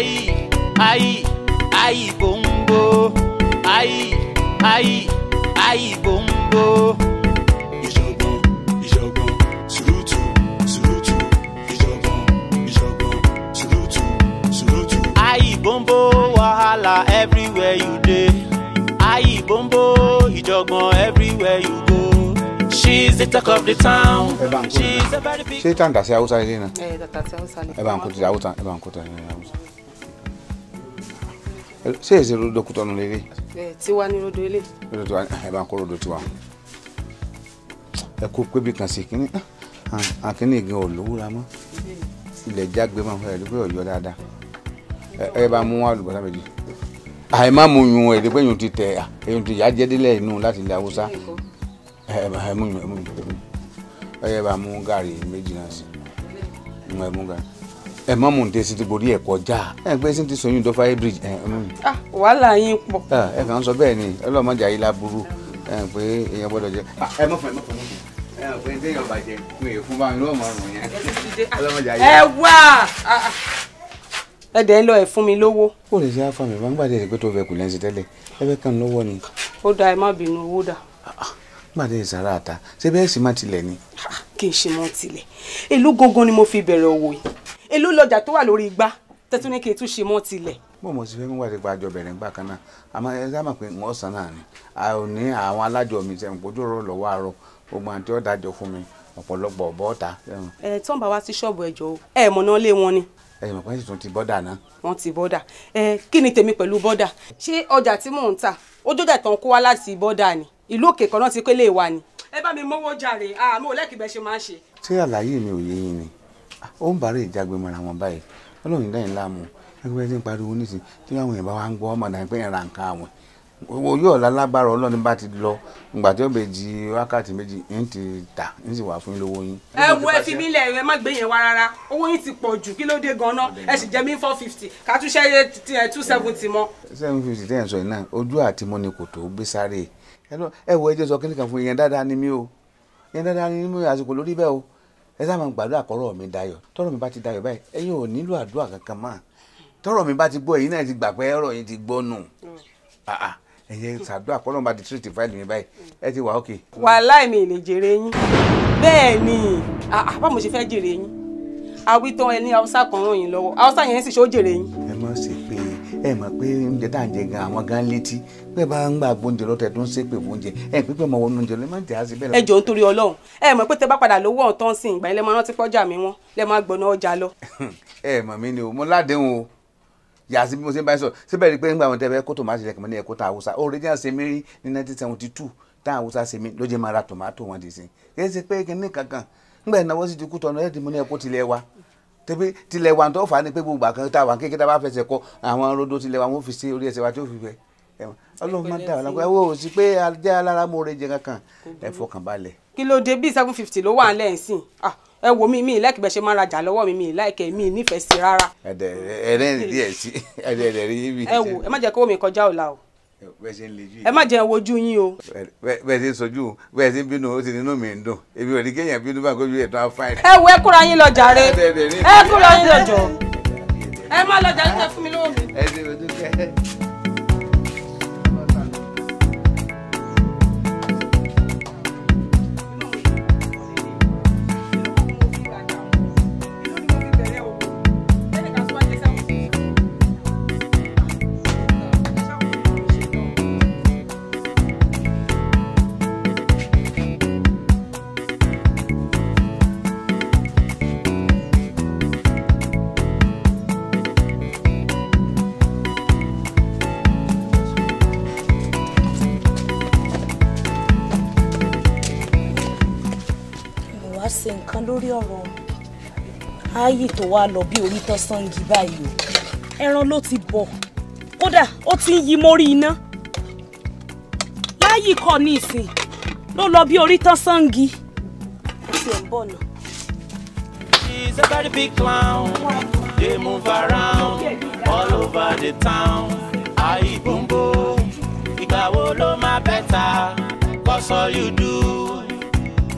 ayi ayi ayi bongo ayi ayi ayi bongo. ìjọ̀gbọ̀n ìjọ̀gbọ̀n sùrùtù sùrùtù ìjọ̀gbọ̀n ìjọ̀gbọ̀n sùrùtù sùrùtù. ayi bongo wahala everywhere you dey ayi bombo. ìjọ̀gbọ̀n everywhere you go. She's the talk of the town. She's a very big. Ṣé tàǹdà sí Hausa ilé náà? Ẹ eh, tàǹdà sí Hausa ni. Ẹ bá ń kó ti Hausa. Ẹ bá ń kó ti Hausa ṣé èsì rodo kútọ́nù lélẹ̀. ẹ tiwa ni rodo ilé. rodo tiwa ẹ bá ń kó rodo tiwa ẹ kó pébi kan sí kínní ah, àkínní ìgbín ò lówúra mọ́ ilẹ̀ jágbe máa ń fẹ́ ẹ̀ lópẹ́ ọ̀yọ́ dáadáa ẹ bá mú àlùbọ́sà méjì àìmá mu yun ẹ̀ lópẹ́ yun ti tẹ̀ ẹ̀yun ti yà á jẹ́dílẹ̀ inú láti ilẹ̀ haúsá ẹ̀ mú yun ẹ̀ mú yun ẹ̀ bá mú gàrí méjì náà sí ẹ̀ mú gàrí ẹ mọ mò ń tẹ sítí borí ẹ kọjá ẹ gbé sítí sọyún dọfà ẹ bíríjì. Mm. Ah, wàhálà yín pọ̀. Ah, ẹ kàn ń sọ bẹ́ẹ̀ ni ọlọmọdé ayé laburú pé èèyàn gbọ́dọ̀ jẹ. Ah, ẹ mọ fún ẹ mọ fún ẹ mọ fún ẹ déyàn bàjẹ́ pé fún bá mi lọ́wọ́ mọ ọrùn yẹn ọlọmọdé ayé. ẹ wá ẹ dẹ̀ ń lọ ẹ̀ fún mi lówó. kò lè ṣe àfàmì bá ń gbàdé rẹ pé tó fẹ́ kù lẹ́sìn tẹ́lẹ̀ ẹ fẹ́ kàn lọ́wọ́ ni. ó da ẹ má bínú owó dà. gbàdé ìsàrà àta ṣé bẹ́ẹ̀ sì má tilẹ̀ ni. kì í ṣe mọ́ tilẹ̀ èló gangan ni mo fi bẹ̀rẹ̀ òwò yìí èló lọjà tó wà lórí igbá tẹ́tún ní kí n tún ṣe mọ́ tilẹ̀. mo mọ̀ sí fẹ́ mi wá sí pa àjọ bẹ̀rẹ̀ ńgbà kan náà àmọ́ ẹ sábà pé wọ́n sàn náà ni a ò ní àwọn alájọ mi sẹ́yìn kójú rọ̀ lọ́wọ́ àárọ̀ gbogbo àti ọ̀dájọ fún mi ọ̀pọ̀lọpọ̀ bọ́ọ̀ta. ẹ tán bá wá sí ṣọ́ọ̀bù ẹ̀jọ̀ ẹ mọ̀ náà lé wọn ni ẹyìn mọ̀ pé sì tún ti bọ́dà náà. wọ́n ti bọ́dà ẹ kí ni tèmi pẹ̀lú bọ́dà ṣé ọjà tí mò ń tà ó jọjà tán kó wá láti bọ́dà ni ìlú òkè kan náà ti pé lè ni. ẹ bá mi mówó jàre àmọ́ ò lẹ́kìí bẹ́ẹ̀ ṣe máa ń ṣe. ṣé àlàyé mi ò yé yín ni ó ń bàárẹ̀ ìjágbe mọ́ra wọn báyìí ọlọ́run ní dáhìn láàmú ẹgbẹ́ tí ń pariwo nísìn tí àwọn èèyàn bá wá ń gbọ́ ọmọdé pé ẹ̀ràn nǹkan àwọn owó yóò lálágbára ọlọ́run bá ti lọ ìgbà tí ó bẹ di wákàtí méjì ń ti tà ń sì wà fún lówó yín. ẹ wo ẹ fi mí lẹ ẹ má gbé yẹn wá rárá owó yín ti pọ̀ jù kí ló dé gan ẹ sì jẹ mí four fifty kàtúnṣe two seventy mọ́. seven fifty ten sọ yìí náà ojú àti mọ́ni kò tó gbé sáré ẹ wọ ẹjẹ sọ kíníkan fún yẹn dáadáa ni mí o yẹn dáadáa ni mí àsìkò lórí bẹ́ẹ̀ o ẹ sábà ń gbàdúrà kọ́rọ̀ mi dayọ̀ tọ́rọ̀ mi bá ti dayọ̀ báyìí ẹ̀yin ò nílò àdúrà kankan mọ́ tọ́rọ̀ mi bá ti gbọ́ ẹ̀yin náà ti gbà pé ọ̀rọ̀ yín ti gbọ́ nù ẹ̀yẹ ṣàdúrà kọ́rọ̀ bá ti tírìtì fáìlì mi báyìí ẹ ti wà ókè. wàláì mi lè jèrè yín bẹ́ẹ̀ ni bá mo ṣe fẹ́ jèrè yín àwítán ẹni haúsá kan ràn yín lọ́wọ́ haúsá yẹn sì ṣó jèrè yín. ẹ má ṣe ẹ mọ̀ pé oúnjẹ tá à ń jẹ gan àwọn gan létí pé bá ń gbàgbó oúnjẹ lọ́tẹ̀ tó ń ṣépè fún oúnjẹ ẹ pípẹ́ mọ̀ wọnú oúnjẹ lọ́mọ tẹ̀ á sí bẹ́ẹ̀ lọ. ẹ jọ̀ọ́ nítorí Ọlọ́run ẹ mọ̀ pé tẹ bá padà lówó ọ̀tán sí ìgbà yẹn lẹ́ máa rántí pọ́jà mi wọ́n lẹ́ máa gbọ̀nà ọjà lọ. ẹ mọ̀ mi ni o mo ládéhùn o yà sí bí mo ṣe ń bá yín sọ síbẹ̀ rí pé ńgbà wọn tẹ fẹ́ kó tòmátì rẹ̀ kàn mọ́ ní tá a wùsà orí jẹ́ àṣemí ní 1972 tá a wùsà ṣemí ló jẹ́ máa ra tòmátò wọn dì sí kì í ṣe pé kinní kankan ńgbà ìnáwó sì ti kú tọ̀nà mọ́ ní ẹ̀kọ́ tilẹ̀ tẹ́pẹ́ tilẹ̀ wa tó fà á ni pé gbogbo àkànṣe tá a wà kékeré tá a bá fẹsẹ̀ kọ àwọn rodo tilẹ̀ wa wọ́n fi sí orí ẹsẹ̀ wa tó fi fẹ́ ẹ̀wọ̀n ọlọ́run máa ń dà wá lápẹ́ ẹ̀wọ̀n ò sí pé ajá alára mo rẹ̀ jẹ kankan ẹ̀ fọkàn balẹ̀. kí ló dé bíi seven fifty ló wà ń lẹ́yìn sí ẹ wo mi mi láìkí bẹ́ẹ̀ ṣe máa rajà lọ́wọ́ mi mi láìkẹ́ mi nífẹ̀ẹ́ sí rárá. ẹ̀rẹ́ ẹ̀rẹ́ díẹ̀ sí ẹ̀rẹ́ ẹ̀rẹ́ yín mi. ẹ wo ẹ má jẹ́ kówó mi kọjá ọ̀la o bẹ́ẹ̀ ṣe ń lejú yìí. ẹ má jẹ́ wojú yín o. bẹ́ẹ̀ ṣe ń sojú bẹ́ẹ̀ ṣe ń bínú ó ti nínú mi ń dùn èmi ò ní kéèyàn bínú bá gbójú ètò afáì. ẹ wo ẹ kúra yín lọ jàre ẹ kúra yín lọ jọ ẹ má lọ jàre tẹ fún mi lóhùn áyì tó wá lọ bí orí tán sangi báyìí o ẹran ló ti bọ̀ kódà ó ti ń yí mórí iná láyì kọ ní ìsìn ló lọ bí orí tán sangi ó ti ń bọ̀ náà. She's a very big clown. They move around all over the town. Ayi gbombo, ìgbà wo ló máa better? Cause all you do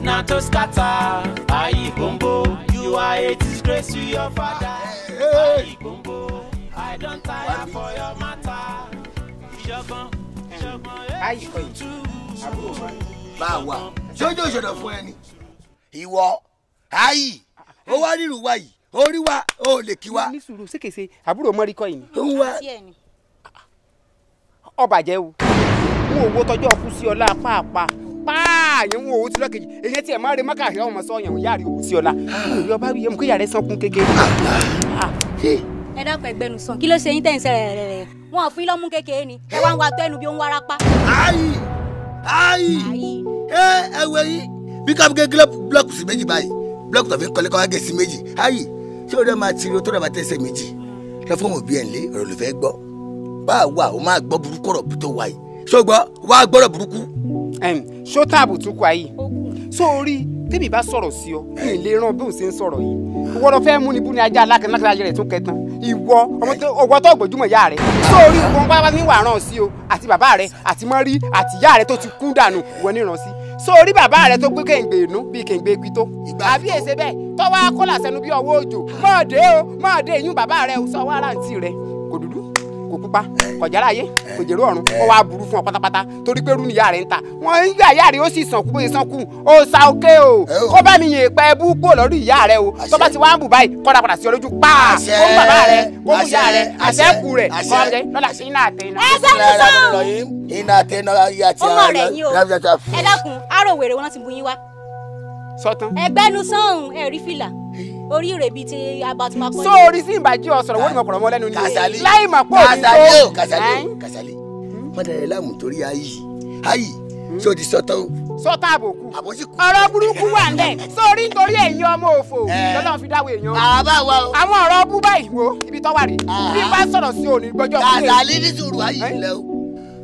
na to scatter. Ayi gbombo you are a disgrace to your father. Ayigbombo, I don't tire for your matter. Ìjọ̀gbọ̀n, ìjọ̀gbọ̀n, èyí kò tú. Báwa, jójó ìṣòro fún ẹni. Ìwọ, ayi, ó wá nínú wa yìí, orí wa, ó lè kí wa. Ní sùúrù sékèsè, àbúrò mọ́rí kọ́ yìí ni. Ó wá. Ọbàjẹ́ o, n ò wo tọjọ́ ọkú sí ọlá apá apá paa yẹn wo owó tí lọ́kejì èyí tí máa rí mọ́kà ìyá ọmọ sọ yẹn yára owó sí ọ̀la ah. ìyá ọba yẹn mú kí yàrá sàn kékeré. Ah, ah. ẹ dákun ẹgbẹnu sàn kí ló ṣe yín tẹ̀sán rẹ̀ rẹ̀ rẹ̀ wọn ò fún lọ́mú kékeré ni ẹ wá ń wa tó ẹnu bí ó ń warapa. ayi ayi ẹ ẹ wẹ yín bí kábíkẹ́ búlọ́ọ̀kù sí méjì báyìí búlọ́ọ̀kù tàbí kọ́lẹ́kọ́ wá gẹ̀ẹ́sì méjì ayi ṣé o dẹ́ máa tiri o o tó ṣó táàbù tún kọ ayé so orí tèmi bá sọ̀rọ̀ sí ọ mi lè ràn bí òun ṣe ń sọ̀rọ̀ yìí ìwọ lọ fẹ́ mú ni bú ni ajá alákẹ́lákẹ́lá ayé rẹ̀ tó kẹtàn ìwọ ọgbọ́n tó gbójúmọ̀ ìyá rẹ̀ so orí ìwọ̀n bá ní wàá ràn sí o àti bàbá rẹ̀ àti mọ́rí àti ìyá rẹ̀ tó ti kú dànù ìwọ ní ràn sí so orí bàbá rẹ̀ tó gbé kẹ̀ǹgbè inú bíi kẹ̀ǹgbè epi tó àbí èsè bẹ́ẹ̀ tọ́wọ́ akọ́là bí ọwọ́ òjò mọ́ọ̀dé o mọ́ọ̀dé ìyún bàbá rẹ̀ sọ wá rántí rẹ̀ pa kọjára ayé kòjèrò ọ̀run ó wá burú fún ọ pátápátá torí pé rú nìyá rẹ ń ta wọn yíyá ìyá rẹ ó sì sànkú bóyá sànkú ó sa òkè o kó bá mi yìn pẹ́ bú kúrò lọ́dún ìyá rẹ o tó bá ti wá ń bù báyìí kọ́ra padà sí ọlójú pa kó ń bàbá rẹ kó ń ìyá rẹ àṣẹ́kù rẹ kọ́ ọ́ lọ́dà sí iná àtẹ iná. ẹ sẹ́ni sọ́ọ̀ iná àtẹ iná yíyá tí a lọ ẹ ti bu yín wá. sọtán ẹgbẹ́nu sọ́hún ẹ̀rí fìlà orí rẹ̀ bíi ti abati ma kọ́. sóòrì sí ìbàjẹ́ ọ̀sọ̀rọ̀ wọ́n ní mọ̀kọ̀rọ̀ mọ́ lẹ́nu ni láì mà pọ̀ ní tó. kàṣálẹ̀ kàṣálẹ̀ wọ́n dẹ̀rẹ̀ láàmú torí ayì ayì hmm. ṣé o ti sọ tán o. sọtá àbòkù ọ̀rọ̀ burúkú wà ńlẹ̀ sórí nítorí èèyàn ọmọ òfò lọ́lọ́run eh. fi dáwọ́ èèyàn. àbá wa o. àwọn ọ̀rọ̀ ọbú báyìí wo ibi tó wà rè ah. bí bá sọ̀rọ̀ sí òní gbọ́jọ́ fún mi. kàṣálẹ̀ ní sùúrù ayì eh? ilẹ̀ o.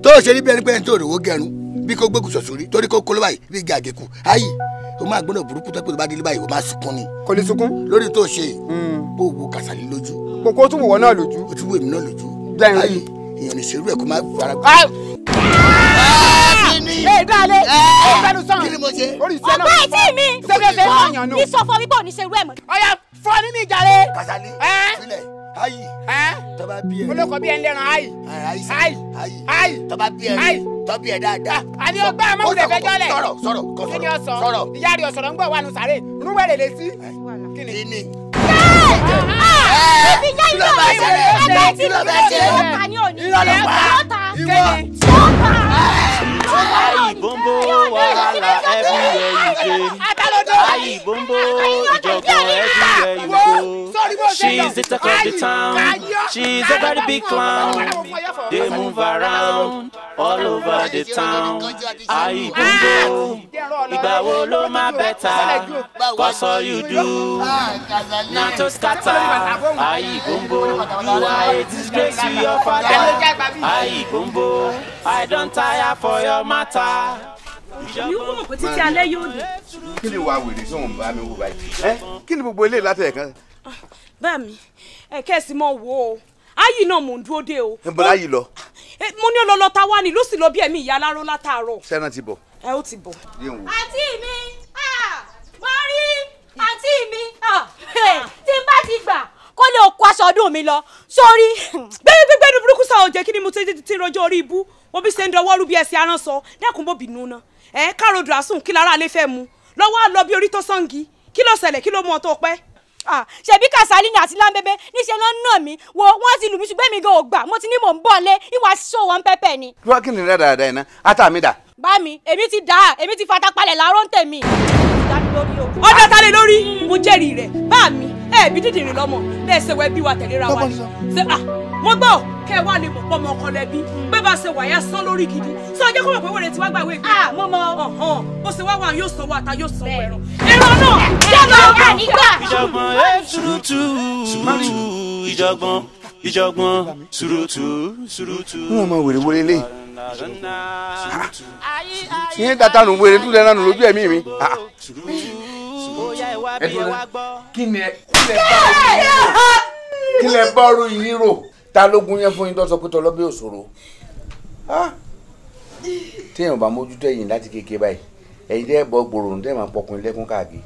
tó o ṣe ní bí ẹni pé ẹni tó rò wó gẹrun bí kò gbókùsọ̀ sórí torí kò kóló báyìí bí gàgé kù o máa gbọ́dọ̀ burúkú tẹ́pẹ́ tó bá délé báyìí o máa sunkún ni. kò lè sunkún. lórí tó ṣe hmm. bó wo Kàsálí lójú. kókó tún wò wọ́n náà lójú. o tún wò èmi náà lójú. bẹ́ẹ̀ ni èèyàn lè ṣerú ẹ̀ kó má fara. ẹ dáálé ẹ fẹnu sàn ọgbà ẹtí mi sẹgẹsẹ ní sọfọ bíbọ ní ṣerú ẹ mọ. ọyà fọ nínú ìjà rẹ. Kàsálí sílẹ̀ ayi. ẹ tọba bí ẹ. olóko bí ẹ ń lẹ́ran ayi. ayi ayi ayi tọba bí ẹ ayi tọbi ẹ dáadáa. àní ọgbà amóhùnlẹ̀ fẹjọ́ lẹ̀. sọ̀rọ̀ sọ̀rọ̀ kò sọ̀rọ̀ kí ni ọ sọ sọ̀rọ̀ ìyá rẹ̀ ọ̀sọ̀rọ̀ ń gbọ̀ wà nù sàré rúwẹ̀ lè lè sí. kí ni. kí ni. kí ló bá ṣẹlẹ̀ kí ló bá ṣẹlẹ̀ ìrọ̀lọ́ pa ìwọ. ayi bombo wàhálà ẹbí ẹ yìí ṣe ayi bombo ìjọba. She's the talk of the town. She's a very big clown. They move around all over the town. Ayi bongo, ìgbà wo ló máa better? Cause all you do na to scatter. Ayi bongo, you are a disgrace to your father. Ayi bongo, I don't tire for your matter kí ni wàá wèrè sóhun bá mi wò báyìí. kí ni gbogbo eléyìí látẹ̀ kan ah bá mi ẹ kẹ́sì mọ̀ wò ó ayi náà mò ń dúró dé o. n bọ̀dá yìí lọ. mo ní olólọ ta wá ni ló sì lọ bí ẹ̀mí ìyá aláró látàárọ̀. sẹ́nà ti bọ̀. ẹ ó ti bọ̀. àǹtí mi mo rí àǹtí mi tí n bá ti gbà kó lè kó aṣọ ọdún mi lọ sórí. bẹ́ẹ̀ gbígbé ní burúkú sọ òjé kí ni mo ti rọjò orí ibú mo bí ṣe ń dọwọ́ rú bí ẹsẹ̀ aràn sọ dẹ́kun bó bínú ná ẹ̀ káàró dùrásùn kí lára alẹ́ fẹ́ mu lọ́wọ́ àlọ́ bí orí tó sọ́ǹgì Ah, ṣebí Kasali ni àti lambebe níṣẹ́ ló ń nà mí wo wọ́n ti lù mí ṣùgbọ́n mi gan ò gbà mo ti ní mò ń bọ̀ lé ìwà ṣó wọn pẹ́pẹ́ ni. dúró kí ni dáadáa iná ata mi dà. bá mi èmi ti dà á èmi ti fata palẹ̀ láàárọ̀ ń tẹ̀mí. ọjọ́ ta lè lórí mo jẹ́rìí rẹ̀ bá mi ẹ̀ẹ́bí dídìrín lọ́mọ bẹ́ẹ̀ ṣe wẹ́ bí wa tẹ̀léra wa ni mo gbọ́ kẹ́ ẹ wá lè mọ̀ pọ́mọ ọkọ lẹ́bí pé bá ṣe wàyà sán lórí gidi sọ jẹ́ kó mọ̀ pé wèrè tí wàá gbà wé gbé. àmọ́ mọ ọ̀hán bó ṣe wá wà yóò sanwó ata yóò sanwó ẹran. ẹran náà jábọ̀ ọkọ ìjọgbọ́n ètùtù ìjọgbọ́n ìjọgbọ́n sùrùtù sùrùtù. wọn mọ wèrè wọlé lé yín dáadáa nù wèrè tún lè lójú ẹ̀mí mi kí ni ẹ yìí rò ta ló gún yẹn fún yín tó sọ pé tọlọ́bẹ̀ òṣòro téèyàn bá mójútó ẹ̀yìn láti kéke báyìí ẹ̀yin tẹ́ ẹ bọ́ gbòòrò tẹ́ ẹ máa pọkùn lẹ́kún káàkiri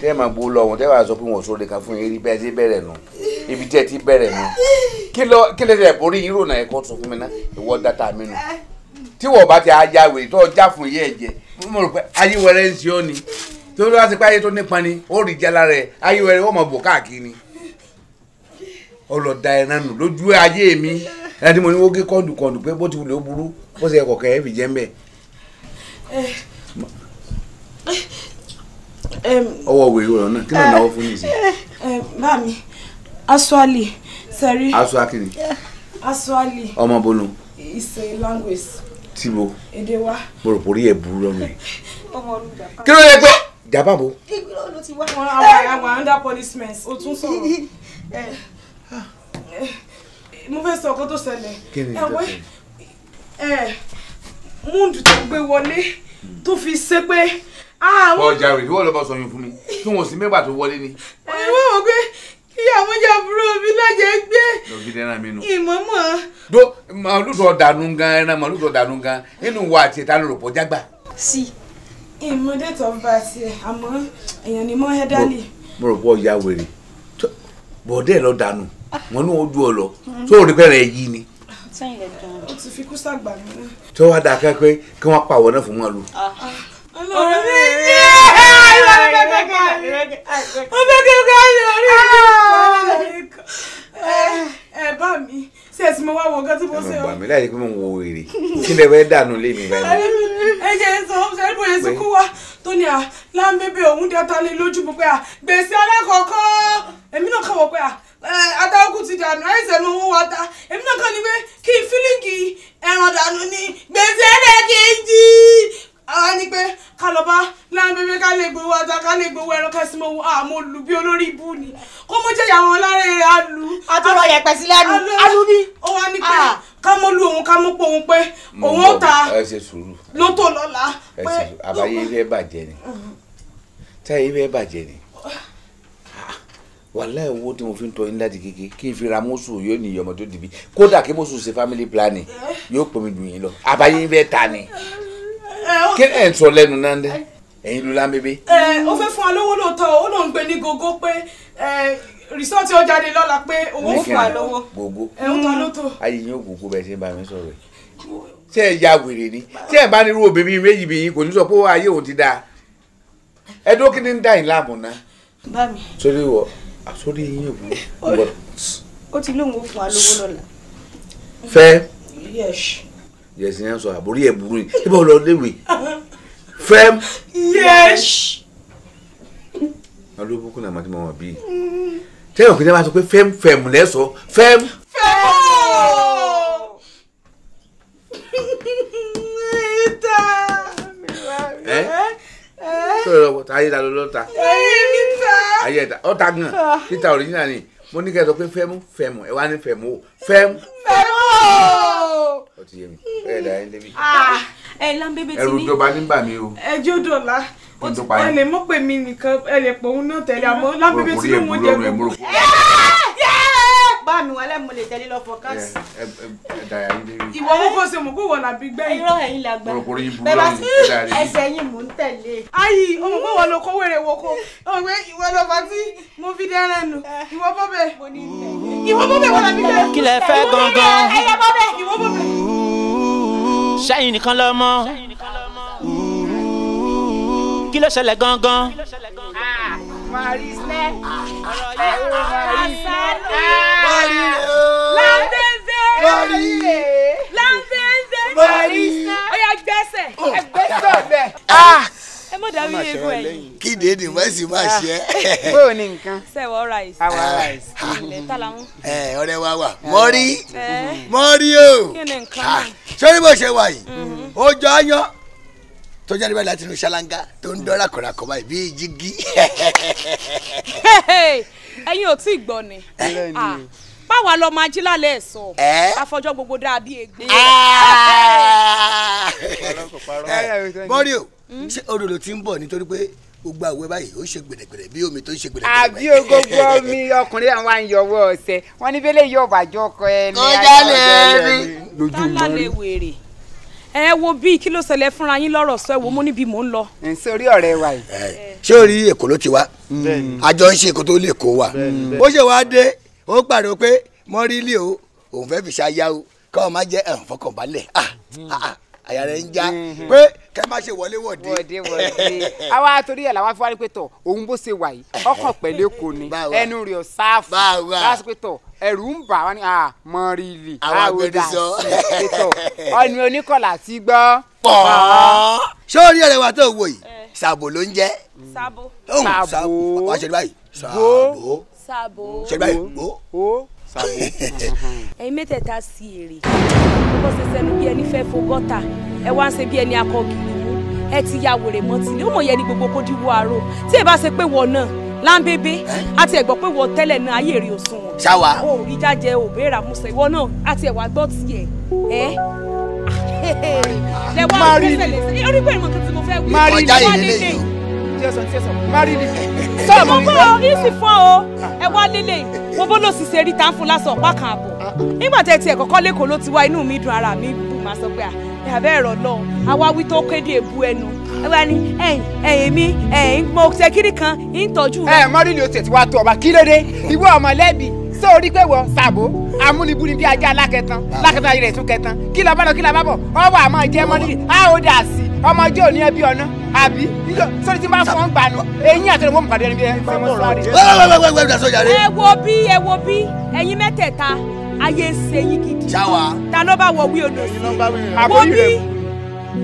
tẹ́ ẹ máa gbó lọ ọ̀hún tẹ́ ẹ bá sọ pé wọn ò sóore kan fún yín rí bẹ́ẹ̀ ti bẹ̀rẹ̀ nù ibi tẹ́ ẹ ti bẹ̀rẹ̀ nù kí lẹ́sẹ̀ borí yín rònà ẹ̀kọ́ sọ fún mi ná ìwọ dátà mi nù tí wọ́n bá ti ajá wèrè tó já fún yẹ́ ẹ̀jẹ̀ mo rò pé ayé wẹrẹ ń ṣe ọ́ ni torí wá sí pé ayé tó nípa ni ó rí jẹ́ lára ẹ̀ ayé wẹrẹ ó mọ̀ bò káàkiri ni ọlọ́dà ẹran nù lójú ayé mi ẹni mo ní wọ́n gé kọ́ndùkọ́ndù pé bó ti wulẹ̀ ó burú bó ṣe kọ̀kẹ́ ẹ̀ fi jẹ́ mbẹ́. ọwọ́ wèé rọ̀ náà kí ló náwó fún mi sí. báàmí aṣọ àlè sẹ́rí. aṣọ akiri. aṣọ àlè. ọmọ bolo. ìṣe language. tibo. èdè wa. mo rò pé orí ẹ̀ burú lọ́nà yìí. ọmọ olùjà kan. kí ló lè gbọ́ jàbá bo. ìgbìlọ̀ ló ti wá. àwọn àwọn under policemen. o tún sọ̀rọ̀. Eh mo fẹ́ sọ ọkọ tó ṣẹlẹ̀ ẹ̀wẹ́ ẹ̀ múndù tó gbé wọlé tó fi ṣe pé àwọn. ọjà rè wọ́n lọ bá sọ yín fún mi tí wọ́n sì mẹ́gbà tó wọlé ni. ìwọ wọ pé kí àwọn jàbúrò mi lọ́jà gbé ìmọ̀mọ́. do màálù tó dànù gan ẹran màálù tó dànù gan inú wa àti ìta ló rò pọ̀ jágbà. sí ìmọ̀dé tó ń bá a ṣe àmọ́ èèyàn ni mọ́ ẹ́ dálé. mo rò pé ọjà wèrè bọ̀dẹ́ lọ dànù wọn ah. ní wọn ju ọ lọ tó o rí pẹ́rẹ́ yí ni. ó ti fi kú sàgbà mi. tó wá dà kẹ́kẹ́ kí wọ́n pa àwọn náà fún wọn lu. Ah ọ̀rọ̀ mi jẹ́ ọ̀bẹ̀kẹ̀ káyọ̀ orí mi ẹ bá mi ṣe ẹ̀sìn mo wá wọ ọ̀gá tí mo ṣe ọ. bàmí láì pé mo ń wo èrè kí lè fẹ́ dànù lé mi báyìí. ẹ jẹ́ sọ ṣe é bóyá sunkún wá tó ní à láńbẹ́bẹ́ òun dẹ́ta lé lójú mo pé à gbèsè alákọ̀ọ́kọ́ èmi náà kàn wọ́n pé à adáwọ́kù ti dànù àìsàn ló ń wọ́n wáta èmi náà kàn ní pé kí fílíǹgì ẹran dànù ni gbèsè ẹ̀rẹ́ kejì a ní pé ká lọ bá láńbẹ́bẹ́ ká lè gbowó ata ká lè gbowó ẹran kẹsì mọ́ àmọ́ olù bí olórí ibú ni kó mú jẹ́yà wọn lára èrè alu. àtọrọ yẹpẹ sí lẹ́nu alu bí. ó wá ní pé ah. ká mọ lu òun ká mọ pé òun pé òun ó ta ló tó lọ́la. àbáyé ilé bàjẹ́ ni táyà ilé ẹ bàjẹ́ ni ah, wàhálà owó tí mo fi ń tọ́ yín láti kéke kí n fi ra mọ́sù yóò ní ìyọmọ tó dìbí kódà kí mọ́sù ṣe family planning eh? yóò pè mí dùn yín lọ àbáyé ń ta ni. Eh, oh. kí ẹ̀ ń sọ lẹ́nu náà dẹ́ eh. ẹ̀yin ló lámbébé. Eh, ó fẹ́ fún wa lóòótọ́ ó lóun gbé ní gogo pé rìsọ́ọ̀tì ó jáde lọ́la pé owó fún wa lọ́wọ́ gogo ẹ̀hún ta ló tó. Hmm. ayé yín ó gogo bẹ́ẹ̀ ṣe ń bá ẹ ya wèrè ni ṣé ẹ bá kò ní sọ pé ayé òun ti ẹ kí ni ń dá yín láàmú bá ti lóun ó fún wa lówó yẹsìn yẹn sọ àbórí ẹ burú yìí ibà ọlọ léwe fẹm. yẹs. alóbùkún náà màtí màmá bíi tẹ́wọ̀n kìnìún bá sọ pé fẹ́m fẹ́m lẹ́sọ̀ fẹ́m. fẹ́m. ayé ta ló lọ́ta. ayé mi ta. ayé ta ọ̀ta gan ah. títà ni mo ní kẹ́tọ́ pé fẹ́mú fẹ́mú ẹ wá ní fẹ́mú o fẹ́mú. fẹ́mú o. ó ti yé mi ah, ẹ dà ẹ lébi. ẹ lámbébé ti ní ẹrù ìjọba ní bà mí o. ẹ jó dọ̀la ẹ lè mọ̀ pé mi nìkan ẹ lè pọ̀ òun náà tẹ̀lé àmọ́ lámbébé ti ní mo jẹ́ mi bá mi wọn ẹlẹ́mu lè tẹ́lẹ̀ lọ fọ káàsì. ẹ̀dàyà yín dé rí. mú kó wọ̀ làbí gbẹ̀yìn. irọ́ ẹ̀yin la gbà. orúkọ yín ẹsẹ̀ yín mò ń tẹ̀lé. ayi ọmọ pé wọn ló kó wèrè wo ko ọmọ ìwọ lọ fà tí mo fi dẹ́rẹ́ nu ìwọ bọ́bẹ̀. ìwọ bọ́bẹ̀ wọn làbí gbẹ̀yìn. kílẹ̀ fẹ́ gangan. ẹyẹ bọ́bẹ̀. ìwọ bọ́bẹ̀. sẹ́yìn nìkan lọ mọ́ kí ló gangan mari sinẹ ọ̀rọ̀ yìí ó mari mari lanfẹnfẹ mari lanfẹnfẹ mari ọya ẹ mọ̀ dàbí eegun ẹ̀yìn. kí dèédé má sì má ah. ṣe ẹ. bó o nǹkan. sẹ́wọ̀ rice. awa ah, ah. rice. ilẹ̀ talamu. ẹ eh, ọ̀rẹ́ wa wà eh. mọ́rí eh. mọ́rí o. kí ni nǹkan náà. sọ́ni bó ṣe wà yìí mm-hmm. ó ayan tó jáde báyìí láti inú ṣáláńgá tó ń dọ́ra kọ̀ràkọ̀ báyìí bíi jígí. ẹ̀yin ò tí ì gbọ́ ni ah, báwa lọ máa jí lálẹ́ ẹ̀ sọ afọjọ́ gbogbo dáa bíi ègbé. Ah! bọ́rí o ṣé odò ló ti ń bọ̀ nítorí pé gbogbo àwẹ báyìí ó ṣe gbẹ̀dẹ̀gbẹ̀dẹ̀ bí omi tó ń ṣe gbẹ̀dẹ̀gbẹ̀dẹ̀. àbí ogógó omi ọkùnrin àwọn àyànwó ọ̀sẹ̀ wọn ní bẹ́lẹ̀ yóò bàjọ́ ọkọ ẹ ní àyànwó ọ̀sẹ̀ rẹ. kọjá lè rí. lójú mọ́rí ẹ wo bí kí ló ṣẹlẹ̀ fúnra yín lọ́rọ̀ sọ ẹ wo mo níbi mò ń lọ. ẹ ṣe orí ọ̀rẹ́ wa yìí. ṣé orí èkó ló ti wá àjọ ń ṣe èkó tó lè kó wa ó ṣe wá dé ó pàrọ̀ pé mọ́rílì o òun fẹ́ fi ṣayá o káwọn má jẹ́ ẹ̀hún fọkànbalẹ̀ àyà ah, ah, ah, rẹ̀ ń já pé kẹ má ṣe wọlé wọ̀de. wọ̀de wọ̀de àwa torí ẹ̀ làwọn afọwárí pé tọ̀ òun bó ṣe wà yìí ọkàn pẹ̀lú èkó ni ẹnu rẹ̀ ṣáàfù láti pé tọ̀ ẹ̀rù ń bà wá ní mọ́rìlì àwòdà sí tọ̀ ọ̀nì oníkọ̀là ti gbọ́. pọ̀ ṣé orí ẹ̀rẹ̀ wa tó wò yìí eh. sàbò ló ń jẹ́. sàbò sàbò wàá ṣe báyìí sàbò sàbò ṣe báyìí sábò. ẹ̀yin mẹ́tẹ̀ẹ̀ta sí èrè bó ṣe sẹ́nu bí ẹni fẹ́ fo gọ́tà ẹ wá ń ṣe bí ẹni akọ gìrìwó ẹ ti ya wèrè mọ́tìlì ó mọ̀ yẹ ni gbogbo kó díwọ́ aró tí ẹ bá ṣe pé wọ náà láńbébé àti ẹ̀gbọ́n pé wọ tẹ́lẹ̀ náà ayé èrè òsùn wọn. ṣáwa. o rí jájẹ o béèrè àmúṣe ìwọ náà àti ẹ̀wà gbọ́ tiẹ̀ ẹ. lẹ́wọ́ àwọn ìgbésẹ̀ lè ṣe orí pé ìmọ̀ tuntun mo fún ọ ẹ wá lílé mo bó ló sì ṣe rí tá ń fún lásán ọ̀pá kan àbọ̀ nígbà tẹ́ tiẹ̀ kọ́kọ́ lẹ́kọ̀ọ́ ló ti wá inú mi dùn ara mi bù máa sọ pé àbẹ́ ẹ̀rọ lọ àwa wí tó kéde èbu ẹnu ẹ wá ní ẹ̀yìn ẹ̀yìn mi ẹ̀yìn mo ṣe kiri kan ń tọ́jú rẹ. ẹ mọ́rìlì oṣù tí wàá tó ọba kí lóde ìwọ ọmọlẹ́bí sórí pé wọ sàbò amúnibú ni bí ajá alákẹtàn lákẹtàn ayẹyẹ ìtúkẹtàn kí lọ bá lọ kí lọ bá bọ ọwọ àmọ jẹ mọ́rìlì á ó dà sí ọmọdé ò ní ẹbí ọ̀nà àbí sọ́ni tí n bá fọ́n gbà nù eyín àti ọmọ mùpàdé ẹni bí ẹni fẹ́ mọ́ sọ́ọ́rì. ẹ wo bí ẹ wo bí ẹ̀yin mẹ́tẹ̀ẹ̀ta ayé ń ṣe yín gidi. ṣáwa ta ló bá wọ wí odò sí i wo bí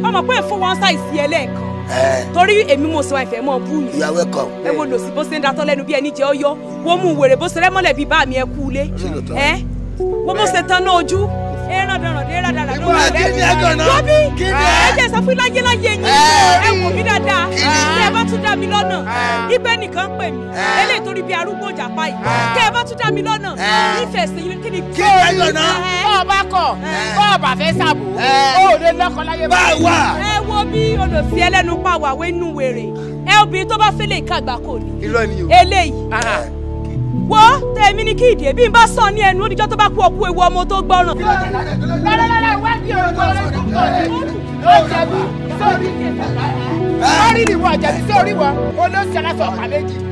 ọmọ pé fún wọn ṣàìsí ẹlẹ́ẹ̀kan torí èmi mo sọ ìfẹ́ mọ́ bú yìí ẹ wo lòsì bó ṣe ń datọ́ lẹ́nu bí ẹni jẹ́ ọyọ́ wo mú wèrè bó ṣe rẹ́mọ́lẹ̀ bíi bá mi ẹ kú ilé ẹ wo bó ṣe tán náà ojú ẹran dọ̀rọ̀ dé rádaràdà ló wà lẹ́nu. kíni ẹgànnà kíni ẹ. ẹ jẹ́ sọ fún láyé láyé yín ẹ wò mí dáadáa kí ẹ bá tún dá mi lọ́nà ibẹ̀ nìkan pè mí eléyìí torí bí arúgbó jàpá yìí kí ẹ bá tún dá mi lọ́nà nífẹ̀ẹ́ sí yín kíni. kíni ẹgànnà. bọ́ọ̀bá kọ̀ bọ́ọ̀bá fẹ́ sàbò ó lè lọ́kọ láyé bá wà. ẹ wo bí olùsí ẹlẹ́nu pàwọ̀ àwẹ̀ nù wèrè ẹ obìnrin tó bá fẹ́lẹ̀ ìkàgbà kò ní. eléyìí wo tèmi ni kí ìdí ebi ń bá sọ ní ẹnu oníjọ́ tó bá kú ọkú ewu ọmọ tó gbọ́ràn. lọ́lọ́lọ́lọ́ wádìí òyìnbó ló jẹ̀bi sórí kẹfẹ́ olóṣèlú aṣọ ọ̀pá méjì.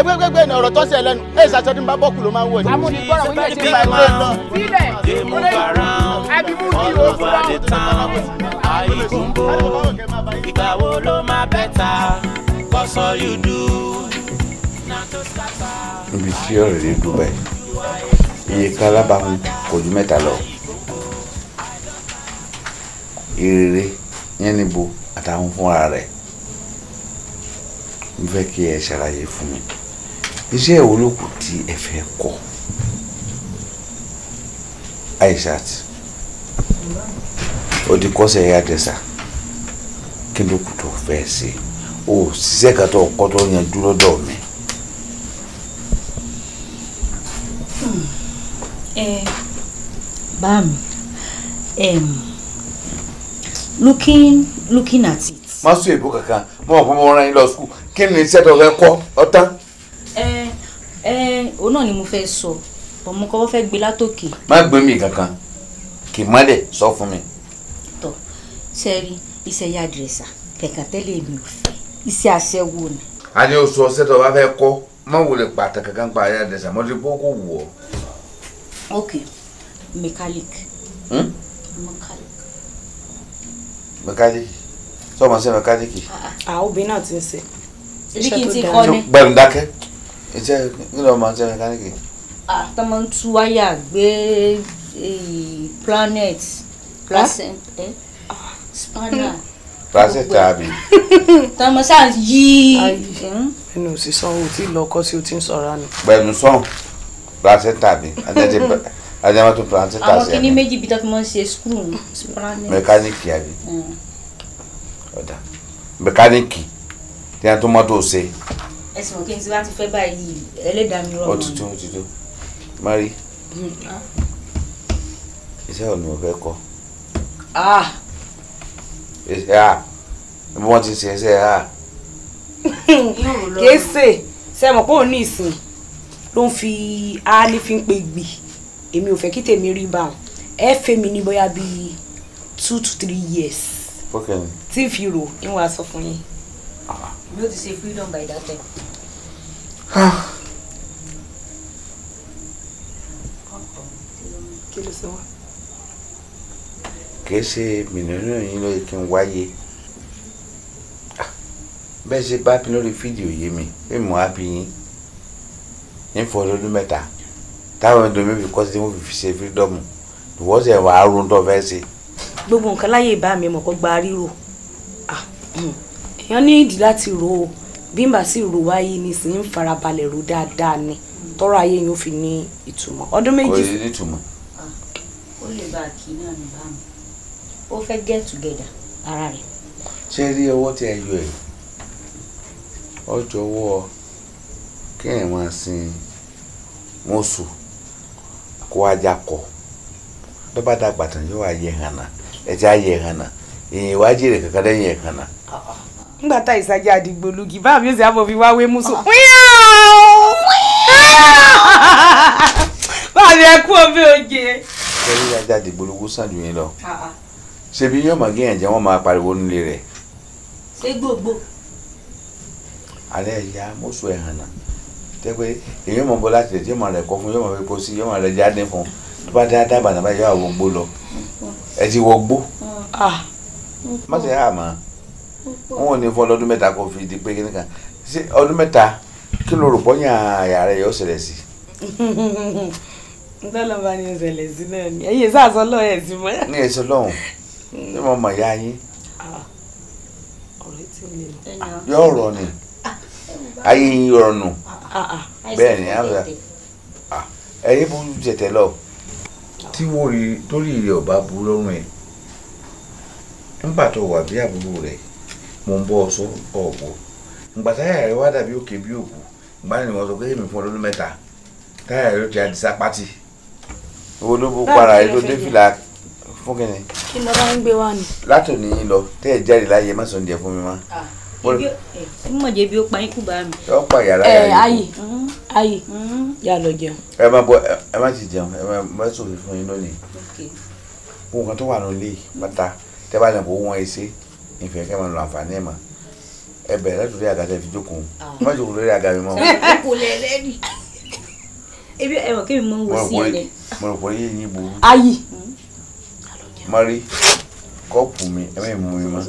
gbẹgbẹgbẹ ni ọ̀rọ̀ tọ́sí ẹ lẹ́nu ẹ ìsàtọ́ ní bá bọ́ọ̀kù ló máa ń wọ̀ ni. àmúni bọ́ọ̀rọ̀ wíyẹn ti bá ilé lọ. sílẹ̀ olóyè abimu ni o fún wa. ìgbà wo ló máa bẹ́ ta kọ́sọ́ yóò dú. ibi tí ọ̀rọ̀ rẹ̀ dùn iye kan kò ju mẹ́ta lọ ìrere yẹn níbo àtàwọn fúnra rẹ̀ n fẹ́ kí ẹ ṣàlàyé fún mi iṣẹ́ wo ló kù tí ẹ fẹ́ kọ́ Aishat ó di kọ́sẹ̀ ẹ̀yà dẹ́sà kí ló kù tó fẹ́ ṣe ó ṣiṣẹ́ kan tó kọ́ tó yanjú lọ́dọ̀ mi. ẹ bá mi looking looking at it. má sún èbó kankan mo mọ̀ pé mo rán yín lọ sùkúl kí ni iṣẹ́ tó fẹ́ kọ́ ọ̀tán ẹ ẹ o náà ni mo fẹ́ sọ ọmọ kọ́kọ́ fẹ́ gbé látòkè. má gbé mi kankan kì í má dẹ̀ sọ fún mi. tọ sẹ́rí iṣẹ́ yá dírẹ́sà kẹ̀kẹ́ tẹ́lẹ̀ mi ò fẹ́ iṣẹ́ aṣẹ́wó ni. a ní oṣù ọ̀sẹ̀ tó o bá fẹ́ kọ́ má wulẹ̀ pàtàkì kankan pa ayé àdẹ̀sà mo ti kókó wù ọ́. ok mechanic. Hmm? mechanic. mechanic sọ ma ṣe mechanic. àwọn ah, ah. ah, obìnrin náà ti ń ṣe. ibi kì í ti kọ́ ìṣe kí ló máa ń ṣe mẹkáníìkì. àtọ́ máa ń tú wáyà gbé planet eh? spanner. placenta àbí. tọmọ sáà yí. Hm? ẹnu ò sì sanwó tí lọkọ sí o ti ń sọra nù. bẹ́ẹ̀ni sọhùn placenta àbí ajama tó placenta sí àbí. àwọn kìíní méjì bí tọ́kì máa ń ṣe skul planet. mẹkáníìkì àbí. Hmm. ọ̀dà mẹkáníìkì tí a tó mọ́tò ṣe ẹsùn òkè tí wàá ti fẹ́ báyìí ẹlẹ́dàá mi rọrùn. ọtútù ọtútù mari hmm, ah. iṣẹ́ ò ní mo fẹ́ kọ́ ah. iṣẹ́ a ah, bí wọ́n ti ṣe iṣẹ́ a. kéésè sẹ́mọ̀ pé òun ní ìsìn ló ń fi áálí fi ń pe gbì èmi ò fẹ́ kí tèmi rí bá wọn ẹ fẹ́ mi ní bóyá bíi two to three years tí n fi rò ń wá sọ fún yín yóò ti ṣe freedom by that time. kì í ṣe mìníràn yín ló yẹ kí n wáyé bẹ́ẹ̀ ṣe bá pinnu lórí fídíò yé mi èmi wá bí yín ní fọdún ọdún mẹ́ta táwọn ẹ̀dùn mi fi kọ́ sí wọn fi ṣe fírídọ́mù ìwọ́n sì wàá ronú tó fẹ́ ṣe. gbogbo nǹkan láyé ìbá mi mọ̀ kó gba ríro. Ah, hmm èèyàn ní ìdí láti rò ó bí màá wáyé ní sì ń farabalẹ̀ rò dáadáa ni tọ́rọ̀ ayé yóò fi ní ìtumọ̀ ọdún méjì. kò lè ní ìtumọ̀. Ah, ó lè bá a náà ní bámu ó fẹ́ get together ara rẹ̀. ṣé rí ọwọ́ tí ẹ yọ ẹ̀ ọjọ́ ọwọ́ kéèyàn máa sin mọ́sù kó ajá kọ̀ tó bá dàgbà tán yóò wá yẹ hànà ẹ̀jẹ̀ á yẹ hànà èèyàn rẹ̀ kankan lẹ́yìn ẹ̀ hànà. Ah, ah ńgbà tá ìsajì àdìgbòlugi bá mi ò sì àbọ̀ fi wá wé mùsùn. bá mi ẹ kú omi òjè. kẹ́lí ajá àdìgbòlugu sàn jù lọ ah, ah. ṣebí yóò mọ̀ kí ẹ̀jẹ̀ wọn máa pariwo nílé rẹ̀. ṣé gbogbo. alẹ́ ìyá mọ́sù ẹ̀ hàn náà tẹ́gbẹ́ èyí mọ̀ bọ́ láti lè tí rẹ̀ kọ́ fún yọ̀mọ̀ rẹ̀ kó sí yọ̀mọ̀ rẹ̀ jáde fún tó bá dáa dábàá náà bá yọ̀ àwọ̀ gbó lọ ẹ ti wọ gbó. Ah. má ṣe hà máa wọn ò ní fún ọlọ́dún mẹ́ta kó fi di pé kíní kan ṣé ọdún mẹ́ta kí ló rò bọ́yàn àyà rẹ̀ yóò ṣẹlẹ̀ sí. ntọ́lọ́ bá ní ìṣẹ̀lẹ̀ sí náà ni ẹ̀yẹ sàṣọ lọ́ọ̀ ẹ̀ sí mọ́. ní ẹ̀sọ́ lọ́hùn ní mo mọ̀ ya yín. yóò rọ ni ayé yín rọ nù bẹ́ẹ̀ ni ẹ̀yẹ bó tẹ̀tẹ̀ lọ tí wọ́n rí torí ilé ọba burú lọ́rùn ẹ̀ ń bàtọ̀ wà bí àbúrò rẹ̀ mo ń bọ́ ọ sọ ọ̀gbọ́ ìgbà táyà rẹ wá dàbí òkè bí òkú ìgbà ni wọ́n sọ pé èmi fún ọ lọ́dún mẹ́ta táyà rẹ ti àdìsá pátì owó ló bó para rẹ tó dé fìlà fún kẹ́ni. kí ni ọba ń gbé wá ni. látò ní lọ tẹ́ ẹ jáde láyé má sọ oúnjẹ fún mi mọ́. Ah, eh, mọ̀ jẹ́ bí ó pa ikú bá mi. ọ pa yàrá yàrá yìí. Eh, ayì hmm, ayì hmm. yà lọ jẹun. ẹ má bọ ẹ má ti jẹun ẹ má sòfin fún yín lónìí. nǹkan tó wà lónìí pátá tẹ́ bá yàn kó wọ́n ẹ ṣe ìfẹ́ kẹ́ máa lo àǹfààní ẹ̀ mọ́ ẹ bẹ̀rẹ̀ láti lórí àga tẹ́ fi jókòó má jókòó lórí àga mi mọ́. ebi ẹ̀wọ̀n kí mi mọ wo sí ẹ̀. mo rò pé yé yín burú. ayi. mari kọ́ọ̀pù mi ẹ mẹ́rin mú mi mọ́.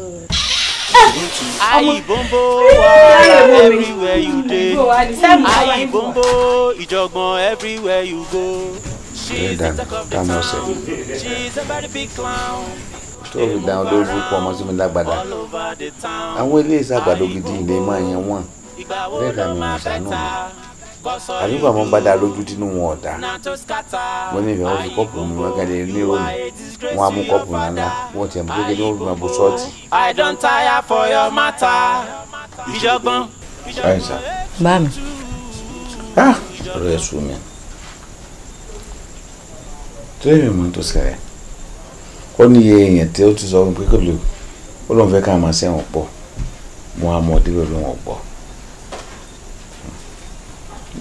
Ayi bombo wa everywhere you dey. Ayi bombo ìjọ̀gbọ̀n everywhere you go. She's the talk of the town. She's a very big clown tóòrù dáhùn lórúkọ ọmọ sí mi lágbàdá àwọn eléyìí sàgbàdo gidi ilé máa yẹn wọ́n bẹ́ẹ̀ kà mí mọ̀ sánú mi àdúgbò àwọn bá dáa lójú tí wọn ọ̀dà wọn ní ìfẹ́ wọn fi kọ́pù mi wọn kẹ́lẹ́ ní ìrònú wọn á mú kọ́pù náà wọn tiẹ̀ mú kékeré wọn fi máa bo ṣọ́ọ̀tì. I don't tire for your matter ìjọgbọ́n. ṣáìsà. bá mi. Ah! ọ̀rọ̀ ẹ̀ sùn mi. tí ó yẹ mọ́ tó ṣẹlẹ̀ ó ní iye èèyàn tí ó ti sọ pé kò lè ó lóun fẹ́ ká máa sẹ́wọ̀n pọ̀ mo á mọ̀ débẹ̀ lóun ọ̀pọ̀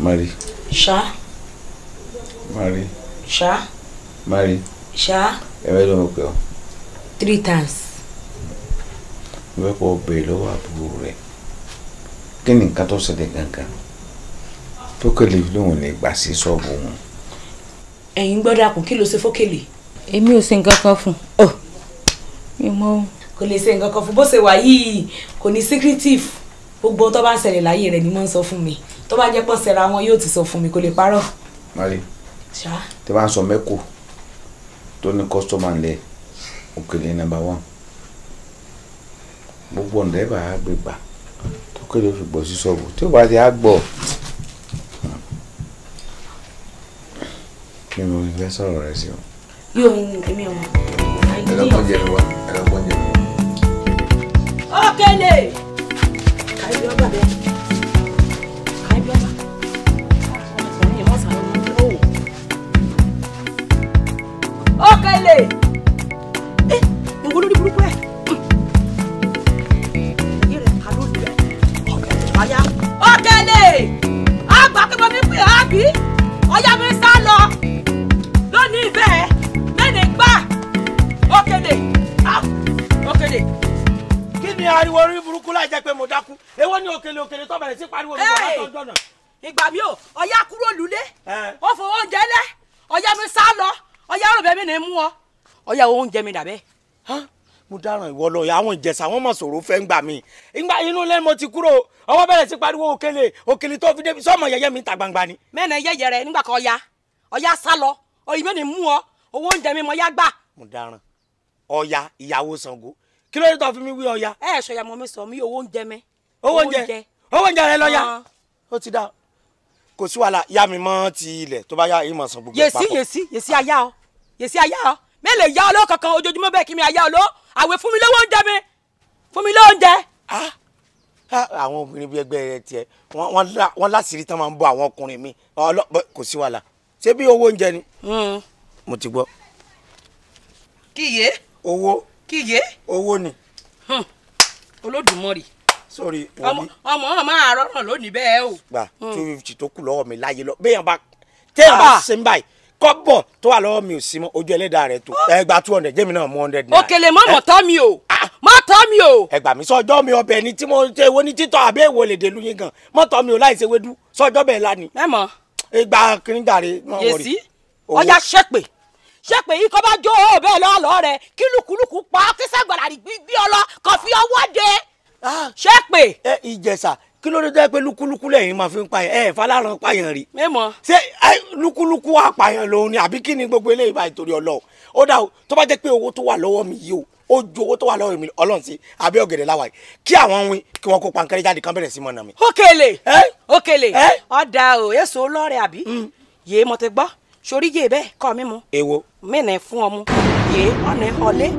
mari. ṣá. mari. ṣá. mari. ṣá. ẹ̀rẹ́ ló ń pè ọ́. three times. mo fẹ́ kọ́ bèrè lọ́wọ́ àbúrò rẹ̀ kí ni nǹkan tó ṣẹlẹ̀ gangan tó kèlè lóun lè gbà sí ṣọ́ọ̀bù òun. ẹ̀yin gbọ́dọ̀ àkùn kí ló ṣe fókèlè èmi ò ṣe nǹkan kan fún ọ oh. mi mọ o. kò lè ṣe nǹkan kan fún bó ṣe wà yìí kò ní secretive gbogbo tó bá ń ṣẹlẹ̀ láyé rẹ̀ ni mo ń sọ fún mi tó bá jẹ́ pọ̀ sẹ́ra wọn yóò ti sọ fún mi kò lè parọ́. mari tí wàá sọ mẹ́kò tó ní kọ́sítọ́mà lẹ òkèlè nàmbà wán gbogbo ọ̀nà ẹ̀ bá a gbé gbà tó kéde fi gbọ́ sí sọ́ọ̀bù tí ó bá ti á gbọ́ mi ò fẹ́ sọ̀rọ̀ rẹ sí o yóò ń èmi ọmọ. ẹ̀rọ pọ́njẹ mi wá ẹ̀rọ pọ́njẹ mi. Okele. kàyọ̀ ọba bẹ́ẹ̀. Okele. ẹ ǹgbọ́n lórí burúkú ẹ̀. Okele. àgbà kí mo fi pè é àbí ọ̀yá mi sá lọ lónìí bẹ́ẹ̀. pariwo orí burúkú láì jẹ́ pé mo dákú èwo ni òkèlè òkèlè tó bẹ̀rẹ̀ sí pariwo mi bàbá tó ń jọ̀nà. ìgbà mi ò ọ̀yá kúrò lulẹ̀ ó fowó oúnjẹ lẹ̀ ọ̀yá mi sá lọ ọ̀yá rò bẹ́ẹ̀ mi ní mú ọ ọ̀yá oúnjẹ mi dàbẹ́. mo dáràn ìwọ lọ ya àwọn ìjẹsà wọn mọ sọ̀rọ̀ fẹ́ ń gbà mí ìgbà inú lẹ́nu mo ti kúrò ọwọ́ bẹ̀rẹ̀ sí pariwo òkèlè òkèlè tó fi débi sọ́mọ yẹyẹ mi ta gbangba ni. mẹ́rin yẹyẹ kí ló dé tó fi mi wí ọ̀ya. ẹ ẹ sọ̀yà mọ̀ mi sọ mi owó oúnjẹ mi. owó oúnjẹ owó oúnjẹ rẹ lọ́ya. ó ti dá kò sí wàhálà yá mi mọ́ ti ilẹ̀ tó bá yá ìmọ̀ sàn gbogbo papọ̀. yèsí yèsí yèsí ayá ọ yèsí ayá ọ mẹ́lẹ̀ yá ọ lọ́wọ́ kankan ojoojúmọ́ bẹ́ẹ̀ kí mi ayá ọ lọ àwẹ̀ fún mi lówó oúnjẹ mi fún mi lówó oúnjẹ. àwọn obìnrin bíi ẹgbẹ́ rẹ tiẹ̀ wọ́n láṣìírí tán máa ń bọ àwọn ọkùnrin mi kò sí wàhálà ṣé bí owó oúnjẹ ni. Hmm. mo ti gbọ́. kíyè. owó kíyè. owó ni. olódùmarè. sori omi. ọmọ ọmọ àárọ̀ràn lónìí bẹ́ẹ̀ o. gba two fifty tó kù lọ́wọ́ mi láyé lọ bẹ́ẹ̀ bá téèyàn bá ah. ṣe ń báyìí kọ́bọ̀ tó wà lọ́wọ́ mi ò sí mọ́ ojú ẹlẹ́dàá rẹ̀ tó ah. ẹgbàá two hundred jẹ́mi náà mú hundred naira. òkèlè mọ́ mọ̀tọ́ eh? mi o ah. mọ́tọ́ mi o. ẹgbà mi sọjọ́ mi ọbẹ̀ ni tí mo ṣe wo ní títọ́ àbẹ́ ìwò lè dèlú yín gan mọ́tọ́ mi ò láì ṣe wédú sọjọ́ bẹ́ẹ̀ lánìí. ẹ mọ̀. ìgbà kìnìún gàrí. yèsí ọjà ṣépè ṣé pé yìí kọ́ bá jó o bẹ́ẹ̀ lọ́ọ́ lọ́ọ́ rẹ̀ kí lùkùlùkù pa kí sàgbàlà gbí ọ lọ kàn fi ọwọ́ de ah. ṣé pé. ẹ ìjẹsà kí ló dé jẹ́ pé lúkúlúkú lẹ́yìn máa fi ń payàn ẹ falaran payàn rí. mẹ́mọ. ṣé lúkúlúkú apàyàn lòun ni àbí kí ni gbogbo eléyìí bá ìtòrí ọlọ́ọ̀ ó dà o tó bá jẹ́ pé owó tó wà lọ́wọ́ mi yìí o ó ju owó tó wà lọ́wọ́ mi ọlọ́run sí àbí ọ̀gẹ̀dẹ̀ láwa yìí kí àwọn win kí wọ́n kó pankẹ́rẹ́ jáde kan bẹ̀rẹ̀ sí mọ́nà mi. ókèlè ókèlè ọ̀dà o èso lọ́rẹ̀ àbí mm. yéé mọ̀tẹ́gbọ́ sori yé bẹ́ẹ̀ kọ́ mi mu. Ewo. mi nà fún ọ mu. yé ọ̀nà ọ̀lẹ́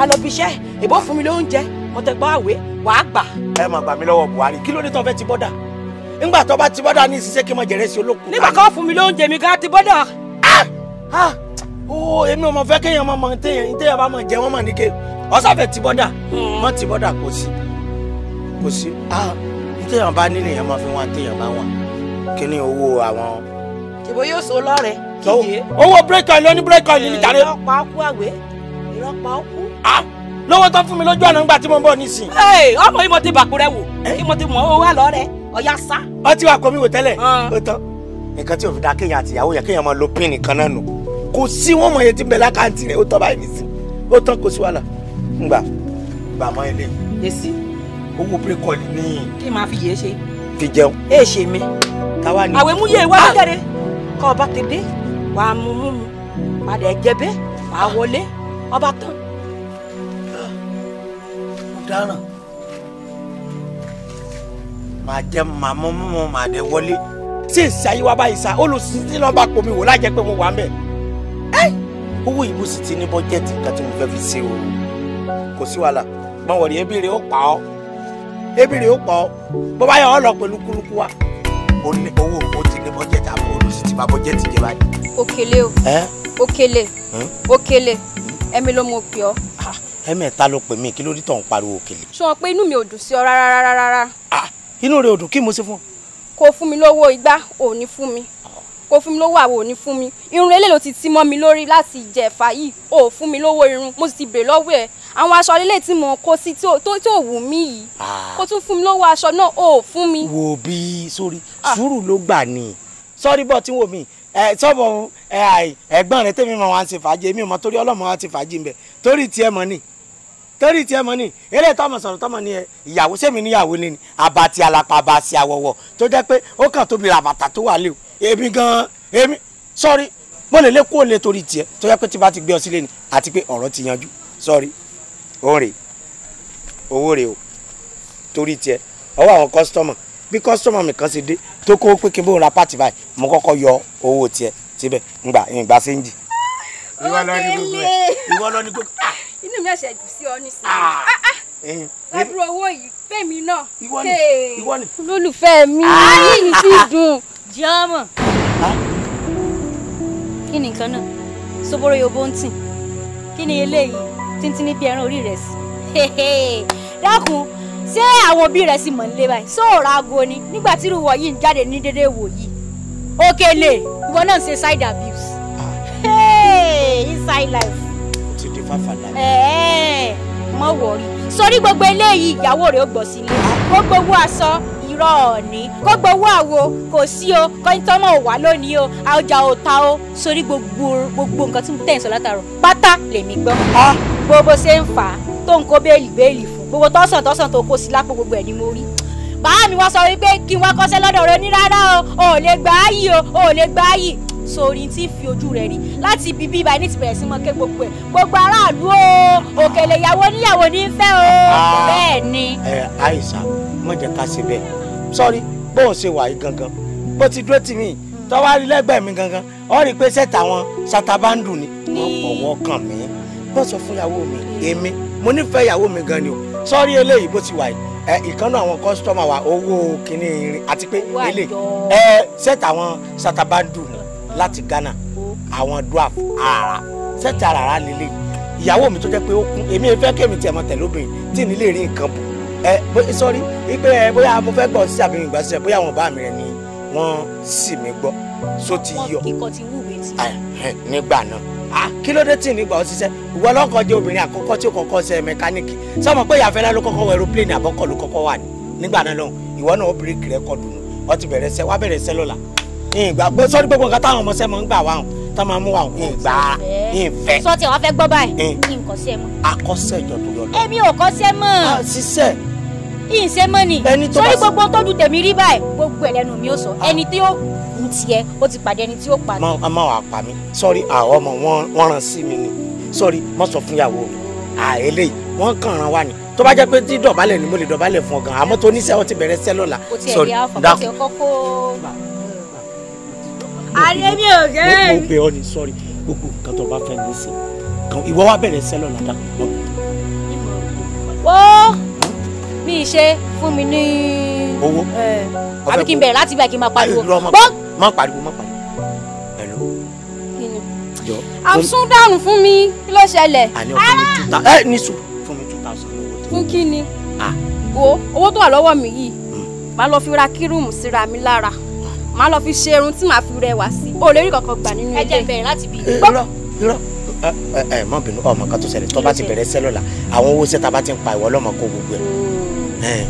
alọ́bíṣẹ́ ìbò fún mi lóúnjẹ mo tẹ gbọ́ àwé wàá gbà. ẹ máa gbà mí lọ́wọ́ Buhari kí ló dé tán fẹ́ ti bọ́dà ńgbà tó bá ti bọ́dà ní ìṣiṣẹ́ kí n máa jẹ̀rẹ̀ sí olókùn. nígbà kan fún mi lóúnjẹ mi gan ti bọ́dà. Ah! Ah! ooo èmi ò mọ fẹ́ kéèyàn máa mọ téèyàn téèyàn bá máa jẹ wọ́n máa ní ọ̀sàfẹ́ ti bọ́dà mọ́ ti bọ́dà kò sí kò sí ah! téèyàn bá nílé yẹn máa fi wọn téèyàn bá wọn kí ni owó àwọn ìbò yóò so lọ́rẹ̀ kíyè. owó breaker, oil ló ní break oil níta rẹ. ìrọ́pàá kú àwẹ̀ ìrọ́pàá kú. Ah, lọ́wọ́ tán fún mi lójú àná ńgbà tí mo ń bọ̀ nísìn. ọmọ yìí mo ti bàkúrẹ́ wò eh? kí mo ti mọ owó wà lọ́rẹ̀ ọ̀yá sá. ọ ti wà pọ̀ mi wò tẹ́lẹ̀ ah. ó tán nǹkan tí òfin da kéèyàn àtìyàwó yẹn kéèyàn máa lo pin nìkan náà nù kò sí wọn mọ̀ yẹn ti bẹ̀rẹ̀ àkáǹtì rẹ̀ ó tán báyìí nísìn ó tán kò sí wàhálà ńgbà bàmọ́ ilé. yèsì. owó break oil ní. yé wa ló jáde kọ́ ọba ti dé wàá mú mú mu padà ẹ̀jẹ̀bẹ́ wàá wọlé ọba tán. ọ̀daràn màá jẹ màá mú mú màá dé wọlé. ṣé èsì ayé wa báyìí sá olùsísí náà bá pomi wò lájẹ pé mo wà ń bẹ. owó ìbò sì ti ní bọ́jẹ́tì kan tí mo fẹ́ fi ṣe o kò sí wàhálà gbọ́n wọ̀nyí ebire ó pa ọ́ ebire ó pa ọ́ bó bá yà ọ́ lọ pẹ̀lú kúlùkù wa. ó ní owó o ti ní bọ́jẹ́tì bàbá jẹ́ ti jẹ báyìí. òkèlè o òkèlè òkèlè ẹ̀mí ló mọ̀ pé ọ. Ah, ẹ̀mẹ̀ta ló pè mí kí ló dé tó ń pariwo òkèlè. sọ wọn pé inú mi ò dùn sí ọ rárá rárá. Ah, inú rẹ ò dùn kí mo se fun. ọ. kò mi lówó igbá ò ní fún mi kò fún mi lówó àwò o ni fún mi irun eléyìí ló ti ti mọ́ mi lórí láti ìjẹ̀fà yìí ò fún mi lówó irun mo sì ti bèrè lọ́wọ́ ẹ̀ àwọn aṣọ ilé tí mo kó sí tó wù mí yìí ah. kó tún fún mi lówó aṣọ náà ò fún mi. wò bí sórí sùúrù ló gbà ni sọ́ọ́rí bọ̀ tí wò mí ẹ sọ́ọ̀bù ẹ̀gbọ́n rẹ tèmi mọ̀ wá ń ṣe fàájì èmi mọ̀ torí ọlọ́mọ wá ń ṣe fàájì ń bẹ̀ torí tiẹ̀ mọ̀ ni torí tiẹ̀ mọ̀ ni eré tọmọ sọ̀rọ̀ tọmọ ni ẹ ìyàwó sẹ́mi níyàwó ni àbàtì àlàpà àbàtì àwọ̀wọ̀ tó jẹ́ pé ó kàn tóbi ràbàtà tó wà lé o èmi gan èmi sọ́ọ̀rí mo lè lé kó lè torí tiẹ̀ tó jẹ́ pé tí bá ti gbé ọ sílé ni àti pé ọ̀rọ̀ ti yanjú sọ́ọ̀rí òun rèé owó rèé o torí tiẹ̀ ọwọ́ àwọn kọ́sítọ́mọ̀ bí kọ́sítọ́mù mi kan ṣe dé tó kó pé kí n bó ra pàtì báyìí mo kọ́kọ́ yọ owó tiẹ̀ síbẹ̀ ngbà ìgbà ṣe ń jì. ìwọ lọ ní gbogbo ẹ ìwọ lọ ní gbogbo. inú mi ọ̀sẹ̀ jù sí ọ nísìnyí. Ah! Ah, ah! ládùúrò owó yìí fẹ́mi náà. ìwọ ni ìwọ ni. olólùfẹ́ mi yìí ti dùn jọ́mọ̀. kí ni nǹkan náà soboro yobo ń tìn kí ni eléyìí títí ní bí ẹran orí rẹ̀ sí. dákun ṣé àwọn òbí rẹ̀ sì mọ̀ nílé báyìí sóòrà aago ni nígbà tí irúwọ yìí ń jáde ní dédé wò yìí Okele ìwọ náà ń ṣe side abuse inside life. o ti di fáfà náà. ẹ ẹ mọ wọrí sórí gbogbo eléyìí ìyàwó rẹ̀ ó gbọ́ sílé gbogbo owó aṣọ irọ́ ọ̀ní gbogbo owó àwo kò sí o kọ́ńtọ́mọ̀ ò wá lónìí o ọjà ò ta o sórí gbogbo gbogbo nǹkan tí mo tẹ̀ ń sọ látàrọ pátá lèmi gbọ́. Ah. bó ṣe ń fà á tó ń kó béèlì fún gbogbo tọ́sàn tọ́sàn tó kó sí lápò gbogbo ẹ̀ ni mo rí bàá mi wá sọ wípé kí n wá kọ́ṣẹ́ lọ́dọ̀ rẹ ní rárá o ò lè gbà á yìí o ò lè gbà á yìí sórí tí fi ojú rẹ rí láti ibi bíi báyìí ti bẹ̀rẹ̀ sí mọ ké gbogbo ẹ̀ gbogbo aráàlú o òkèlè ìyàwó níyàwó ní fẹ́ o ah. bẹ́ẹ̀ ni. ẹ àìsà mọ̀ jẹ́ ká ṣe bẹ́ẹ̀ sọ́rí bóun ṣe wà yìí gangan bó ti dúró tì mí tọ́wá rí lẹ́gbẹ̀ẹ́ mi gangan ó rí i pé sẹ́ta wọn ṣàtàbándù ni. wọ́n fọwọ́ kàn mí wọ́n sọ fún ìyàwó mi èmi mo nífẹ̀ẹ́ ìyàwó mi gan ni o sọ́rí eléyìí bó ti wà yìí ẹ ìkànnà àwọn kọ́sítọ́mà wa owó kìíní irin àti pé ilé ẹ sẹ́ẹ̀tì àwọn satabandu láti Ghana àwọn dwarf ara sẹ́ẹ̀tì ara ara lélẹ̀ ìyàwó mi tó jẹ́ pé ó kún èmi fẹ́ kémi tiẹ̀ mọ tẹ̀lé obìnrin tí nílé rí nǹkan bù ẹ sọ́rí wípé ẹ bóyá mo fẹ́ gbọ́ sí àbí ìgbà sí ẹ bóyá àwọn bá mi rẹ ni wọ́n sì mí gbọ́ só ti yọ nígbà náà. Ah, kí ló dé tí mi gbà ọ ṣiṣẹ́ ìwọ lọ́kọ̀ jẹ́ obìnrin àkọ́kọ́ tí ó kọ́kọ́ ṣe mẹkáníìkì sọmọ pé ìyàfẹ́lá ló kọ́kọ́ wọ aeroplane àbọ́kọ̀ ló kọ́kọ́ wà ní nígbà náà lọ́hùn ìwọ náà bíríkì rẹ kọ́ dùn ọ ti bẹ̀rẹ̀ ṣẹ́ wá bẹ̀rẹ̀ ṣẹ́ lọ́la ìgbà gbé sọ́ni gbogbo nǹkan táwọn ọmọ sẹ́mọ̀ ń gbà wá hàn tá máa mú wa hàn ìgbà ìfẹ́. sọ ti àwọn fẹ́ gbọ́ báyìí kí n kọ́ sí ẹ mọ́. akọ́sẹ́ ìjọ tó lọ. èmi ò kọ́ sí ẹ mọ́. ṣiṣẹ́ ìṣe mọ́ ni sórí gbogbo tọ́jú tèmi rí báyìí gbogbo ẹlẹ́nu mi ò sọ ah. ẹni tí ó kú tiẹ̀ ó ti pàdé ẹni tí ó pa. a máa wà pa mí sọrí àwọn ọmọ wọn ràn sí mi ni sọrí mo sọ fún ìyàwó mi àìlè wọn kàn ràn wá ni tó bá jẹ́ pé tí dọ̀bálẹ̀ ni mo lè dọ̀bálẹ̀ fún ọ gan àmọ́ tó níṣẹ́ ọ ti bẹ̀rẹ̀ sẹ́ lọ́la. o ti ẹ̀ bí àwọn fọwọ́ ti ọkọ kó. àlè mi ò gẹ́ ẹ̀. mo bẹ ọ ni sọrí gbogbo nǹkan tó bá fẹ́ ní sí ìwọ wa bẹ̀rẹ̀ sẹ́ lọ́la dákun. wọ́ọ́ bí iṣẹ́ fún mi ní. owó àbí kí n bẹ̀rẹ̀ láti bẹ̀rẹ̀ kí n máa pariwo. má pariwo má pariwo ẹ̀lú. àbùsùn dànù fún mi kí ló ṣẹlẹ̀. àní ọkọ mi ah! two thousand ẹ níṣù fún mi two thousand owó tó. fún kí ni wo owó tó wà lọ́wọ́ mi yìí hmm. màá lọ fi ra kírùmù síra mi lára màá lọ fi ṣe irun tí màá fi rẹwà sí o lè rí kankan gbà nínú ilé. ẹ jẹ́ bẹ̀rẹ̀ láti bí. Eh, irọ́ irọ́ ẹ ẹ má ọmọ kan tó ṣẹlẹ̀ tó bá ti bẹ̀rẹ̀ sẹ́ lọ́la àwọn owó sẹ́ta bá ti ń pa ìwọ ọlọ́mọ kó gbogbo ẹ̀.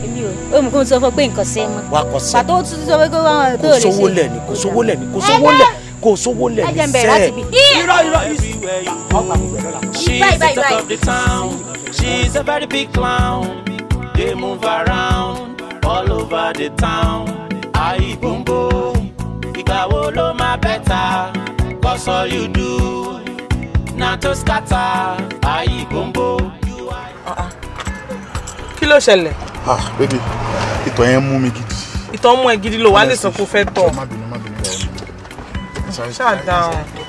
èmi o òun kò sọ fún pé nǹkan sẹ́ mọ́ wà kọ sẹ́ pàtó tó sọ pé kó wọn tó lè ṣe kò sówó lẹ̀ ni kò sówó lẹ̀ ni kò sówó lẹ̀ kò sówó lẹ̀ ni sẹ́ irọ́ irọ́ ọgbà gbogbo ẹ̀ lọ́la. she's a very big clown they move around all over the town àìbùnbò ìgbà wo ló máa better cause all you do na to scatter ayi bombo. Uh-uh. kí ló ṣẹlẹ̀. ah baby ìtọ̀ yẹn mú mi gidi. ìtọ̀ mú ẹ gidi ló wá lè sọ pé o fẹ́ tọ̀. ṣáà dáhùn.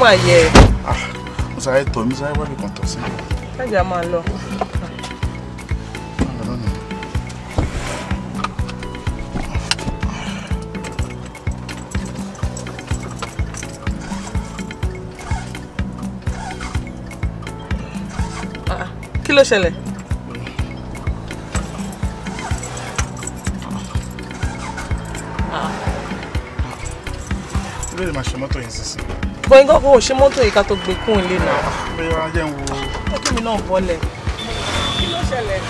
mà yẹ. Ah, mo sáré tọ̀ mi sáré wábì kan tọ̀ sí. ṣáàjà máa lọ. Ah, kí ló ṣẹlẹ̀. Ah. ló lè ah ṣe mọ́tò yẹn sísè bọ̀ yín gbọ́dọ̀ oh, ṣe mọ́tò yìí ká tó gbé kún ilé náà. Ah, bẹ́ẹ̀ ajẹ́ ń wo. ẹ kí mi náà bọ́lẹ̀. kí ló ṣẹlẹ̀?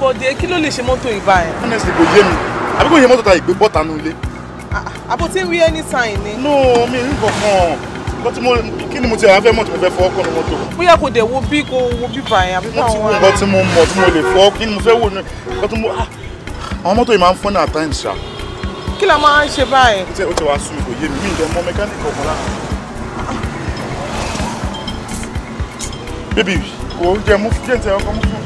bọ̀dé kí ló lè ṣe mọ́tò yìí báyìí. honestly kò yé mi àbí kò yẹ mọ́tò ta ìgbé bọ́ta nulẹ̀. Ah, àbótí ń rí any sign ni. no mi ò rí nǹkan mo kí ni mo ti àwọn afẹ́mọ̀ tí mo fẹ́ fọwọ́ kọ́ ni mo tó. bóyá kò dẹ̀ wo bí kò wo bí bàyàn àbí báwọn. mo ti wo nǹkan tí mo mọ̀ tí mo lè fọ́ kí ni mo fẹ́ wò ní nǹkan tí mo ah, àwọn mọ́tò yìí máa ń fọ́ ní àtàn ìṣà. kí la máa ń ṣe báyìí. ó ti wá sùn kò yé mi mí ìdánmọ́ mẹkáníkì ọ̀kan lára. bébì kò jẹ́ mú jẹ́ ń tẹ ọkọ̀ mú fún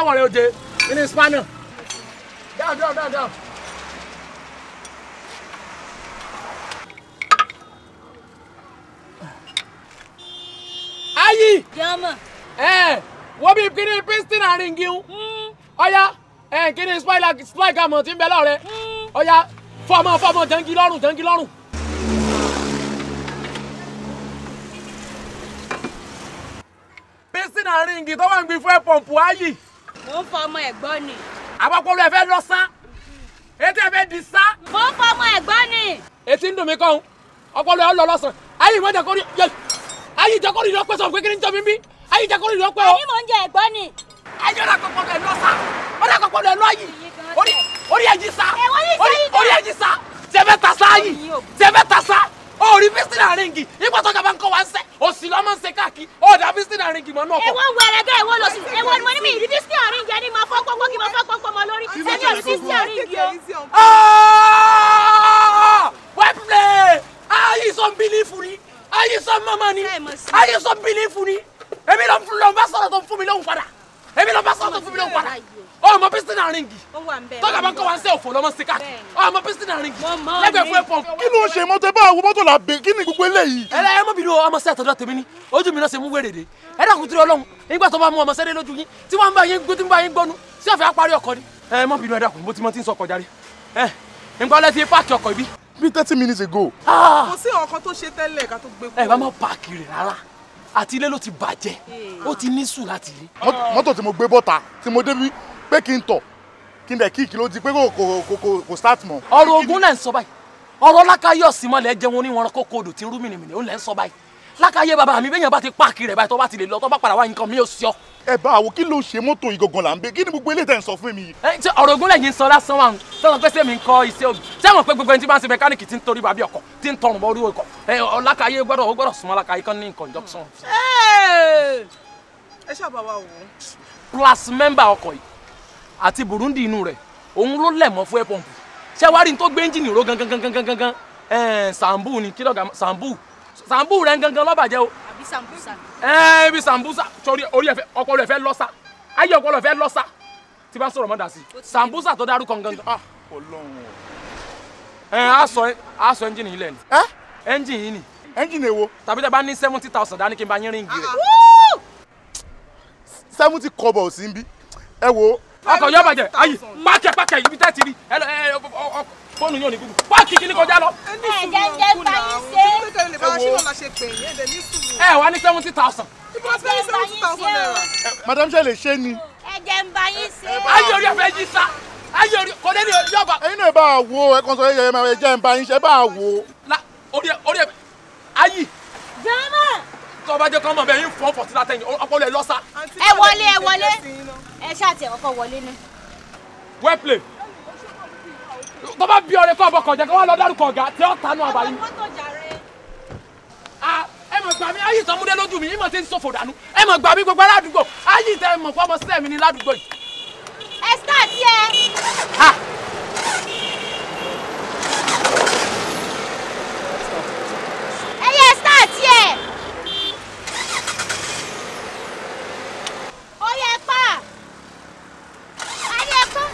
lọ́wọ́ rẹ oje inú spanner down down down down. ayi. jọmọ. ẹ wo bí kíni piston àrìngì ń. ọ̀ya a? kíni spike amọ̀ tí ń bẹ lọ́rẹ̀. ọ̀ya hmm. fọmọ fọmọ jẹ́ńgí lọ́rùn jẹ́ńgí lọ́rùn. piston àrìngì tó wà ń gbin fún ẹ pọ̀mpù ayi mo ń fọ ọmọ ẹ̀gbọ́n ni. àpapọ̀ olú ẹ fẹ́ lọ sán etí ẹ fẹ́ di sán. mo ń fọ ọmọ ẹ̀gbọ́n ni. etí ń dùn mí kọ́hún ọpọlọ ẹ lọ lọ́sàn ayé ìwọ́n jẹ kórìí yẹ ayé ìjẹ kórìí lọ́pẹ́ sọ̀rọ̀ kékeré ń jọ mi bí ayé ìjẹ kórìí lọ́pẹ́ o. àní mò ń jẹ ẹ̀gbọ́n ni. ayé ọ̀dà kọ̀kọ̀ lọ ẹ lọ sán ọ̀dà kọ̀kọ̀ lọ ẹ lọ ayé orí ẹ̀jì sá orí ẹ̀jì sá sẹ́fẹ̀ tà sá ayé sẹ́fẹ̀ tà sá orí bísínà ríngì nígbà tó kaba ń kọ́ wa ń sẹ́ òsì lọ́ máa ń ṣe káàkiri ọ̀dà bísínà ríngì mọ́ náà kọ́. èwo wẹrẹ gẹ èwo lọ sí èwo ni mo ní mi ìrí bísínà ríngì ẹni máa fọ́ pọ́npọ́n kí máa fọ́ pọ́npọ́n mọ lórí sẹ́mi ò bísínà ríngì o. wẹ́pìlẹ̀ ayé sọ ń bilí fún ni ayé sọ ń mọ́mọ́ ni ayé sọ ń bilí fún ni èmi ló ń fún mi lóhùn padà èmi ló ń bá sọ̀rọ̀ tó fún mi lóhùn padà Oh, ọmọ pistina ringi tọ́ka bá ń kọ́ wa ń sẹ́ òfò lọ́mọ sí káàkiri ọmọ pistina ringi lẹ́gbẹ̀ẹ́ fún ẹ̀pọ̀. kí ló ń ṣe mọ́tò bá to mọ́tò là bẹ kí ni gbogbo eléyìí. ẹ ẹ mọ bìnrin ọmọ sẹ àtọ̀dọ̀ tèmi ni ojú mi náà ṣe mú wèrè de ẹ dàkú tiri Ọlọ́run nígbà tó bá mú ọmọ sẹ́dẹ̀ lójú yín tí wọ́n bá yín gbó tí wọ́n bá yín gbónú sí ọ̀fẹ́ apárí ọkọ ni. ẹ mọ bìnrin ẹ dàkú bó ti mọ ti ń sọ ọkọ jáde ẹ nǹkan lẹ ti páàkì ọkọ ibi. bí thirty minutes ago. Ah! kò sí ọkọ tó ṣe tẹ́lẹ̀ ká tó gbé kú. ẹ bá mọ páàkì rẹ̀ rárá àti ilé ló ti bàjẹ́ eh. ó ti ní sùn láti ilé. mọ́tò tí mo gbé bọ́ta tí mo débi pé kí n tọ̀ kí n dẹ̀ kí ìkìló di pé kò kò kò kò start mọ́. ọ̀rọ̀ ogun lẹ́ ń sọ báyìí ọ̀rọ̀ lákàyè ọ̀sìnmọ́ lẹ́ jẹun oníwọ̀n kókó odò tí ń rú mìnìmìnì ó lẹ́ ń sọ báyìí lákàyè bàbá mi bẹ́yẹn bá ti páàkì rẹ̀ báyìí tó bá ti lè lọ tó bá padà wá nǹkan mi ò sí ọ. ẹ bá àwo kí ló ṣe mọ́tò ìgangan là ń bẹ kí ni gbogbo eléyìí tẹ̀ ń sọ fún mi. ẹ ṣe ọ̀rọ̀ ogun lẹ́yìn sọ lásán wa sọ̀rọ̀ pé sẹ́mi ń kọ́ iṣẹ́ òbí sẹ́wọ̀n pé gbogbo ẹni tí bá ń ṣe mẹkáníìkì tí ń torí bàbí ọkọ̀ tí ń tọrùn bọ́ orí ọkọ̀ ẹ lákàyè gbọ́dọ̀ ó gbọ́dọ̀ súnmọ́ lákàyè kan ní conjunction. ẹ àti Burundi inú rẹ̀ òun ló lẹ̀ mọ́ fún ẹ̀ pọ̀mpù ṣé wàá rí n tó gbé ẹ́ńjìnì ró gangan gangan gangan gangan sambu ni kí lọ́gà sambu sambu rẹ̀ gangan lọ́bàjẹ́ o. àbí sambusa. ẹ ẹ bí sambusa sori orí ẹ fẹ ọpọlọ ẹ fẹ lọ́sà ayé ọpọlọ ẹ fẹ lọ́sà tí bá sọ̀rọ̀ mọ́ dà sí sambusa tó dárúkọ gangan. Ọlọ́run o. Ah. ẹ á sọ á sọ ẹ́ńjìnì yìí lẹ́nu. ẹ ẹ́ńjìnì yìí ni. ẹ́ńjìnì èwo. tàbí tẹ bá ní seventy thousand dání kí n bá yín ríǹgì rẹ̀. Ah. seventy kọ́bọ̀ ò sí bí ẹ wo ọkọ̀ yóò bàjẹ́ ayé páàkì páàkì ibi tẹ́ ti rí fóònù yóò ní gúgù páàkì kí ni kọjá lọ. ẹ jẹ́ jẹ́ báyìí ṣe. ẹ wá ní seventy thousand. madam ṣe lè ṣe ni. ẹ jẹ́ ń báyìí ṣe. ayé orí ẹ̀fẹ̀ yìí sá ayé orí kò dé ní yọba. ẹ̀yin náà bá a wo ẹ̀kan sọ yẹyẹ máa jẹ́ ń báyìí ṣe bá a wo. orí ẹ̀ orí ẹ̀ ayé. jọ́mọ̀ tó bá jẹ́ kọ́ mọ̀ bẹ́ẹ̀ yín fún ọ̀fọ̀ síta tẹ̀yìn ọpọlọ ẹ lọ́sà. ẹ wọlé ẹ wọlé ẹ ṣáàtì ẹ̀kọ́ wọlé ni. well play tó bá bí ọ̀rẹ́ kọ́ ọ̀bọ kọ̀jẹ́ kí wọ́n lọ dárúkọ ọ̀gá tí ó tanú àbáyé. ẹ mọ̀ gbà mí ayé ìtọ́múdé lójú mi ìmọ̀ tí ń sòfò dànù ẹ mọ̀ gbà mí gbogbo aládùúgbò ayé ìtẹ́ mọ̀ fọmọ sílẹ̀ mi ní ládùúgbò yìí. ẹ sáàtì ẹ. ẹ yẹ pa ayé ẹ̀kọ́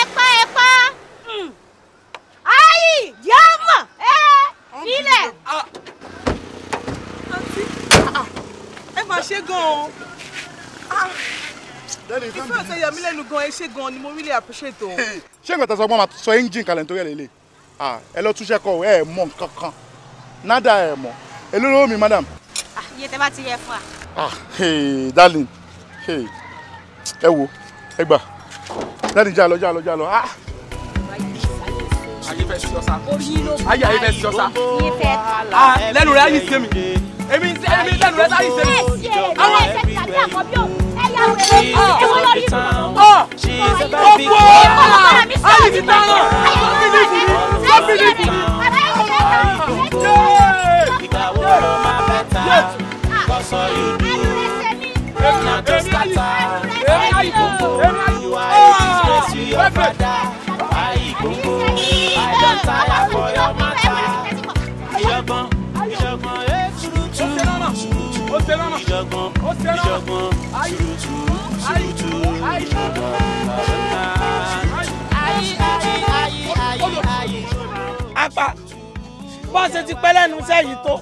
ẹ̀pá ẹ̀pá ayé yá mọ̀ ẹ nílẹ̀. ẹ máa ṣe gan-an ìfẹ́ ọ̀tẹ̀ yà mí lẹ́nu gan-an ẹ ṣe gan-an ni mo really appreciate o. ṣé nǹkan tẹ̀sán ọgbọ́n máa sọ ẹ́ńjìn kalẹ̀ nítorí ẹ̀ lélẹ̀ ah, ẹ lọ túnṣẹ́ kọ ẹ mọ̀ nǹkan nádà ẹ mọ̀ èló lówó mi madam. Ah, iye tẹ bá ti yẹ fún wa. Ah, darling ẹ wo ẹ gbà darling já lọ já lọ já lọ ah. ayé fẹ́ sí ọ̀sá ayé ayé fẹ́ sí ọ̀sá lẹ́nu rẹ̀ ayé sẹ́mi èmi èmi lẹ́nu rẹ̀ ayé sẹ́mi. àwọn ẹ̀sẹ̀ ti tàbí àkọ́bí òun ẹ̀yà wẹ̀rẹ̀ ẹ̀wọ̀n lórí ìlú. ọ̀ ọ̀pọ̀ ayé ti tàn án ayé ti tàn án ayé ti tàn án ayé ti tàn án tomorrow ma better cause all you do make na to scatter why igbongo you are a disgrace to your father why igbongo i don tire for your matter ìjọ̀gbọ̀n ìjọ̀gbọ̀n eh turutu turutu ìjọ̀gbọ̀n ìjọ̀gbọ̀n turutu turutu ìjọ̀gbọ̀n. apá bọ́sẹ̀ ti pẹ́ lẹ́nu sẹ́yìn tó.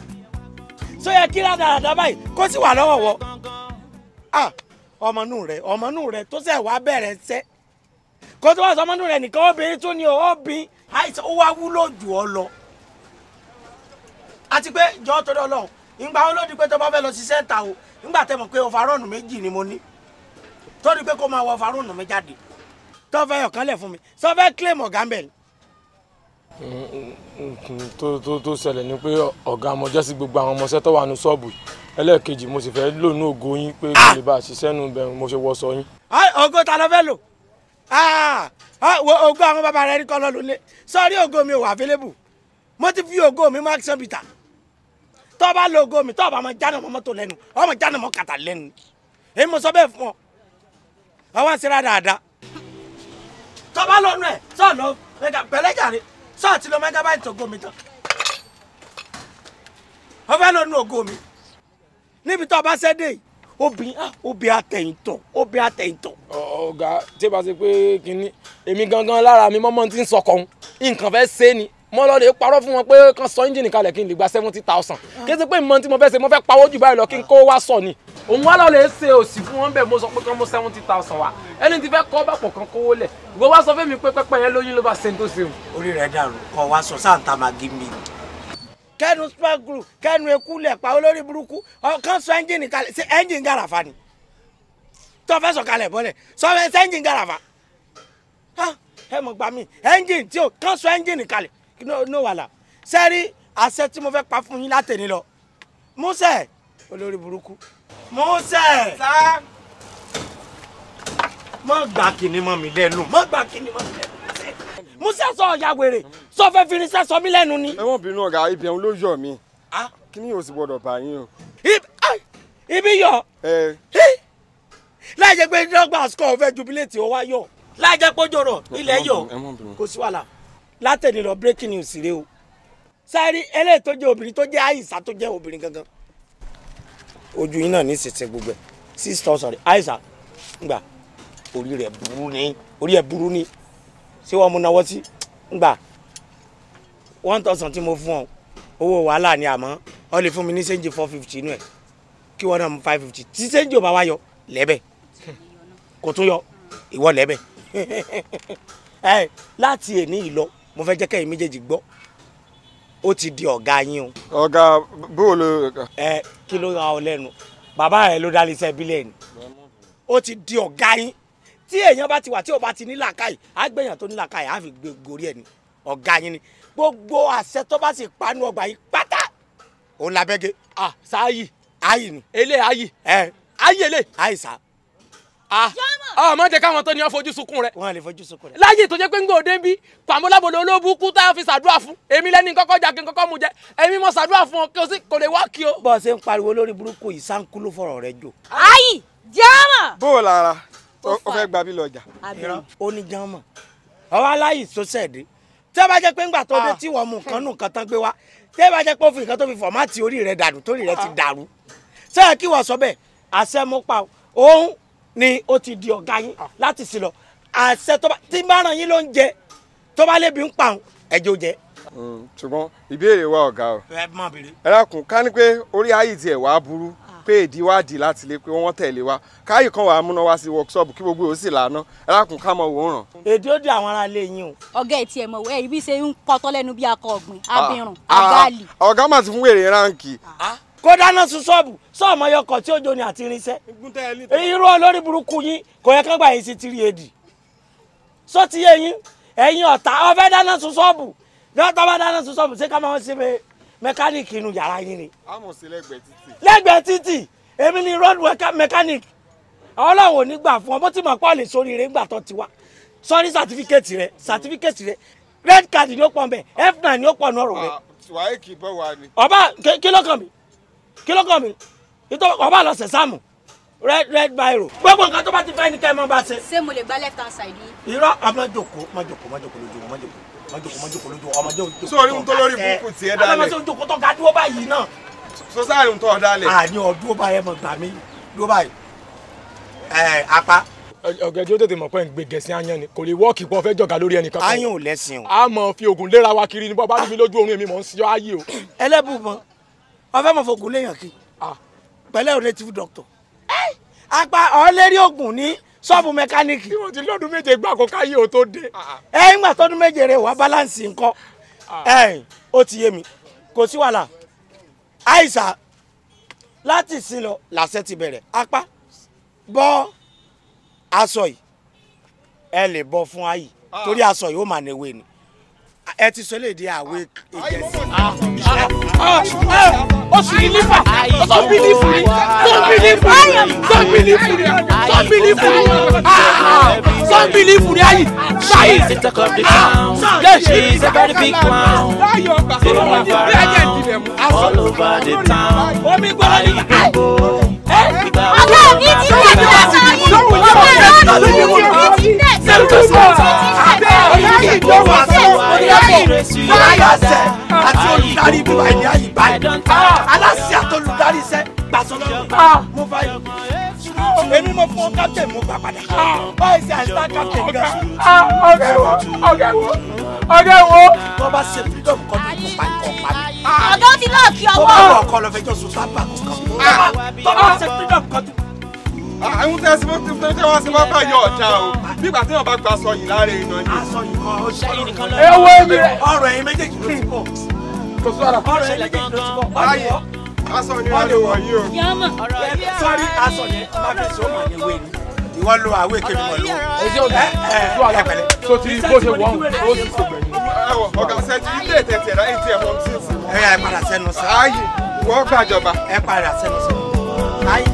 tó yẹ kí ládàradà báyìí kó sì wà lọ́wọ́ wọ. ọmọnú rẹ ọmọnú rẹ tó sẹ̀ wá bẹ̀rẹ̀ sẹ́ kó tó wà sọ ọmọnú rẹ nìkan obìnrin tó ní obìnrin àìsàn ó wá wúlò jù ọ lọ. àti pé jọ torí ọlọ́run ìgbà wo ló di pé tó bá fẹ́ lọ sí sẹ́ńtà o ìgbà tẹ mọ̀ pé ọ̀fàrọ́ọ̀nù méjì ni mo ní tó di pé kó máa wọ ọ̀fàrọ́ọ̀nù mi jáde tó fẹ́ yọ̀kánlẹ̀ fún mi sọ fẹ́ claim nǹkan tó tó ṣẹlẹ̀ ni pé ọ̀gá mo jẹ́ sí gbogbo àwọn ọmọọṣẹ́ tó wà ní ṣọ́ọ̀bù ẹlẹ́ẹ̀kejì mo sì fẹ́ lò ní ògo yín pé kò lè bá a ṣiṣẹ́ nù bẹ́ẹ̀ mo ṣe wọ sọ yín. ògo ta ló fẹ́ lò ògo àwọn bàbá rẹ ní kọ́lọ́ lónìí sọ́ọ́rí ògo mi ò wà available mo ti fi ògo mi mark sanbita tó bá lo ògo mi tó bá mọ jáná mọ́ mọ́tò lẹ́nu ọmọ jáná mọ́ kàtà lẹ́nu èyí mo sọ bẹ́ẹ̀ fún ọ àwọn àṣírà dáadáa tó bá lọ́nu ẹ̀ sọ́ọ̀ lọ pẹ̀lẹ́jà rẹ̀ sọ́ọ̀ tí lo mẹ́gábáìtì ògo mi tán wọ́n fẹ́ lónú ògo mi níbi tó o bá ṣẹ́ dé yìí obì obì Obi, obì àtẹ̀yìntọ̀. ọ̀gá tí bá ṣe pé kínní èmi gangan lára mi mọ́mọ́ ti ń sọkọ̀ nǹkan fẹ́ ṣe ni mo lọ lè parọ́ fún wọn pé kàn sọ ẹ́ńjìnì kalẹ̀ kí n lè gba seventy thousand ah. kí n ṣe pé ìmọ̀ tí mo fẹ́ ṣe mo fẹ́ pawó jù báyìí lọ kí n kó wá sọ ni òun wá lọ lè ṣe òsì fún wọn bẹ́ẹ̀ mo sọ pé kán mú seventy thousand wa ẹni tí fẹ́ kọ́ bá pọ̀ kan kówó lẹ̀ ìwọ wá sọ fún mi pé pẹ́pẹ́ yẹn lóyún ló bá ṣe tó ṣeun. orí rẹ dàrú kọ wá sọ sáǹtà máa gé mi. kẹnu spagru kẹnu eku lẹ pa olórí burúkú ọkàn sọ ẹnjìnì kalẹ̀ ṣe ẹnjìnì garafa ni tọfẹ sọ kalẹ̀ bọlẹ sọfẹ ṣe ẹnjìnì garafa ẹ mọ gbà mí ẹnjìnì tí o kàn sọ ẹnjìnì kalẹ̀ ní wàhálà sẹ́rí àṣẹ tí mo fẹ́ pa fún yín látẹ̀ni lọ músẹ̀ olórí burúkú Moses. Sá. Mọ gbà kìnnì mọ́ mi lẹ́nu. Mọ gbà kìnnì mọ́ mi lẹ́nu. Moses sọ ọ̀yà wèrè. Sọ fẹ́ fi so mi mí ni. Ẹ wọ́n bínú ọ̀gá ibi ẹ̀hún ló yọ̀ mí. Kí ni yóò sì gbọ́dọ̀ bá yín o? Ibi yọ̀. La jẹ́ pé dọ́gba score fẹ́ jubileeti ó wá yọ̀. Láì jẹ́ pé ojoro ilẹ̀ yọ̀. Kò sí wàhálà. Látẹ̀lé lo breaking news rèé o. Sáré eléyìí tó jẹ́ obìnrin tó jẹ́ àyíṣà tó jẹ́ gangan ojú yín náà ní sísìn gbogbo ẹ̀ six thousand aisa ngbà orí rẹ̀ burú ni orí ẹ̀ burú ni ṣé wọ́n mú náwó sí ngbà one thousand tí mo fún ọ owó wàhálà ni àmọ́ ọ lè fún mi ní sẹ́ńjì four fifty inú ẹ̀ kí wọ́n náà mú five fifty tí sẹ́ńjì ò bá wá yọ lẹ́bẹ̀ kò tún yọ ìwọ lẹ́bẹ̀ láti èní ìlọ mo fẹ́ jẹ́ kẹ́yìn méjèèjì gbọ́ ó ti di ọ̀gá yín o. ọ̀gá bó o lo. ẹ kí ló ra ọ lẹ́nu bàbá rẹ ló dálé iṣẹ́ bílẹ̀ ni ó ti di ọ̀gá yín tí èèyàn bá ti wà tí ò bá ti ní làákàyè àgbẹ̀yàn tó ní làákàyè á fi gorí ẹ̀ ni ọ̀gá yín ni gbogbo àṣẹ tó bá sì panu ọgbà yín pátá òun làbẹ́gẹ́ ah sáà yìí ayì ni. ele ayì. ẹ ayì ele. ayì sáà ah, mọ ah, jẹ káwọn tó ní ọ fojú sunkún rẹ. wọn lè fojú sunkún rẹ. láyé tó jẹ pé ń gbọ́ òdebí pàmòlábòlò olóòbù kú tá a fi ṣàdúrà fún èmi lẹ́ni kọ́kọ́ jà kí n kọ́kọ́ mu jẹ èmi mo ṣàdúrà fún ọ kí o sì kò lè wá kí o. bọ́ọ̀ ṣe ń pariwo lórí burúkú yìí sáńkúlù fọ̀rọ̀ rẹ jò. ayi jama. bó o lára o fẹ́ gba bí lọ́jà. ó ní jama ọwọ́ aláyì tó ṣẹ̀dé tẹ́ bá jẹ́ pé ńgbà tó dé ah. tí wọ́n mú nǹkan nù nǹkan tán gbé wá tẹ́ bá jẹ́ pé ó fi nǹkan tó fi fọ̀mátì orí rẹ̀ dànù torí rẹ̀ ti ah. dàrú sẹ́yìn kí wọ́n sọ bẹ́ẹ̀ àṣẹ mú pa òun ni ó ti di ọ̀gá yín láti sí lọ àṣẹ tó bá tí bá ràn yín ló ń jẹ tó bá lébi ń pa òun ẹjọ́ jẹ. Mm, ṣùgbọ́n ìbéèrè wa ọ̀gá o ẹ dákun ká ní pé orí ayé tiẹ̀ wá burú pé ìdíwádìí láti lè pé wọ́n tẹ̀lé wa káyì kan wàá múná wá sí workshop kí gbogbo ò sì lànà ẹlákùn ká mọ òórùn. èdè ó di àwọn ará ilé yín o. ọ̀gá ẹ̀ tiẹ̀ mọ̀ ẹ̀ ibi ṣe ń pọtọ́ lẹ́nu bí akọ ọ̀gbìn ah, abirùn ah, àgáàlì. ọ̀gá mà ti fún wèrè ránkì ah kó dáná sun ṣọ́ọ̀bù sọ́ọ̀mọ yọkọ̀ tí ó jóni àti irinṣẹ́ irú olórí burúkú yín kò yẹ kán gbà yín sí three ad só ti yé yín ẹ̀yin ọ̀tá ọ̀fẹ́ dáná sun ṣọ́ọ̀bù dọ́tọ́ bá dáná sun ṣọ́ọ̀bù ṣé ká máa ń ṣe mẹkáníìkì inú yàrá yín ni. àmọ̀ sí lẹ́gbẹ̀ẹ́ títì. lẹ́gbẹ̀ẹ́ títì èmi ni road mechanic ọlọ́run ò ní gbà fún ọ bó ti mọ̀ pọ́ lè sórí rẹ̀ ńgbà tó ti wá sọ́rí sàtífíkẹ́ẹ̀tì rẹ̀ sàtífíkẹ́ẹ̀tì rẹ̀ red card ni ó pọ̀ nbẹ̀ f9 ni ó pọ̀ nọ́ọ̀rọ̀ rẹ̀. Ah, wàá kì í bọ̀ wá ni. ọba kí ló kàn mí kí ló kàn mí ìtọ́ ọba lọ sẹ̀ sáàmù red red biro gbogbo nǹkan tó bá ti fẹ́ ni ká ẹ mọ́ bá ṣe. ṣé mo lè gba left hand side yìí. irọ́ ọmọdéko mọ́jọ̀kọ́ mọ́jọ̀kọ́ lójú mọ́jọ̀kọ́ mọ́jọ̀kọ́ mọ́jọ̀kọ́ lójú ọmọdé òjòkó. sórí ń tó lórí burúkú tiẹ̀ dálẹ̀. ọmọdé òjòkó tó ga dúró báyìí náà. sọ́sáàrì ń tọ́ dálẹ̀. àní ọdún báyẹn mọ̀ gbà mí dúró báyìí. ẹ apá ọ̀gẹ̀dẹ̀ ó tètè mọ̀ pé ń gbé gẹ̀ẹ́sì ayan ni kò lè wọ́ọ̀kì pọ̀ fẹ́ jọ̀gà lórí ẹnìkan. ayé ò lẹ́sìn o. a mọ̀ fi oògùn léra wa kiri ni bọ́ bá rí mi lójú oorun èmi mọ̀ ń sí ayé o. ẹlẹ́bùbọn ọfẹ́ mọ̀ fògùn léèyàn kí pẹ̀lẹ́ ò native doctor apá ọ̀ọ́lérí oògùn ní ṣọ́ọ̀bù mẹkáníìkì. bí mo ti lọ́dún méje gbàgbọ́ káyé o tó dé. ẹ ń gbà tọ́dún méje rẹ̀ wá báláǹsì nǹkan ẹ ó ti yé mi kò sí wàhálà àìsà láti sin lọ làṣẹ ti bẹ̀rẹ̀ apá bọ́ aṣọ yìí ẹ lè bọ́ fún ayì torí aṣọ yìí ó mà níwèé ni ẹ ti sọ lè di àwé ìjẹsìn oṣù yìí nífà don't believe me don't believe me don't believe me don't believe me don't believe me ayi ayi yes all over the town omi gbọ́dọ̀ ní ọgá mi ti tẹ̀sán yìí ọgá mi ti tẹ̀sán yìí olùdarí ìdánwò àtàwọn olùdarí fọláyọsẹ àti olùdarí ibùdó àìní àyè aláṣẹ àti olùdarí iṣẹ́ gbàsọlọ ah. ah, mo fà èmi mo fún captain mo gbà padà báyìí sí àìsàn captain gan. ọ̀gá ẹ̀wọ̀ ọ̀gá ẹ̀wọ̀ ọ̀gá ẹ̀wọ̀. tó bá ṣe freedom kan ní kó pa ikọ̀ pa mi. ọ̀gá ó ti lọ́ọ̀kì ọwọ́. tó bá wọ̀ ọkọ lọ fẹjọ́ sùn sábà kó kàn ah. bá ṣe freedom kan ní àwọn tẹ́ sí fún tẹ́ wá sí wá bá yọ ọ̀já o nígbà tí wọ́n bá gba aṣọ yìí lára èèyàn ni. aṣọ yìí kọ ọṣẹ yìí nìkan lọ. ewé mi ọ̀rọ̀ ẹ̀yin méjèèjì ló ti pọ̀. kò sí ọ̀rọ̀ ọ̀rọ̀ ẹ̀yin méjèèjì ló ti pọ̀. ayé aṣọ ni wọ́n lè wọ̀ yìí o. yàmà ọ̀rọ̀ yìí sọ́rí aṣọ yẹn má fi so mọ̀ ní wéyìn ìwọ lo àwé kiri mọ̀ lówó. ojú ọ̀la ojú ọ̀la pẹ̀lẹ́ tó ti bó ṣe wọ́n ó sì sùn gbẹ̀yìn. ọ̀gá sẹ́jú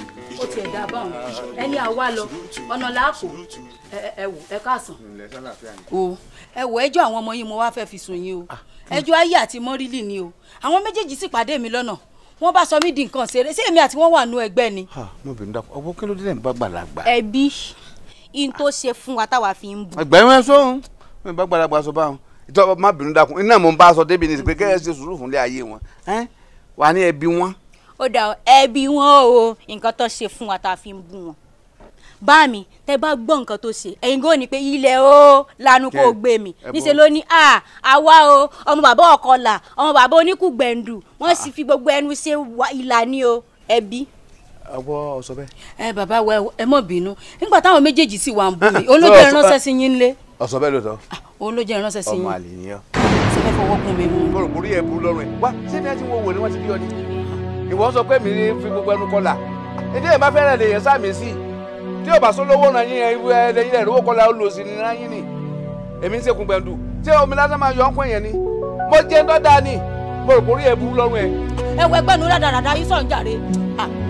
ó ti ẹ̀dá báwọn ẹni àwa lọ ọ̀nà làákò ẹ wò ẹ káàsán. o ẹ wò ẹjọ́ àwọn ọmọ yìí mo wá fẹ́ fi sùn yín o ah, hmm. ẹjọ́ ayé àti mọ́rílì ni o àwọn méjèèjì sì pàdé mi lọ́nà wọ́n bá sọ mí di nǹkan ṣeré sí èmi àti wọ́n wà nù ẹgbẹ́ ni. Ah, mo bẹ̀rù dàpọ̀ ọwọ́ kí ló dé lẹ́nu bá ẹbí in tó ṣe fún wa táwa fi ń bù. ẹgbẹ́ wọn mi bá sọ báwọn ìtọ́ má bínú dákun iná mo bá sọ débi ní pé kẹ́hìn ṣe sùúrù fúnlé ayé wọn wà ní ẹbí wọn ó dà ẹbí wọn o nǹkan tó ṣe fún wa tá a fi ń bú wọn bá mi tẹ bá gbọ́ nǹkan tó ṣe ẹ̀yin kò ní pé ilẹ̀ o lanu kò gbé mi níṣẹ́ ló ní àwa o ọmọ bàbá ọ̀kọlà ọmọ bàbá oníkùgbẹ̀ndù wọ́n sì fi gbogbo ẹnu ṣe ìlà ni o ẹbí. àwọ ọsọ bẹ́ẹ̀. ẹ bàbá wa ẹ mọ̀ bínú nígbà táwọn méjèèjì sì wà ń bú mi olójẹ ìránṣẹ́ sí yín lé. ọsọ bẹ́ẹ̀ ló tán. Ah, olójẹ ìránṣẹ́ sí yín. ọmọ àlè nìyẹn. ṣé fẹ́ fọwọ́ gún mi mú. mo rò ìwọ sọ pé mi fi gbogbo ẹnu kọlà èdè yẹn bá fẹ́rẹ̀ lè yẹn sàmì sí tí yóò bá sọ lówó náà yín yẹn lẹ́yìn rẹ̀ lówó kọlà ó lò sí ní náà yín ni èmi ń sekun gbẹ̀ndù tí omi lásán máa yọ ọkùnrin yẹn ni mo jẹ́ ń dọ́dá ni mo rò kórìí ẹ̀bù lọ́rùn ẹ̀. ẹ wọ ẹgbẹ́ nu rádaràda yín sọ̀rọ̀ jàre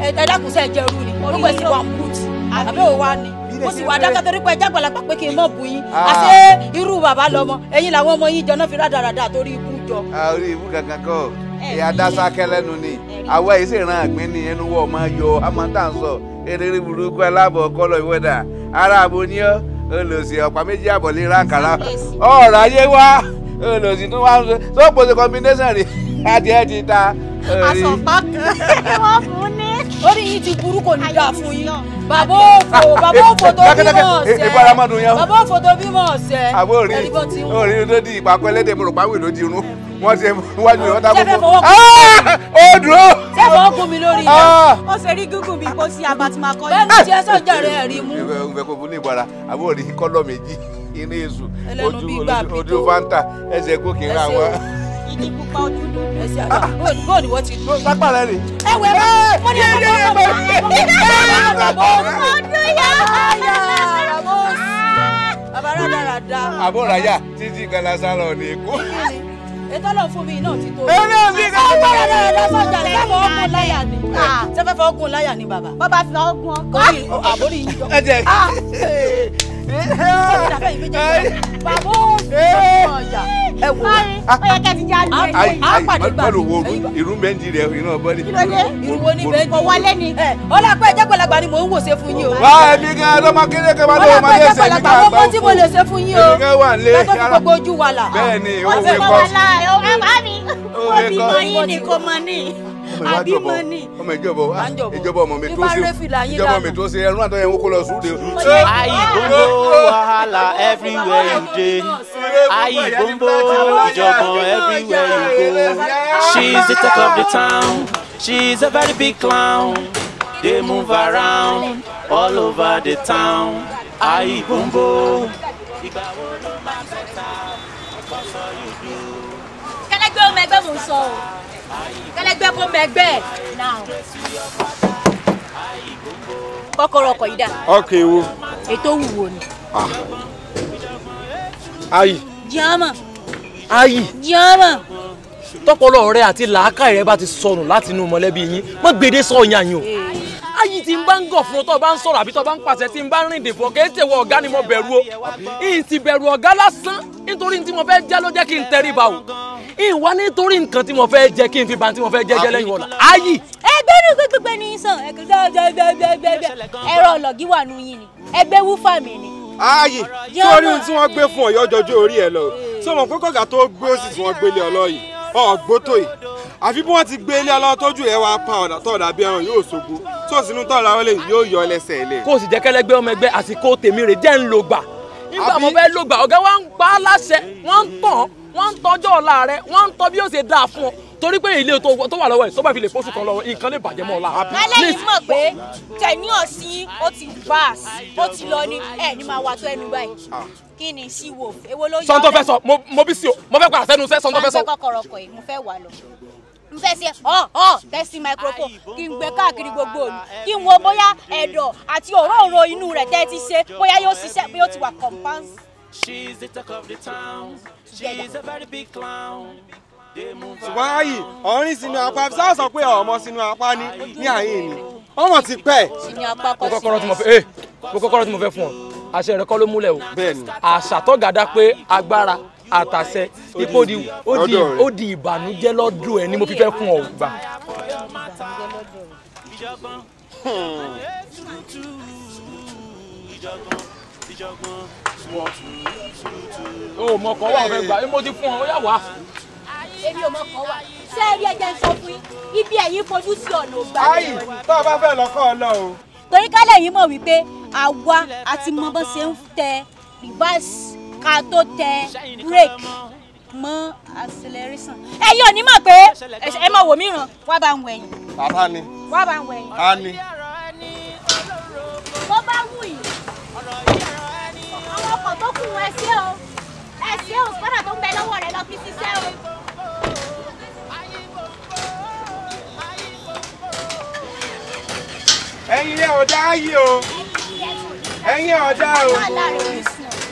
ẹ dákúnṣe ẹ̀jẹ̀ rú ni orúkọ ẹ̀sìn wa kùtì àbẹ́ òwa ni mo sì wà dákẹ́ torí pé jágbàlagbà pé kí n mọ̀ bù yín ah. àṣé irú bàbá lọmọ ẹ̀yin làwọn ọmọ yín jọ náà fi rádaràda torí ibú jọ. orí ibú kankan kọ́ ìyá dásákẹ́ lẹ́nu ni àwa yìí sì ran àgbín ní ẹnu yọ àmọ́ tá à ń sọ eléré burúkú aláàbọ̀ kọ́lọ̀ ìwọ́dà ara àbò olùsí ọ̀pá méjì àbọ̀lé olùsí tún wá ń sọ tó pọ̀ sí combination rẹ̀ adìẹ ti ta. àsọ̀tọ̀ kan wọ́n fún ní. orí yìí ti burú kò ní dà fún yín bàbá òfò bàbá eh, òfò tó bímọ eh, ọ̀sẹ̀ bàbá òfò tó bímọ ọ̀sẹ̀. àbó orí orí tó di ìpàkọ́ ẹlẹ́dẹ̀ mo rò pàwé ló di irun wọ́n ti wájú ìwọ́n tá gbogbo ó dúró. ṣé fọwọ́ gún mi lórí yẹn ah! ó ṣe rí gígùn bíi kó sí abatimakọ yìí. Ah! bẹ́ẹ̀ ni jẹ́ sọ́jà rẹ̀ rí mú. ìfẹ́ kò fún ní ìbọ̀ra àbó orí kọ́lọ́ méjì inú èso ẹlẹ́nu bí gbà bí tó ojú fanta ra wọn. ìdí pupa ojú ẹsẹ̀ àgbà bóòlù wọ́n ti dùn. pápá rẹ rè. ẹ wẹ bá mo ní ọmọ bọ bọ ọdún yá bàbá rádaràda. àbúràyà títí galasara ọ̀nà èkó. ètò ọlọ́run fún mi náà ti tó. eré mi kà á bọ̀ rádaràda sọ́jà sábà ọkùn láyà ni. sẹ́fẹ́fẹ́ ah. ọkùn láyà ni bàbá. bàbá fi ọgbọ́n kọ́. àbórí yìí dán. bàbá òsì ọ̀yà ẹ wò ọ̀yà kẹ́tì já lu ẹ̀ á pàdé gbà mí. wo irun bẹ́ẹ̀ di rẹ̀ iná bọ́dí. kí ló dé irun wo ni bẹ́ẹ̀ di. ọwọ́ alẹ́ ni ọlọ́pàá ẹ̀jẹ̀ gbọ́lagbà ni mò ń wòṣe fún yín o. wá èmi gan lọ́mọ kéde kan máa lé ọmọ yẹn sẹ́yìn ká gbà fún. ọlọ́pàá ẹ̀jẹ̀ gbọ́lagbà mo tí mo lè o. èmi gan wà lé gbogbo ojú wa là. bẹ́ẹ̀ àbí mọ ni. ọmọ ìjọba wa ìjọba ọmọ mi tó ṣe ìjọba mi tó ṣe ẹrún àtọyẹ ń kó lọ sùúrù de. ayi gbogbo wàhálà everywhere you dey ayi gbogbo ìjọba everywhere you go she's the talk of the town she's a very big clown dey move around all over the town ayi ìgbà wo ló máa bẹ̀ta ọkọ̀ sọ yóò dúró. kẹlẹgbẹ́ ọmọ ẹgbẹ́ mò sọ o ẹlẹ́gbẹ́ kó mẹ́gbẹ́ now kọ́kọ́rọ́ ọkọ̀ yìí dà. ọkọ̀ èwo. ètò wùwò ni. Ah. ayi. jama. ayi. jama. tọpọlọ rẹ àti làákàyè rẹ bá ti sọnù láti inú mọ̀lẹ́bí yín mọ gbèdé sọyìn àyàn o ayi tí n bá ń gọ̀ fún ọ tó o bá ń sọ̀rọ̀ àbí tó bá ń pàṣẹ tí n bá ń rìn dè fún ọ kì wọ ọ̀gá ni mo bẹ̀rù o n ti bẹ̀rù ọ̀gá lásán nítorí tí mo fẹ́ jẹ́ ló jẹ́ kí n tẹríba o ìwà nítorí nǹkan tí mo fẹ́ jẹ kí n fi ban tí mo fẹ́ jẹ jẹ lẹ́yìn ayi. ẹgbẹ́ ní gbẹgbẹgbẹ ní sàn ẹ̀rọ ọ̀lọ́gí wà nù yín ni ẹgbẹ́ wúfà mi ni. ayi sórí ohun tí wọ́n gbé fún ọ̀yọ́ jọjú orí ẹ lọ sọmọ pé kọ̀gà tó gbé òsì tí wọ́n gbélé ọlọ́yìí ọ̀gbótó yìí àfi bí wọ́n ti gbé ilé ọlọ́wọ́ tójú ẹ̀ pa ọ̀dà tọ̀dà bí ẹran yóò ṣogbó tó sínú tọ̀dà wọlé yóò yọ ẹlẹ́sẹ̀ ilé. kó sì jẹ́ kẹ́lẹ́gbẹ́ ọmọ ẹgbẹ́ àsìkò tèmi rè jẹ́ ń nígbà mo fẹ́ lò ọ̀gá wa ń pa á láṣẹ wọ́n ń tàn wọ́n ń tọ́jọ́ ọ̀la rẹ wọ́n ń tọ́ bí ó ṣe dáa fún ọ torí pé ilé tó wà lọ́wọ́ ẹ̀ tó bá fi lè fóṣù kan lọ́wọ́ nǹkan lè bàjẹ́ mọ́ ọ̀la. lẹ́yìn mọ̀ pé tẹ̀mí ọ̀sìn ó ti pass ó ti lọ ní ẹ̀ ní máa wà tó ẹnu báyìí ah. kí ni sí wo èwo ló yọ ọ́ sọ́ńtò fẹ́ sọ mo bí sí o mo fẹ́ padà sẹ́nu sẹ́ sọ́ńtò fẹ́ sọ. wọ́n fẹ́ kọ́kọ́rọ́ kọ̀ yìí mo fẹ́ wà lọ n fẹ́ ṣe ọ̀ ọ̀ tẹ́sí microphone kí n gbé káàkiri gbogbo òlu kí n wo bóyá ẹ̀dọ̀ àti òróǹro inú rẹ̀ tẹ́ ti ṣe bóyá yóò ṣiṣẹ́ bóyá ó ti wà compense She's the talk of the town. She's a very big clown. So why ọ̀rìn sínú apá fi sáà sọ pé ọmọ sínú apá ni. ní ni ọmọ ti pẹ́. sínú apá kọ́ sínú ẹ̀. mo kọ́kọ́rọ́ tí mo fẹ́ fún ọ àṣẹ rẹ kọ́ ló múlẹ̀ Ben. bẹ́ẹ̀ni. àṣà gada pe. Agbara. Atase. àtàṣẹ ipò ó di ìbànújẹ́ lọ́dún ẹ ni mo fi fẹ́ fún ọ gbà. ìjọgbọ́n hmm o mọ kọ wà fẹ gbà mo ti fún ọ ó yà wá. èmi ò mọ kọ wà ṣé ẹ rí ẹjẹ ń sọ fún yín ibi ẹ̀yin fojú sí ọ̀nà ògbà. ayi tó o bá fẹ́ lọ́kọ́ ọ lọ o. torí kálẹ̀ yìí mọ̀ wípé àwa àti mọ bó ṣe ń tẹ reverse ká tó tẹ brake mọ acceleration. ẹ̀yin ò ní mọ̀ pé ẹ máa wò mí ràn wá bá ń wẹ̀yìn. bàbá ni. wá bá ń wẹ̀yìn. a ni. ẹ ṣé o ẹ ṣé o fọ́nà tó ń bẹ lọ́wọ́ rẹ lọ fi ṣiṣẹ́ o. ẹ̀yin ẹ ọ̀dá ayé o ẹ̀yin ọ̀dá o.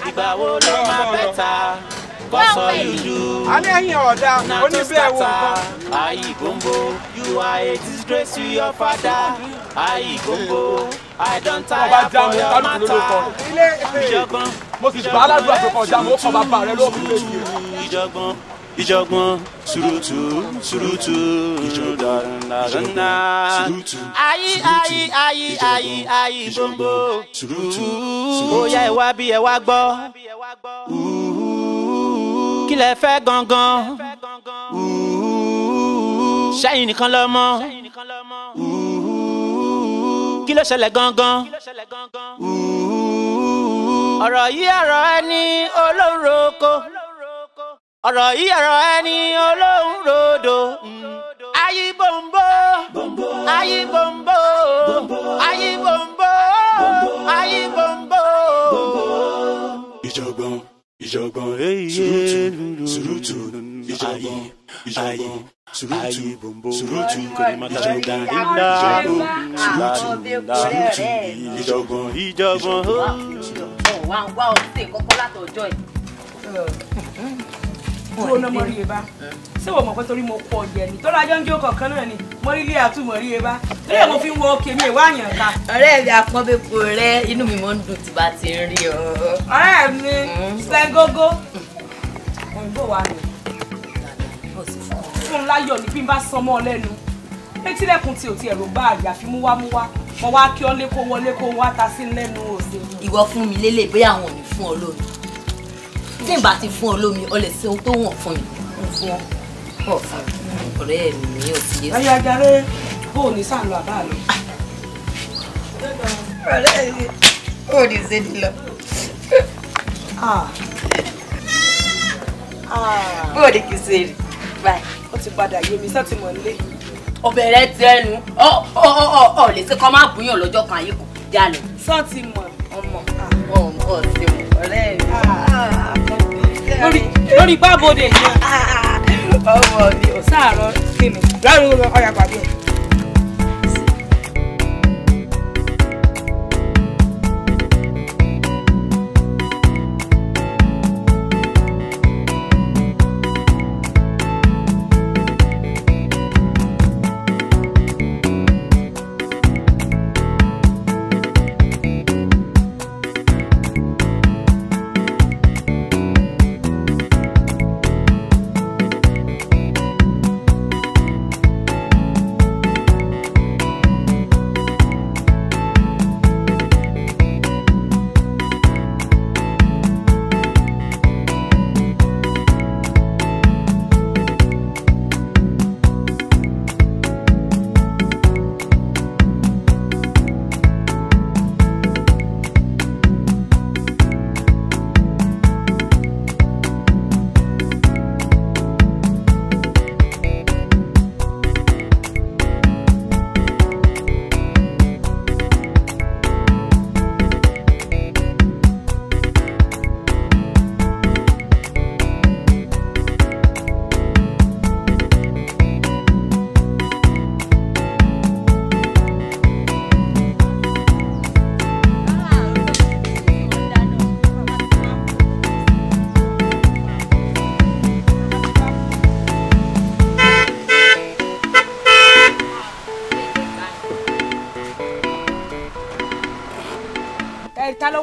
ìgbà wo ló máa bẹ̀ ta kọ́sọ̀ yújú. a ní ẹ̀yin ọ̀dá oníbẹ̀ wò kọ́. ayi gbombo you are a disgrace to your father ayi gbombo i don tire for your matter. ìjọgbọ́n mo sì gbà á ládùúgbà pé kọjá mo kọ bàbá rẹ ló surutu ayi ayi ayi ayi ayi gbogbo surutu bóyá ẹ wá bí ẹ wá gbọ́ kí lẹ fẹ́ gangan ṣẹ́yìn nìkan lọ mọ́ kí ló ṣẹlẹ̀ gangan ọ̀rọ̀ yìí ọ̀rọ̀ ẹni olóhùn roko ọ̀rọ̀ yìí ọ̀rọ̀ ẹni olóhùn rodo ayi bombo ayi bombo ayi bombo ayi bombo. ìjọ̀gbọ́n ìjọ̀gbọ̀n sùrùtù sùrùtù ìjọ̀gbọ̀n ìjọ̀gbọ̀n sùrùtù sùrùtù ìjọ̀gbọ̀n ìjọ̀gbọ̀n sùrùtù sùrùtù ìjọ̀gbọ̀n ìjọ̀gbọ̀n. wà á wá ọtí kọ́kọ́ látọjọ́ yìí dúró náà mọ́rí eba ṣé wọ́n mọ̀ pé torí mo pọ̀ jẹ ni tó lájọ́ ń jó kọ̀ọ̀kan náà ni mọ́rí lé àtú mọ́rí eba torí ẹ̀ mo fi ń wọ òkè mi ìwá àyàn ká. ọ̀rẹ́ mi àpọ́nbẹ́po rẹ inú mi máa ń dùn tí bá ti ń rí ọ. ọ̀rẹ́ mi sẹ́ńgógó òyìnbó wa ni fún láyọ̀ ní bí n bá sanmọ́ lẹ́nu pétílẹ̀kùn tí ò ti ẹ̀rọ bá àyà múwámúwá mo wá kí ọ lékó wọlé kó wá ta sí lẹ́nu òsè. ìwọ fún mi lélẹ̀ bóyá àwọn ò ní fún ọ lónìí tí n bá ti fún ọ lómi ọ lè ṣe ohun tó wọ̀n fún mi mo fún ọ ọ̀fun ọ̀rẹ́ mi ò ti yé. ayé ajarẹ́ bó o ní sàn lọ àbá lọ. ọ̀rẹ́ mi ò ní ṣe ní lọ. Ah. Ah. bó o ní kí n ṣe rí báyìí. ó ti padà yé mi sátìmọ̀ nílé ọbẹ̀rẹ̀ tẹnu ọ̀ ọ̀ ọ̀ lè ṣe kọ́ máa bùyàn lọ́jọ́ kan ayé kò já sọ ti mọ̀ ọmọ ọmọ ti mọ̀ ọ̀rẹ́ mi. Ah, ah, ah, lórí lórí bábòde ọmọ mi ò sáàárọ̀ kí ni. lọ́rùn ọ̀yà pàdé.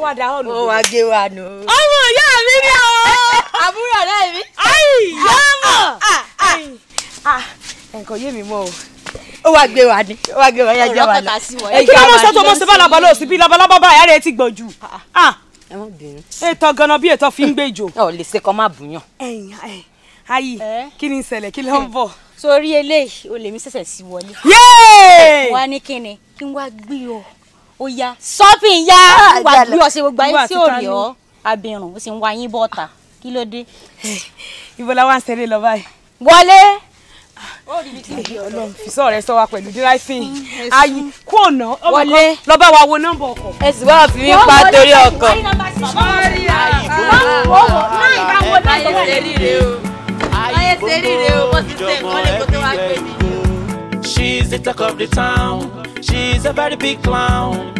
padà ọ̀nà. ó wàá gé wa nù. ọmọ ìyá mi ni o. àbúrò ọ̀rẹ́ mi. ayi ìyá ah, mọ̀. Ah, ah, nǹkan yé mi mọ́ o ó wá gbé wa ni ó wá gbé wa yá jẹ wa lọ. kí ló mọ sọ́tò mọ́ sí balabalọ́ sí bí labalábá bá ẹ̀rẹ́ ti gbọ̀n jù. ètò ganan bí ètò fi ń gbé jò. ọ lè ṣe kọ́ má bùyàn. ayi kí ni ìṣẹ̀lẹ̀ kí ló ń bọ̀. sórí eléyìí olèmí ṣẹ̀ṣẹ̀ sí wọlé. wá ní kíni kí n wá gbé ọ ó yá sọ́pìn yá ah, wà bí ọ̀sẹ̀ gbogbo ayé sí òrì ọ́ abirùn ó sì ń wá yín bọ́ta kí ló dé. ibo la wá ń ṣeré lọ báyìí. wọlé ìsọ rẹ sọ wa pẹ̀lú dírẹ́fìn mm, ayi kú ọ̀nà ọmọkọ lọ bá wa wo nọ́mbà ọkọ̀. ẹ sì bá fi mí pa torí ọkọ̀. ayé ṣe rí o ayé ṣe lè kó tó wá gbé mi. She's the talk of the town. She's a very big clown.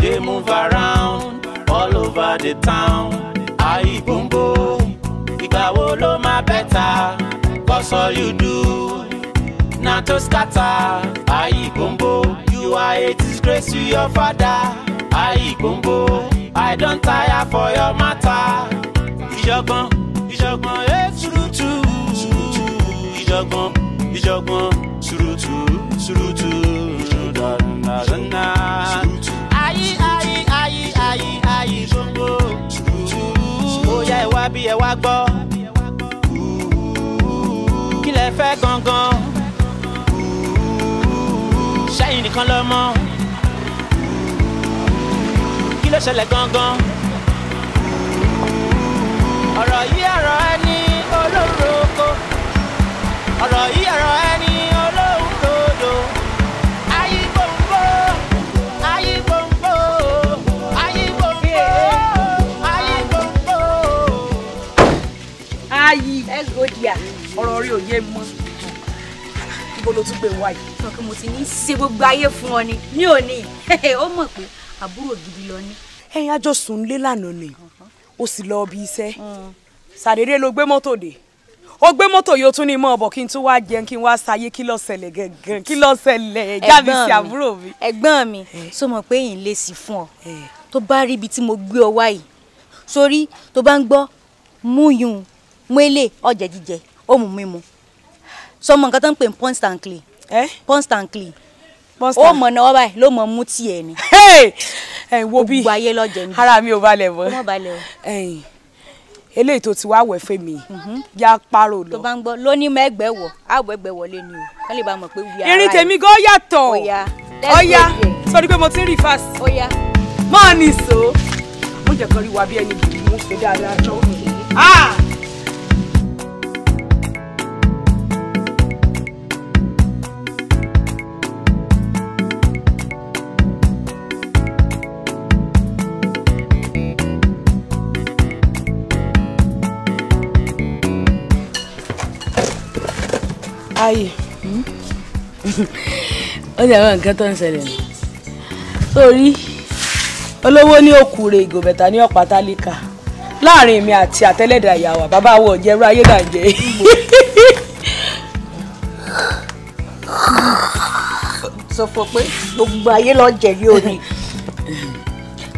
They move around all over the town. Ayi bumbo, ìgbà wo ló máa better? Cause all you do n'ot to scatter. Ayi bumbo, you are a disgrace to your father. Ayi bumbo, I don't tire for your matter. Ìjọ̀gbọ̀n, ìjọ̀gbọ̀n, ètùrùtù. Eh, ìjọ̀gbọ̀n, ìjọ̀gbọ̀n surutu donna donna ayi ayi ayi ayi ayi gbogbo ó yá ẹ wá bí ẹ wá gbọ́ kí lẹ fẹ́ gangan ṣẹ́yìn nìkan ló mọ̀ kí ló ṣẹlẹ̀ gangan ọ̀rọ̀ yìí ọ̀rọ̀ ẹni olóró oko ọ̀rọ̀ yìí ọ̀rọ̀ ẹni. let's go there. ọ̀rọ̀ rí òye mọ́ ibo ló tún gbé wá yìí. sọ pé mo ti ní ṣe gbogbo ayé fún ọ ni mi ò ní ó mọ̀ pé àbúrò gidi lọ ní. ẹyin ajọ sùn lé lánàá ni ó uh-huh. sì lọ bí iṣẹ́ mm. ṣàdédé ló gbé mọ́tò dé ó gbé mọ́tò yóò tún ní mọ́ ọ̀bọ̀ kí n tún wá jẹun kí n wá ṣayé kí ló ṣẹlẹ̀ gangan kí ló ṣẹlẹ̀ jáde sí àbúrò mi. ẹ̀gbọ́n mi sọ mọ̀ pé yìí ń lé sí fún ọ tó bá rí ibi tí mo gbé ọ wá sórí tó bá ń gbọ́ mú mú ilé ọ̀jẹ̀ jíjẹ òmù mímu sọmọ nǹkan tó ń pè ní pons and clay eh? pons and clay ó mọ̀ náà wọ́n báyìí ló mọ̀ mú tiẹ̀ ni eh, wo bí gbogbo ayé lọ́jẹ̀ ni ara mi ò balẹ̀ mọ́ ọmọ balẹ̀ o eh, eléyìí tó ti wá wẹ̀ fẹ́ mi mhm. yá párò lọ. tó bá ń gbọ́ lóní mẹ́gbẹ́ wọ̀ àwọ̀ ẹgbẹ́ wọlé ni o kán lè bá mọ̀ pé wíyá. irin tèmi gan yàtọ̀ ọ̀ya sọdí pé mo ti ń rí fast. ọ̀ya máa nìṣó. mo jẹ́ kan rí wa bí ẹni kì í mú ṣe dáadáa jọ. ayé hmm? ó ní àwọn nǹkan tó ń ṣẹlẹ̀ nù sórí olówó ní òkúre ìgò bẹ̀tà ní ọ̀pá tálíkà láàrin mi àti àtẹ́lẹ̀dà ìyàwó bàbá àwọn ọ̀jẹ̀rú ayé là ń jẹ. sọ fún ọ pé gbogbo ayé lọ jẹ̀rí òní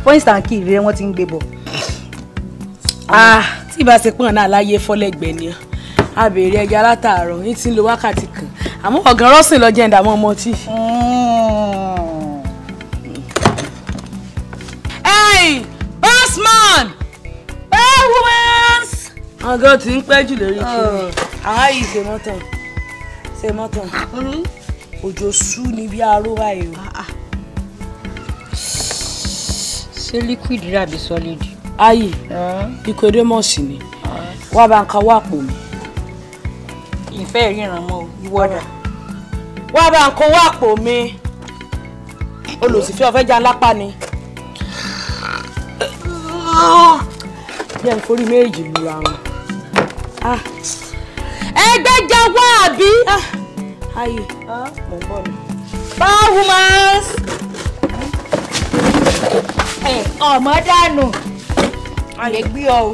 points and key rẹ wọ́n ti ń gbé bọ̀. Ah, tí ìbá ṣe pọ́n náà láyé fọ́lẹ́gbẹ̀ẹ́ ni ọ́ a ẹja látàárọ̀ ní ti ń lo wákàtí kan àmọ́ ọ̀gán rọ́sìn lọ jẹ́ ìdààmú ọmọ tí. Mm. hey bossman hey woman. ọ̀gán ti ń pẹ́ jù lórí kiri oh. àwa yìí ṣe mọ́tàn ṣe mọ́tàn òjò sú ni bí aró báyìí o. Ah, ah. ṣé liquid rà bí solid. ayé ah. ìkòdémọ̀sì ni wàá bá ń ka wá àpò mi ìfẹ́ ríran mọ́ o ìwọ dà. wá bá ń kó wá àpò mi olùsìfẹ́ ọ̀fẹ́ já lápá ni. jẹ́ n forí méjì lu àwọn. Ah. ẹgbẹ́ já wá àbí. Ah. ayé mò ń bọ̀ ni. báwo máa ń. ọmọ dànù. ayé gbé ọ o.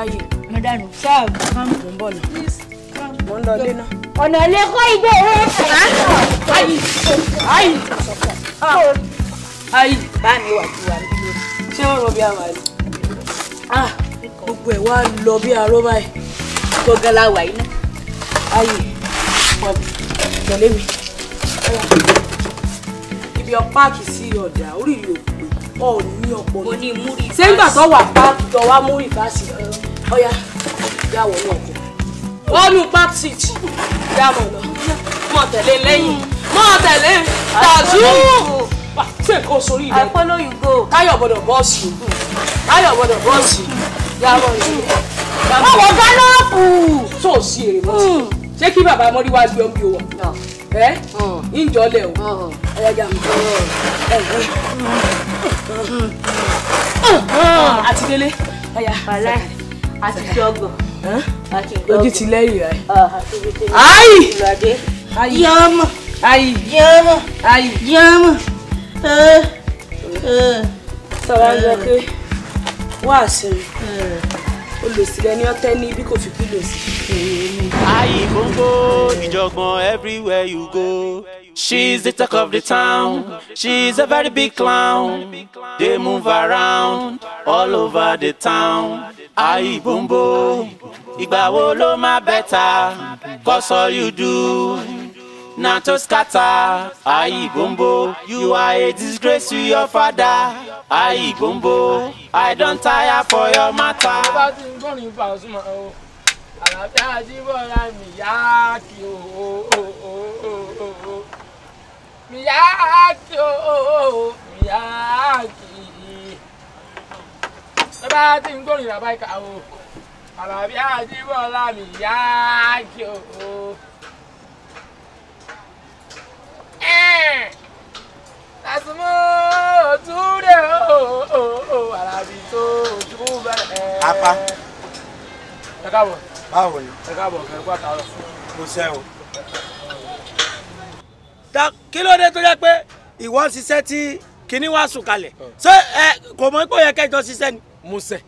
ayé mọ dànù. sáà mọ bọ̀ ni mo ń lọ ilé náà. ọ̀nà ilé kọ́ ibẹ̀ rẹ̀. ayi ayi ayi bá mi wà ju wa nílò ṣé ó rọ bí a wà ní. gbogbo ẹ̀ wá lọ bí arọ́ báyìí gbọ̀ngàn la wà yìí náà. ayi pọ̀ tẹ̀lé mi ibi ọ páàkì sí ọ̀dà orí ìlú òpè ọ ní ọ̀pọ̀ ní. mo ní múri. sẹ́ńgbà tó wà páàkì tó wá múri bá sí ọ̀yá wọ̀ ní ọkọ̀ wọ́ọ̀lù back seat yà mọ̀ lọ mọ̀ tẹ̀lé lẹ́yìn mọ̀ tẹ̀lé tàzú ṣé kò sórí rẹ káyọ̀ gbọ́dọ̀ bọ́ọ̀sì káyọ̀ gbọ́dọ̀ bọ́ọ̀sì yà mọ̀ lọ. ọwọ́ gálọ́ọ̀pù. tó o sí èrè mọ́ sí ṣé kí bàbá mọ́rí wá gbé ọmọ ìwọ̀ ẹ́ ìjọlẹ̀ o ẹ̀yà jàǹbá ẹ̀yà àtidélé ẹ̀yà àti ọgbọ̀n ojú ti lẹ́yìn rẹ̀. ayi ayi ayi yọmọ ayi yọmọ. sọ̀rọ̀ ń lọ pé wá sí olùsílẹ̀ ni ọtẹ́ ní bí kò fi pílò sí. ayi gbogbo ìjọ̀gbọ̀n everywhere you go. She's the talk of the town. She's a very big clown. They move around all over the town ayi bombo ìgbà wo ló má bẹ́ta kọ́sọ́ you do na to scatter ayi bombo you are a disgrace to your father ayi bombo i don't tire for your matter. bó bá ti ń gbọ́ ní Pasuma o àlàáfíà àjíbọ̀lá mi yá kí o o o o o mi yá kí o o o mi yá kí ẹ bá ti ń gbòòrìyà báyìí ká o àlàbí àdìbọ̀lá mi yá kí o. àsùnmọ́ òtúndé o àlàbí tó ojú bẹ̀rẹ̀. apá. ẹ káàbọ̀. báwo ni. ẹ káàbọ̀ kẹ́ kó àtàwọn. mo ṣe o. kí ló dé tó yẹ pé ìwọ ń ṣiṣẹ́ tí kinní wàá sùn kalẹ̀ ṣé ẹ kò mọ̀ pé ó yẹ kẹjọ ṣiṣẹ́ ni musẹ̀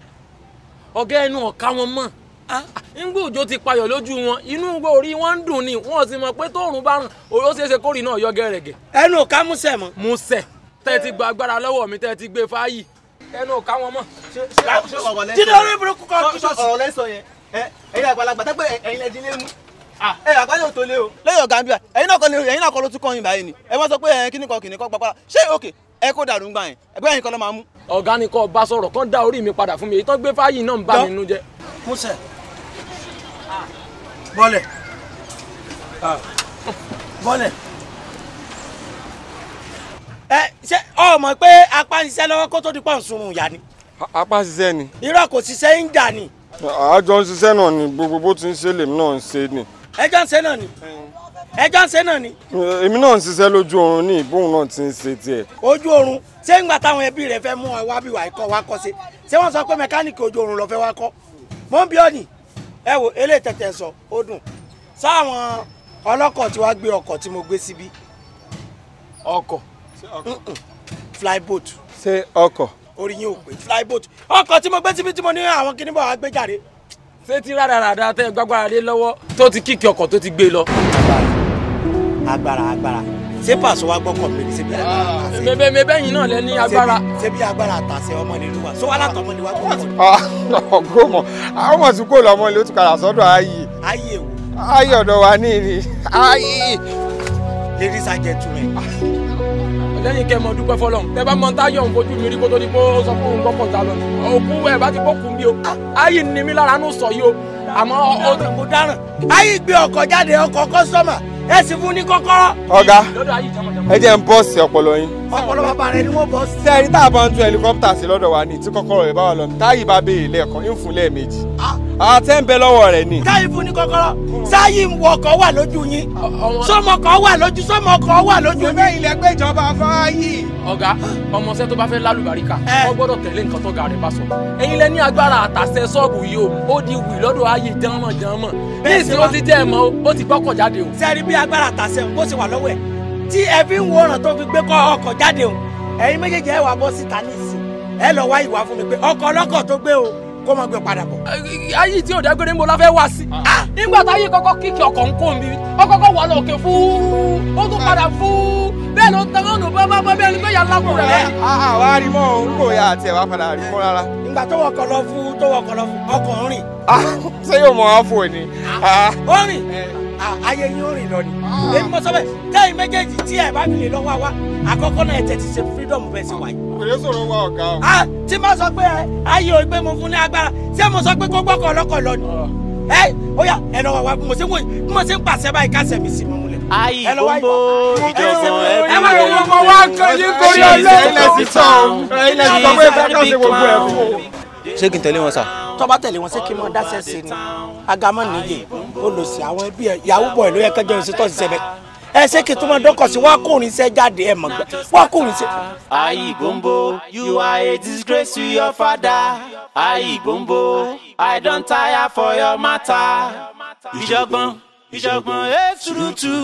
ọ̀gá ẹnu ọ̀ka wọn mọ̀ ah, ah, ngbà òjò ti payọ̀ lójú wọn inú gbọ́ orí wọn ń dùn ni wọn sì mọ̀ pé tóòrùn bá rùn ó ṣeé kórìí náà yọ gẹ́rẹ́gẹ́. ẹnu ọ̀ka musẹ̀ mọ́. musẹ̀ tẹ́ ti gba agbára lọ́wọ́ mi tẹ́ ti gbé fáyì ẹnu ọ̀ka wọn mọ̀. jíde orí burúkú kan kí sọ́ọ̀sì. ọ̀rọ̀ lẹ́sọ̀ yẹn ẹ̀yin àgbàlagbà tẹ́gbẹ́ ẹ̀yin lẹ́jìn lé mú ah. ẹ àgbáyé ò tó lé o. lẹ́yìn ọ̀gá bíi ẹ̀yin náà kọ́ lórí ẹ̀yin náà kọ́ ló tún kọ́ yín báyìí ni ẹ wọ́n sọ pé kíní kan pàpàrà ṣé òkè ẹ kó dàrú ń yẹn ẹgbẹ́ yẹn kan ló máa mú ọ̀gá ni kọ́ bá sọ̀rọ̀ kán dá orí mi padà fún mi èyí tán gbé fáyì náà ń bá mi nú jẹ. Musa bọ́lẹ̀ ah. bọ́lẹ̀ ẹ ṣe ọ mọ̀ pé apá ń ṣiṣẹ́ kó tó di pọ̀ ń sunrun ni. apá ṣiṣẹ́ ni. irọ́ kò ṣiṣẹ́ ń jà ni. àjọ ń ṣiṣẹ́ náà ni gbogbo bó ti ń ṣe lèmi náà ń ṣe ni ẹjọ́ ń ṣe náà ni ẹjọ́ ń ṣe náà ni. èmi náà ń ṣiṣẹ́ lójú oorun ní ìbóhùn náà ti ń ṣe tiẹ̀. ojú oorun ṣé ńgbà táwọn ẹbí rẹ fẹ́ mú wa bí wàá kọ́ wa kọ́ ṣe ṣé wọ́n sọ pé mẹkáníìkì ojú oorun lọ fẹ́ wa kọ́ mọ́ ń bí ọ̀nì ẹ wo eléyìí tẹ̀tẹ̀ sọ ó dùn sáwọn ọlọ́kọ̀ tí wàá gbé ọkọ̀ tí mo gbé síbí ọkọ̀ flyboat. ṣé ọkọ̀. orí yín ò pé flyboat ọkọ̀ tí mo gbé síbí tí mo ní àwọn kinní bọ̀ gbé jáde ṣé tí rádaràda tẹ gbàgbára lé lọ́wọ́ tó ti kíkì ọkọ̀ tó ti gbé lọ. agbára agbára ṣé pàṣẹ wa gbọ́kọ̀ mi ni ṣébi agbára. Ah. mẹbẹ mẹbẹ yìí náà lẹ ní agbára. ṣébi agbára àtàṣe ọmọ ni lu wa sọ wàhálà tọmọ ni wa gbọ́kọ̀. ọgọ mọ àwọn ọmọ tí lọ ọmọ ilé ó ti ayé. ayé wo. ayé ọ̀dọ̀ wa ní ìrìn ayé. ladies and gentlemen lẹ́yìn kẹ́ mọ dúpẹ́ fọlọ́n bẹ́ẹ̀ bá mọ táyọ̀ ń fojú mi rí kótó ni kó sọ fún un gbọ́kọ̀ ta lọ òkú ẹ̀ bá ti kókùn mi o ayé ni mi lára nù sọ yìí o àmọ́ ó ti. mo dáràn ayé gbé ọkọ̀ jáde ọkọ̀ kọ́sọ́mà ẹ sì fún ní kọ́kọ́rọ́. ọ̀gá ẹ jẹ́ ń bọ́ọ̀sì ọpọlọ yín. ọpọlọ bàbá rẹ ni wọ́n bọ́ọ̀sì. sẹ́ẹ̀rí tá a bá ń tún hẹlikọ́pítà sí lọ́dọ̀ wa ní tí kọ́kọ́rọ́ rẹ̀ bá wà lọ àtẹ ń bẹ lọ́wọ́ rẹ̀ ni. táyì fún ní kọ́kọ́rọ́ sáyì wọkọ̀ wà lójú yín sọmọkọ̀ wà lójú sọmọkọ̀ wà lójú yín. bẹ́ẹ̀ ilẹ̀ pé ìjọba fáyì. ọ̀gá ọmọọṣẹ́ tó bá fẹ́ lálùbáríkà wọ́n gbọ́dọ̀ tẹ̀lé nǹkan tó ga rẹ̀ bá sọ. ẹ̀yin lẹ ní agbára àtàṣẹ ṣọ́ọ̀bù yìí o ó di wì lọ́dọ̀ ayé jánmọ̀ jánmọ̀ ní ìsìn ó ti tẹ́ ẹ̀ mọ́ ó ti gbọ́kọ̀ jáde o. sẹ́ẹ̀rì bí agbára àtàṣẹ bó ṣe wà lọ́wọ́ ẹ̀ tí ẹ fi ń wo ọ̀ràn tó fi gbé kọ́ ọkọ̀ jáde o ẹ̀yin méjèèjì ẹ wà bọ́ síta ní ìsìn ẹ lọ wá ìwà fún mi pé ọkọ̀ ọlọ́kọ̀ tó gbé o kó máa gbé padà bọ̀. ayé tí òdágbére mo la fẹ́ wá sí. Ah. Ah, nígbà táyé kọ́kọ́ kíkì ọkọ̀ ń kó mi ó kọ́kọ́ wà lókè fún ó tún padà fún bẹ́ẹ̀ ló tẹ́wọ́n nù bá bá bẹ́ẹ̀ ni bẹ́ẹ̀ lágùn rẹ̀. àwa ah, rí mọ́ òun kò yà àti ẹ̀wà padà rí mọ́ rárá. ìgbà tó wọkọ̀ lọ fún tó wọkọ̀ lọ fún ọkọ̀ rìn. ṣé yóò mọ àfọ̀ ni. ó rìn eh ayé yín ó rìn lọ ni èmi mọ sọbẹ tẹyìn méjèèjì tí ẹ bá nílé lọ wá wá àkọ́kọ́ náà ẹ tẹ ti ṣe freedom bẹ́ẹ̀ ṣe wáyé. òkèrè sọ̀rọ̀ wa ọ̀gá o. a ti ma sọ pé ayé o gbé mo fún ní agbára ṣé mo sọ pé kó gbọ́kọ̀ ọlọ́kọ̀ lọ ni. ẹ ó yà ẹ lọ wà wá mo ṣe ń wò bí mo ṣe ń pàṣẹ báyìí ká sẹ̀mí sí mi mú lẹ̀. ayi gbogbo ìjọba ẹ bí wọn. ẹ má lọ wá nǹkan yín torí ọlọ́ọ̀ tó bá tẹ̀lé wọn sí kí n mọ dáṣẹ́ sí ni agamọ nìyẹ olùsí àwọn ẹbí ẹ yahoo boy ló yẹ kẹjọ ní sítọ́ ṣiṣẹ́ bẹ́ẹ̀ ẹ ṣé kí n tó máa dọ́kọ̀ sí wá kùnrin iṣẹ́ jáde ẹ mọ̀ gbẹ wá kùnrin iṣẹ́. ayi gbombo you are a disgrace to your father ayi gbombo i don tire for your matter ìjọgbọ́n ìjọgbọ́n ẹ eh, turutu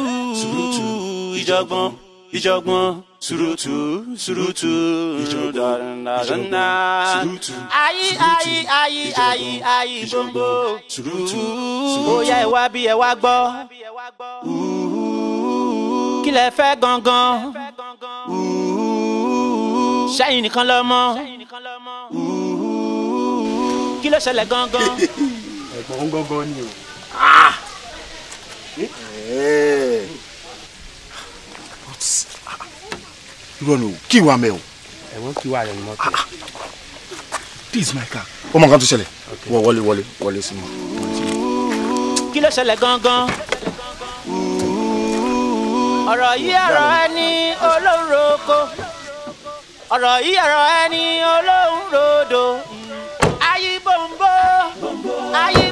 ìjọgbọ́n ìjọ̀gbọ̀n surutu surutu dandandandanna ayi ayi ayi ayi ayi gbogbo surutu bóyá ẹ wá bí ẹ wá gbọ́ kí lẹ fẹ́ gangan ṣẹ́yìn nìkan lọ mọ̀ kí ló ṣẹlẹ̀ gangan. ẹ̀gbọ́n gangan ni o. Ah! Eh. rọnà o kí ìwà mẹ o. ẹ̀wọ̀n kí ìwà rẹ̀ ni mo this ah, ah. is my car. ọmọ nǹkan tó ṣẹlẹ̀ wọ wọlé wọlé wọlé sí mi. kí ló ṣẹlẹ̀ gangan? ọ̀rọ̀ yìí ọ̀rọ̀ ẹni olóhùn roko ọ̀rọ̀ yìí ọ̀rọ̀ ẹni olóhùn rodo ayé bòǹbò ayé.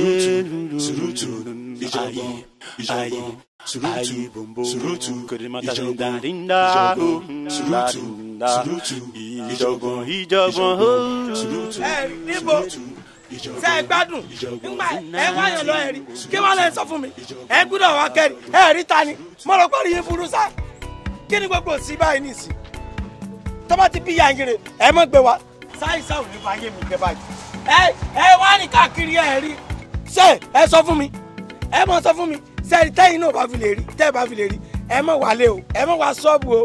surutu surutu ìjọba ìjọba surutu surutu ìjọba ìjọba surutu surutu ìjọba ìjọba surutu surutu ṣe gbádùn nígbà ẹ wá yàn lọ ẹrí kí wọn lè sọ fún mi ẹ gbúdọ̀ wá kẹrì ẹrí ta ni mo rò pé rí yín burú sá kí ni gbogbo sí báyìí nìsín tọ́ba ti bí yangere ẹ mọ̀ gbé wa sáyìísá ò ní bá yé mi gbé báyìí ẹ ẹ wá ní káàkiri ẹ̀rí ṣé ẹ sọ fún mi ẹ mọ sọ fún mi ṣé tẹ́yìn náà bá fi lè rí tẹ́ bá fi lè rí ẹ mọ wálé o ẹ mọ wá ṣọ́ọ̀bù o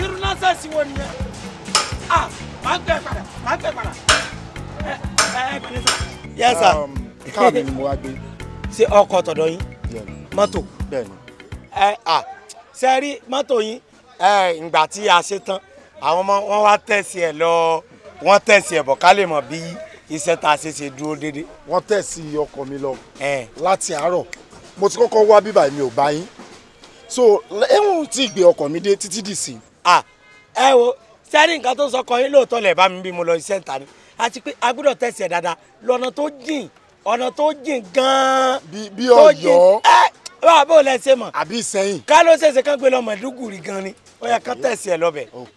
irú náà sẹ́ẹ̀sì wo nìyẹn ah máa gbẹ padà máa gbẹ padà ẹ ẹ pẹ̀lẹ́ sà. yes sir. Um, káà mi ni mo wá gbé. ṣé ọkọ̀ tọ̀dọ̀ yín mọ́tò ẹ à ṣe rí mọ́tò yín ìgbà tí a ṣe tán àwọn ọmọ wọn wá tẹ̀sí ẹ lọ wọ́n tẹ̀sí ẹ bọ̀ ká lè mọ̀ bí iṣẹ́ tá a ṣe ṣe dúró déédéé. wọ́n tẹ̀ sí mi lọ láti àárọ̀ mo ti kọ́kọ́ wá bíbá mi ò bá yín so ẹ̀hún ti gbé ọkọ̀ mi dé títí dì sí. ẹ wo sẹ́rí nǹkan tó sọ kọ yín lóòótọ́ lẹ̀ bá mi bí mo lọ iṣẹ́ ìta ni àti pé a gbọ́dọ̀ tẹ̀sẹ̀ dáadáa lọ́nà tó jìn ọ̀nà tó jìn gan-an. bí ọ̀yọ́ bá a bò lẹ ṣe mọ. àbí sẹ́yìn. ká ló ṣèṣe kán gbé lọ Maiduguri gan ni ó yẹ kán tẹ̀sí ẹ lọ́bẹ̀. ok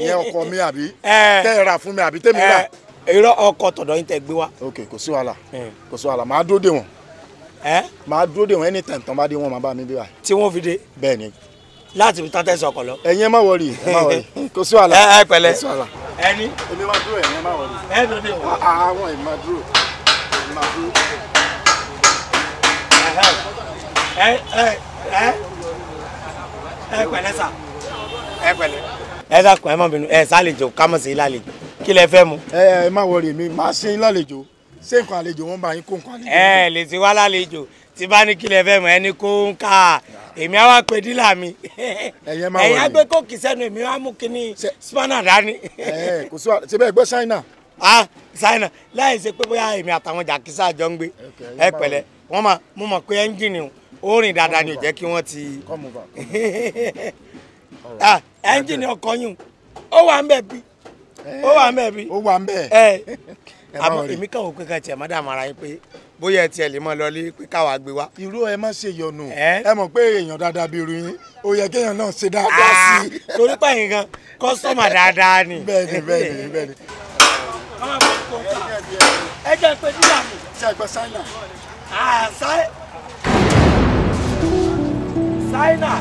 ìyẹn ọkọ mi àbí tẹ́ ẹ rà fún mi àbí tẹ́mi rà irọ́ ọkọ̀ tọ̀dọ̀ yín tẹ́ gbé wá. ok kò sí wàhálà kò sí wàhálà màá dúró dè wọ́n màá dúró dè wọ́n anytime tán bá dé wọ́n máa bá mi bí wa. tí wọ́n fi dé. bẹ́ẹ̀ ni. láti fi tán tẹ̀sán ọkọ̀ lọ. ẹ̀yin ẹ má wọrí ẹ má wọrí kò sí wàhálà. ẹ ẹ pẹ̀lẹ́ ẹni. èmi máa dúró ẹ̀yin ẹ má wọrí. ẹ ló dé wọ. àwọn èmi máa dúró èmi máa dúró. ẹ ẹ ẹ ẹ pẹ̀lẹ́ sà ẹ pẹ̀lẹ́. ẹ dákun ẹ má bínú ẹ sálejò kámọ̀ sí lálejò kí lẹ fẹ́ mu. ẹ ẹ má wọrí mi máa ṣe yín lálejò ṣé nǹkan àlejò wọn bá yín kó nǹkan àlejò. ẹ lè ti wá lálejò tí bá ní kí lẹ fẹ́ mu ẹni kó ń kà èmi àwa pè dílà mi ẹ̀yin á gbé kókì sẹ́nu èmi á mú kíní spanner dání. ẹ kò sí wa ṣe ṣáínà. ah ṣáínà láì ṣe pé bóyá èmi àtàwọn jàkísà jọ ń gbé ẹ pẹ̀lẹ́ wọ́n máa mú mọ̀ pé ẹ́ńjìnì ó rìn dáadáa ni ò jẹ́ kí wọ́n ti ah, ẹ́ńjìnì ọkọ̀ yìí ó wà ń bẹ̀ bíi ó wà ń bẹ̀ bí. ó wà ń bẹ̀. ẹ àmọ́ èmi kàn ó pé ká tiẹ̀ mọ́dà mara yín pé bóyá ẹ tiẹ̀ lè mọ́ lọ lé pé káwa gbé wá. irú ẹ má ṣe yọnu ẹ mọ̀ pé èèyàn dáadáa bí irú yín ó yẹ kéèyàn náà ṣe dáadáa ah, sí i. torí pààyàn gan kọ́sọ́mà dáadáa ni. bẹ́ẹ̀ni bẹ́ẹ̀ni bẹ́ẹ̀ni. ẹ jẹ́ pé dídà mi. ṣe àgbà sáínà. sáínà.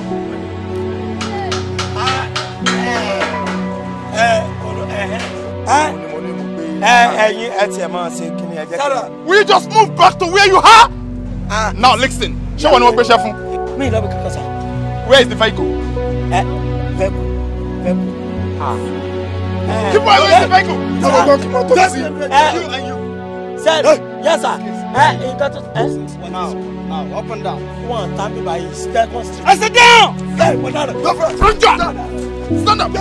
Ah, ah, ẹ ẹ ẹyin will you just move back to where you are. Ah. now listen show wọn ni wọn gbéṣẹ́ where is the vehicle. ẹ vehicle vehicle. ah. where is the vehicle. ọ̀rọ̀ gbọ́ kí wọ́n tó sí. sẹ́ẹ̀lì yẹ́sà ẹ nǹkan tó. now now up and down. wọ́n tàbí báyìí step on street. I said down. ẹ wọ́n dára. stand up. stand up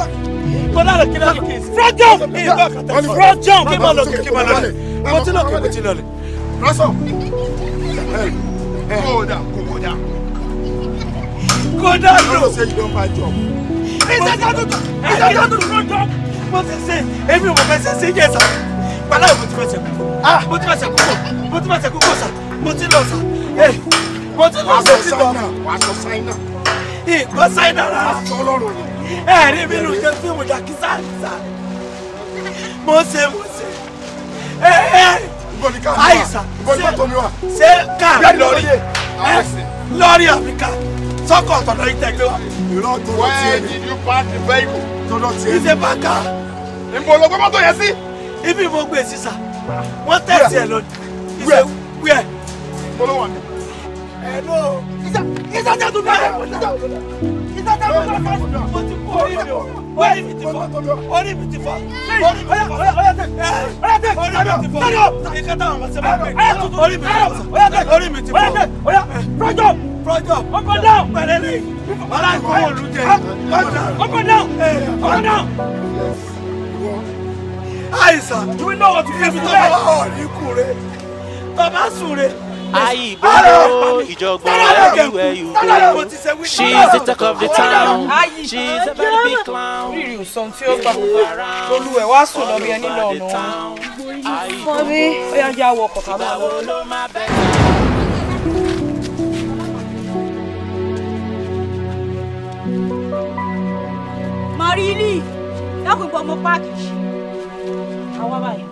kọ́lá lọ kí lọ front jump front jump kí máa lọ kí kí máa lọ lẹ mo ti lọ kí mo ti lọ lẹ. rásọ kódà kódà kódà lọ. ọlọ́run ṣe ìdán máa jọ. ìṣẹ́jà tuntun ìṣẹ́jà tuntun front jump mo ti ṣe every ò mọ̀ fẹ́ ṣe ṣe yẹ sá pàlà mo ti fẹ́ ṣe kúkọ mo ti fẹ́ ṣe kúkọ mo ti fẹ́ ṣe kúkọ sá mo ti lọ sá mo ti lọ sá ti lọ. wàá sọ sáínà. ìkọ sáínà rà. wàá sọ ẹ mi lù ṣe fíìmù dàkísà sà mo ṣe mo ṣe ẹ ẹ àìsà ṣe ká lórí ẹ lórí àbíká sọkọ ọtọdọ yìí tẹgbẹ wa. ìrọ tó lọ tiẹ ni where did you park the vehicle. tó lọ tiẹ ni ìṣe bàkà. ìbò ló gbé mọ́tò yẹn sí. ibi mo gbé sísà wọ́n tẹ̀sí ẹ̀ lónìí. ìṣe wíẹ̀. ìbò ló wà ní. ẹ̀ ló. ìṣe ìṣe jẹ́ tó bẹ́ẹ̀ orí mi o orí mi ti know what you dey do. bẹ́ẹ̀ ọ̀ Ayibo, Ijogbon everywhere you go. She's the talk of the town. She's a very big clown. Rírì ìsọ̀n tí ó gbà kúkú lolú ẹ̀ wá sùn lọ bí ẹni lọ ọ̀nà wọn. Fọ́n mi, ó yà jẹ́ àwọ̀ kọ̀ọ̀kan máa wọ̀. Marini, dákun gbọ́ mo páàkì. Àwa báyìí.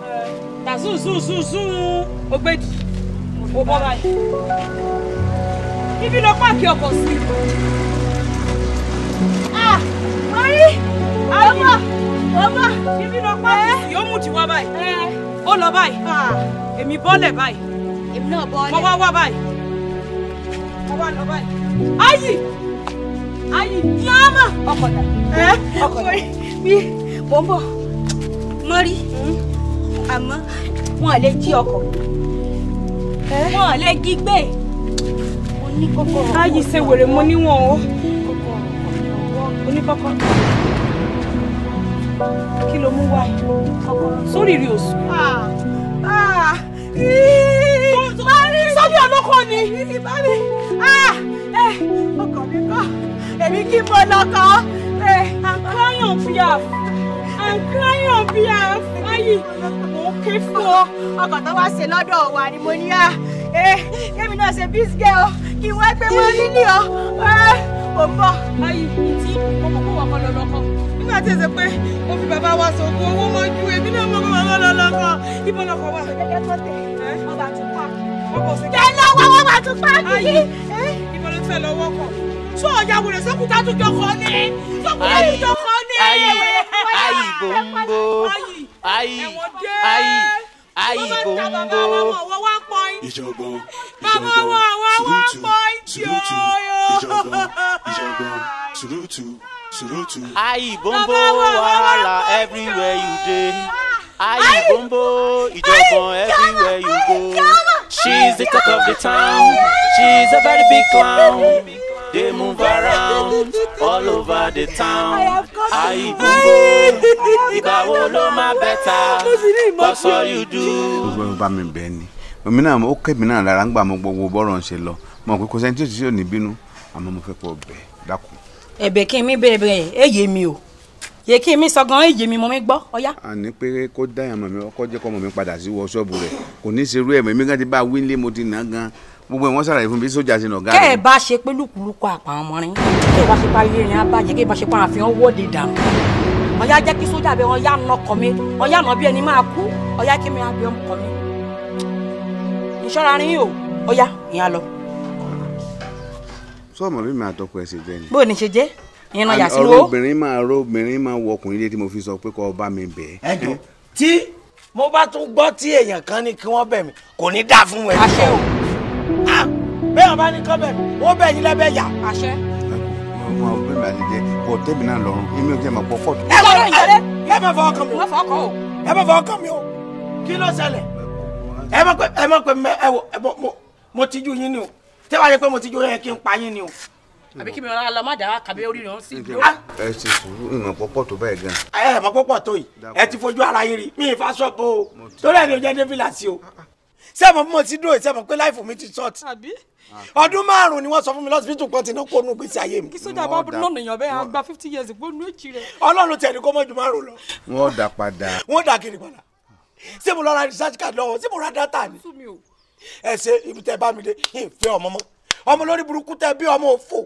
Tà sùn sùn sùn sùn. Ó gbé jù ó bọ́ báyìí. ibi ló páàkì ọkọ̀ sí. orí àyè ọba ibi ló páàkì sí. ó mú ti wá báyìí. ó lọ báyìí. Ah. èmi bọ́lẹ̀ báyìí. èmi náà bọ́lẹ̀. mo wá wá báyìí. mo wá lọ báyìí. ayì ayì yáàmà. ọkọ̀ dà. ọkọ̀ dà. mi mo ń bọ̀ mọ́rí hmm? àmọ́ wọn lè Eh? wọn lè jí gbé káyì ṣe wèrè mo níwọ̀n o oníkọ́kọ́ kí ló mú wá sórí rí oṣù. Ah, ah, sọ́bí ọlọ́kọ ni ah, eh, ọkọ̀ mi kọ́ èmi kí n bọ́ lọ́kọ́ eh, àkọ́yàn fi àfọ́. I'm crying on behalf ayi mo ké fún ọ ọkọ̀ tó wá ṣe lọ́dọ̀ wa ni mo ní à ẹ kémi náà ṣe bíi ṣe ọ kí n wá gbé wọn nílé ọ ẹ ah, ò ń bọ̀ ayi ìtì kókókó wà kọ́ lọ́lọ́kọ́ nígbà tí ẹ ṣe pé mo fi bàbá wa sọ ògùn owó mọ́jú èmi náà mo kọ́ bàbá lọ́lọ́kọ́ ìbọn lọ́kọ̀ wa. ọ̀gẹ̀dẹ̀ tó tẹ̀ ọba tó pa jẹ lọ́wọ́ wọn máa tún páàkì. ìbọn ló fẹ́ lọ́wọ́ kọ. sọ ọ̀yàwó rẹ̀ sókùtà tó jọ kọ́ ni. sókùtà tó jọ kọ́ ni ayi bombo ayi ayi ayi bombo. ìjọ̀gbọ̀n ìjọ̀gbọ̀n sùrùtù sùrùtù ìjọ̀gbọ̀n ìjọ̀gbọ̀n sùrùtù sùrùtù. ayi bombo wahala everywhere you dey. ayi bombo ìjọ̀gbọ̀n everywhere you go. she's the talk of the town she's a very big clown. They move around all over the town. Ayibumbo, ìgbàwo ló máa bẹ́ta? What's all you do? Gbogbo ẹ̀ bá mi bẹ́ẹ̀ ni. Omi náà ó kẹ́mi náà lára ń gbà mọ gbogbo bọ́rọ̀ ń ṣe lọ. Mo pé kò sẹ́ni tí òṣìṣẹ́ ò ní bínú. Àmọ́ mo fẹ́ pọ̀ bẹ́ẹ̀ dákun. Ẹ̀bẹ̀ kí n mi bẹ̀rẹ̀ èyí mi o. Yè kí n mi sọ gan-an èyí mi mo mi gbọ́ ọ̀yá. Àní pé kó dáyà mọ̀ mi ọkọ jẹ́ kọ́ mọ̀ mi padà sí wọ ṣọ́ọ̀bù rẹ̀. Kò ní í ṣerú ẹ̀ mọ̀ mi gan ti bá wílé mo ti nà gan-an gbogbo ẹ̀ wọ́n ṣàlàyé fún mi sójà sínú ọ̀gá mi. kẹ́ ẹ bá ṣe pé lùkùlùkù àpàwọn kẹ́ ẹ bá ṣe pa ilé yẹn kẹ́ ẹ bá ṣe pa àfihàn wọ́ọ̀dì dànù. ọ̀yá jẹ́ kí sójà bẹ ọ̀yá nà ọkọ̀ mi ọ̀yá nà bí ẹni máa kú ọ̀yá kí mi abẹ ọkọ̀ mi. ìṣọ́ra rin o ọ̀yá ìyá lọ. sọ́ọ̀mù bí mi àtọkọ ẹ̀ ṣe jẹ́ ni. bó o ní ṣe jẹ́ ìyẹn náà yà sí lówó. obìnrin bẹ́ẹ̀ bá ní kọ́ bẹ́ẹ̀ ó bẹ́ẹ̀ yín lẹ́bẹ̀ẹ́ yà. àṣẹ. mo àwọn bẹ́ẹ̀ máa dìde kò tẹ́mi náà lọ́rùn èmi ò jẹ́ màá pọ̀ fọ́ọ̀tù. ẹ wọ́n ẹ ẹ má fọ ọkàn mi o ẹ má fọ ọkàn mi o kí ló ṣẹlẹ̀ ẹ má pè ẹ má pè mẹ ẹ wò mo tijú yín ni o tẹ́ wàá yẹ pé mo tijú yẹn kí n pa yín ni o. àbí kí mi rán lọ má dàá kàbí orí rẹ̀ ń sí. ẹ ti sùúrù ìmọ̀ pọ́pọ̀ tó báyìí gan. ẹ mọ̀ pọ́pọ̀ tó yìí ẹ ti fojú ara yín rí mi ì fa o torí ẹ̀ o jẹ́ débìlà sí o sẹ́mọ̀ mo ti dúró sẹ́mọ̀ pé láìfù mi ti ṣọ́ọ̀tì ọdún márùn-ún ni wọ́n sọ fún mi lọ́sibítù kan tí iná kó nù gbèsè ayé mi. kí sójà bá bọ́ lọ́nà èèyàn bẹ́ẹ̀ àgbà fifty years ìpó nù èjì rẹ̀. ọlọ́run tẹ̀lé kó mọ́ ju márùn lọ. wọ́n dà padà. wọ́n dà kiri padà ṣé mo lọ ra research card lọ́wọ́ ṣé mo ra data ni. ẹ ṣe ibi tẹ bá mi dé ìfẹ́ ọmọ mọ́ ọmọ lórí burúkú tẹ bí ọmọ òfò.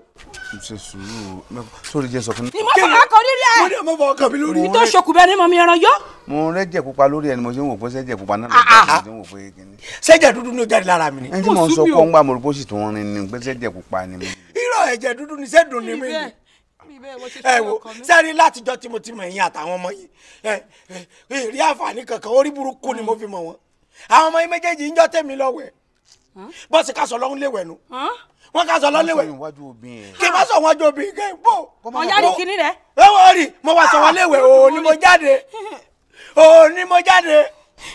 mo ṣe sùúrù mẹ́kọ sórí jẹ́ sọ fún mi. ni mo fọwọ́ kọ nílé ẹ. mo ní ọmọ fọwọ́ kọ mi lórí. tó ṣokùn bẹ́ẹ̀ ni mo mi ẹran yọ. mo rẹ jẹ pupa lórí ẹni mo ṣe ń wò pé sẹjẹ pupa náà lọ sí ah, ah, ah. mo ṣe ń wò pé kíni. sẹjẹ dúdú ni ó jáde lára mi ni. ẹni tí mo sọ kó ń gbà mo rò pé ó sì tún rin ni pé sẹjẹ pupa ni mi. irọ́ ẹ̀jẹ̀ dúdú ni sẹ́dùn ni mi ni ẹ wo sẹ́ni látijọ́ tí mo ti mọ̀ ẹ̀yin àtàwọn ọmọ yìí rí àǹfààní kankan orí burúkú ni mo fi mọ̀ wọ́n àwọn ọmọ yìí méjèèjì ń jọ́ tẹ̀mí lọ́wọ́ ẹ̀ bọ́sì kásọ̀ lọ́hún léwẹ̀ nu wọ́n kásọ̀ lọ́hún léwẹ̀ kí n bá sọ wọn ju obìnrin kẹ́ bò. ọ̀yárí kìíní rẹ̀. ẹ wọ́n rí mo wá sọ wọn ah, léwẹ̀ òun ni mo jáde òun ni mo jáde.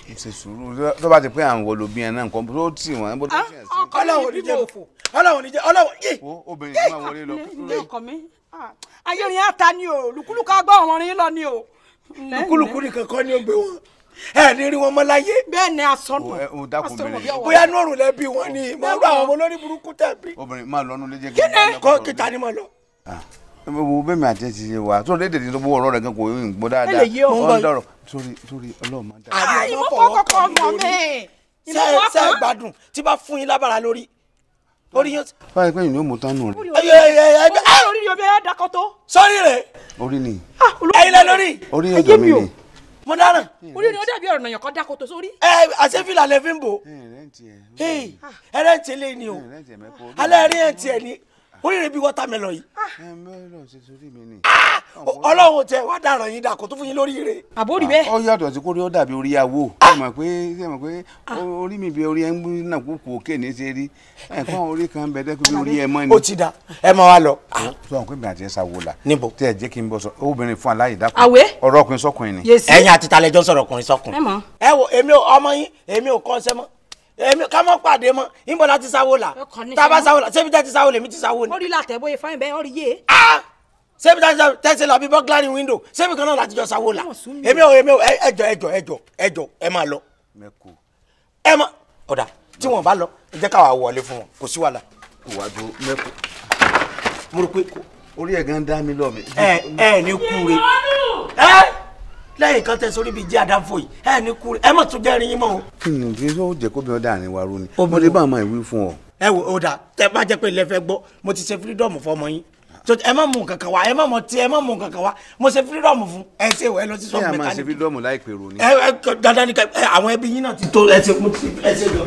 n ṣe sùúrù tó bá ti pẹ́ àwọn olóbìn yẹn náà nǹkan tó tì wọ́n bó tó tì yẹn sí. ọlọ́wọ́ ní jẹ́ ọlọ́wọ́ ní jẹ́ ọlọ́wọ́ yé. obìnrin tí wọ́n wọlé lọ. Ah, ayé rìn ata ni o lùkúlùkù agbọ́ ọ̀rọ̀ rìn lọ ni o. lùkúlùkù nìkan kọ́ ni ó gbé wọn ẹ ní rí wọn mọ́ láyé. bẹ́ẹ̀ ni asọnù asọnù bí ọwọ́ bóyá nọ́ọ̀rù lẹ bí wọn ni mo rú àwọn ọmọ lórí burúkú tẹ̀ bí. obìnrin máa lọ nulẹ̀ jẹ́ kí ni kọ́ kìtà ni mo lọ. Ah, wo bẹ́ẹ̀ mi àti ẹ ti ṣe wà tó léde tó bó ọ̀rọ̀ rẹ̀ gan kò ń gbọ́ dáadáa ó ń dọ̀rọ̀ sórí sórí ọlọ́ọ̀mọ dáadáa. àyè mo kọ́kọ́ mọ̀ mí. sẹ́ẹ̀ gbádùn tí bá fún yín lábàrá lórí orí yóò. báyìí pé ìnáwó tánú rẹ. ayé ayé ayé ayé. orí yóò bẹ ẹ dákọ tó. sọ́ọ́rì rẹ̀. orí ni. Ah, ẹyin lẹ lórí. orí yóò jọ mi ni mo dáràn. Hmm. orí ni ó dàbí ọ̀rọ̀ nàyàn kan dákoto sórí. ẹ àṣefìlà lẹ fi ń bò. ẹrẹ́ǹtì hmm, ah. ẹ ẹrẹ́ǹtì lé ni o hmm, alẹ́ ẹrẹ́ǹtì ẹ ni ó yẹrẹ bí wọ́tàmẹ́lọ yìí. Ah. Ah! ọlọ́run tẹ wá dàrọ̀ yín dà kó tó fún yín lórí rẹ̀. àbórí bẹ́ẹ̀. ọ ah, yàtọ̀ sí kórè ó dàbí orí awó ṣe mọ̀ pé ṣe mọ̀ pé orí mi bí orí ẹ̀ńgbọ́n náà kú kú òkè ní ṣe rí ẹ̀kọ́ orí kan bẹ dẹ́kun bí orí ẹ mọ́ ni. ó ti da ẹ máa wá lọ. tó àwọn kébìnrin àti ẹ̀sà wò la. níbo tí ẹ jẹ́ kí n bọ sọ obìnrin fún aláyè dákun. àwẹ̀ ọ̀rọ̀ ọkùnrin sọkùnrin ni. ẹ̀yin àti talẹjọ sọ̀rọ̀ ọkùnrin sọkùnrin. ẹ wo èmi ò ọmọ yín èmi ọ èmi ká mọ́ pàdé mọ́ níbo la sáwó la tába sáwó la ṣébi tẹ́ ti sáwó lèmi ti sáwó ni. orí la tẹ bóyá fáyín bẹ́ẹ̀ ọ̀rí yé. ṣébi tẹ́ ti lọ bí bọ́gláàrí wíńdò ṣébi kan náà la jọ sáwó la èmi ò èmi ò ẹjọ ẹjọ ẹjọ ẹjọ ẹ máa lọ. ẹ má ọ̀dà tí wọ́n bá lọ ẹ jẹ́ káwa wọlé fún wọn kò sí wàhálà. ìwádìí mẹ́kù mo rò pé orí ẹ̀ gan dá mi lọ mi. ẹ ẹ ní kúure. ẹ lẹ́yìn kan tẹ sórí bíi jẹ́ àdáfò yìí ẹ ní kú ẹ mọ̀ tún jẹ́ rin yín mọ́ o. kí ni kí ló jẹ kó bí wọn dáàrin wa ronú mo lè bá àwọn ìwé fún ọ. ẹ wo o da tẹ bá jẹ pé ilé fẹ́ gbọ́ mo ti ṣe fírídọ̀mù fọmọ yín ẹ má mú kankan wá ẹ má mọ tí ẹ má mú kankan wá mo ṣe fírídọ̀mù fún ẹ ṣe wẹ lọ sí sọ mẹkáníkì. ẹ máa ṣe fírídọ̀mù láìpẹ́ ronú. ẹ ẹ dandan ni àwọn ẹbí yín náà ti tó ẹ ṣe ẹ ṣe lọ.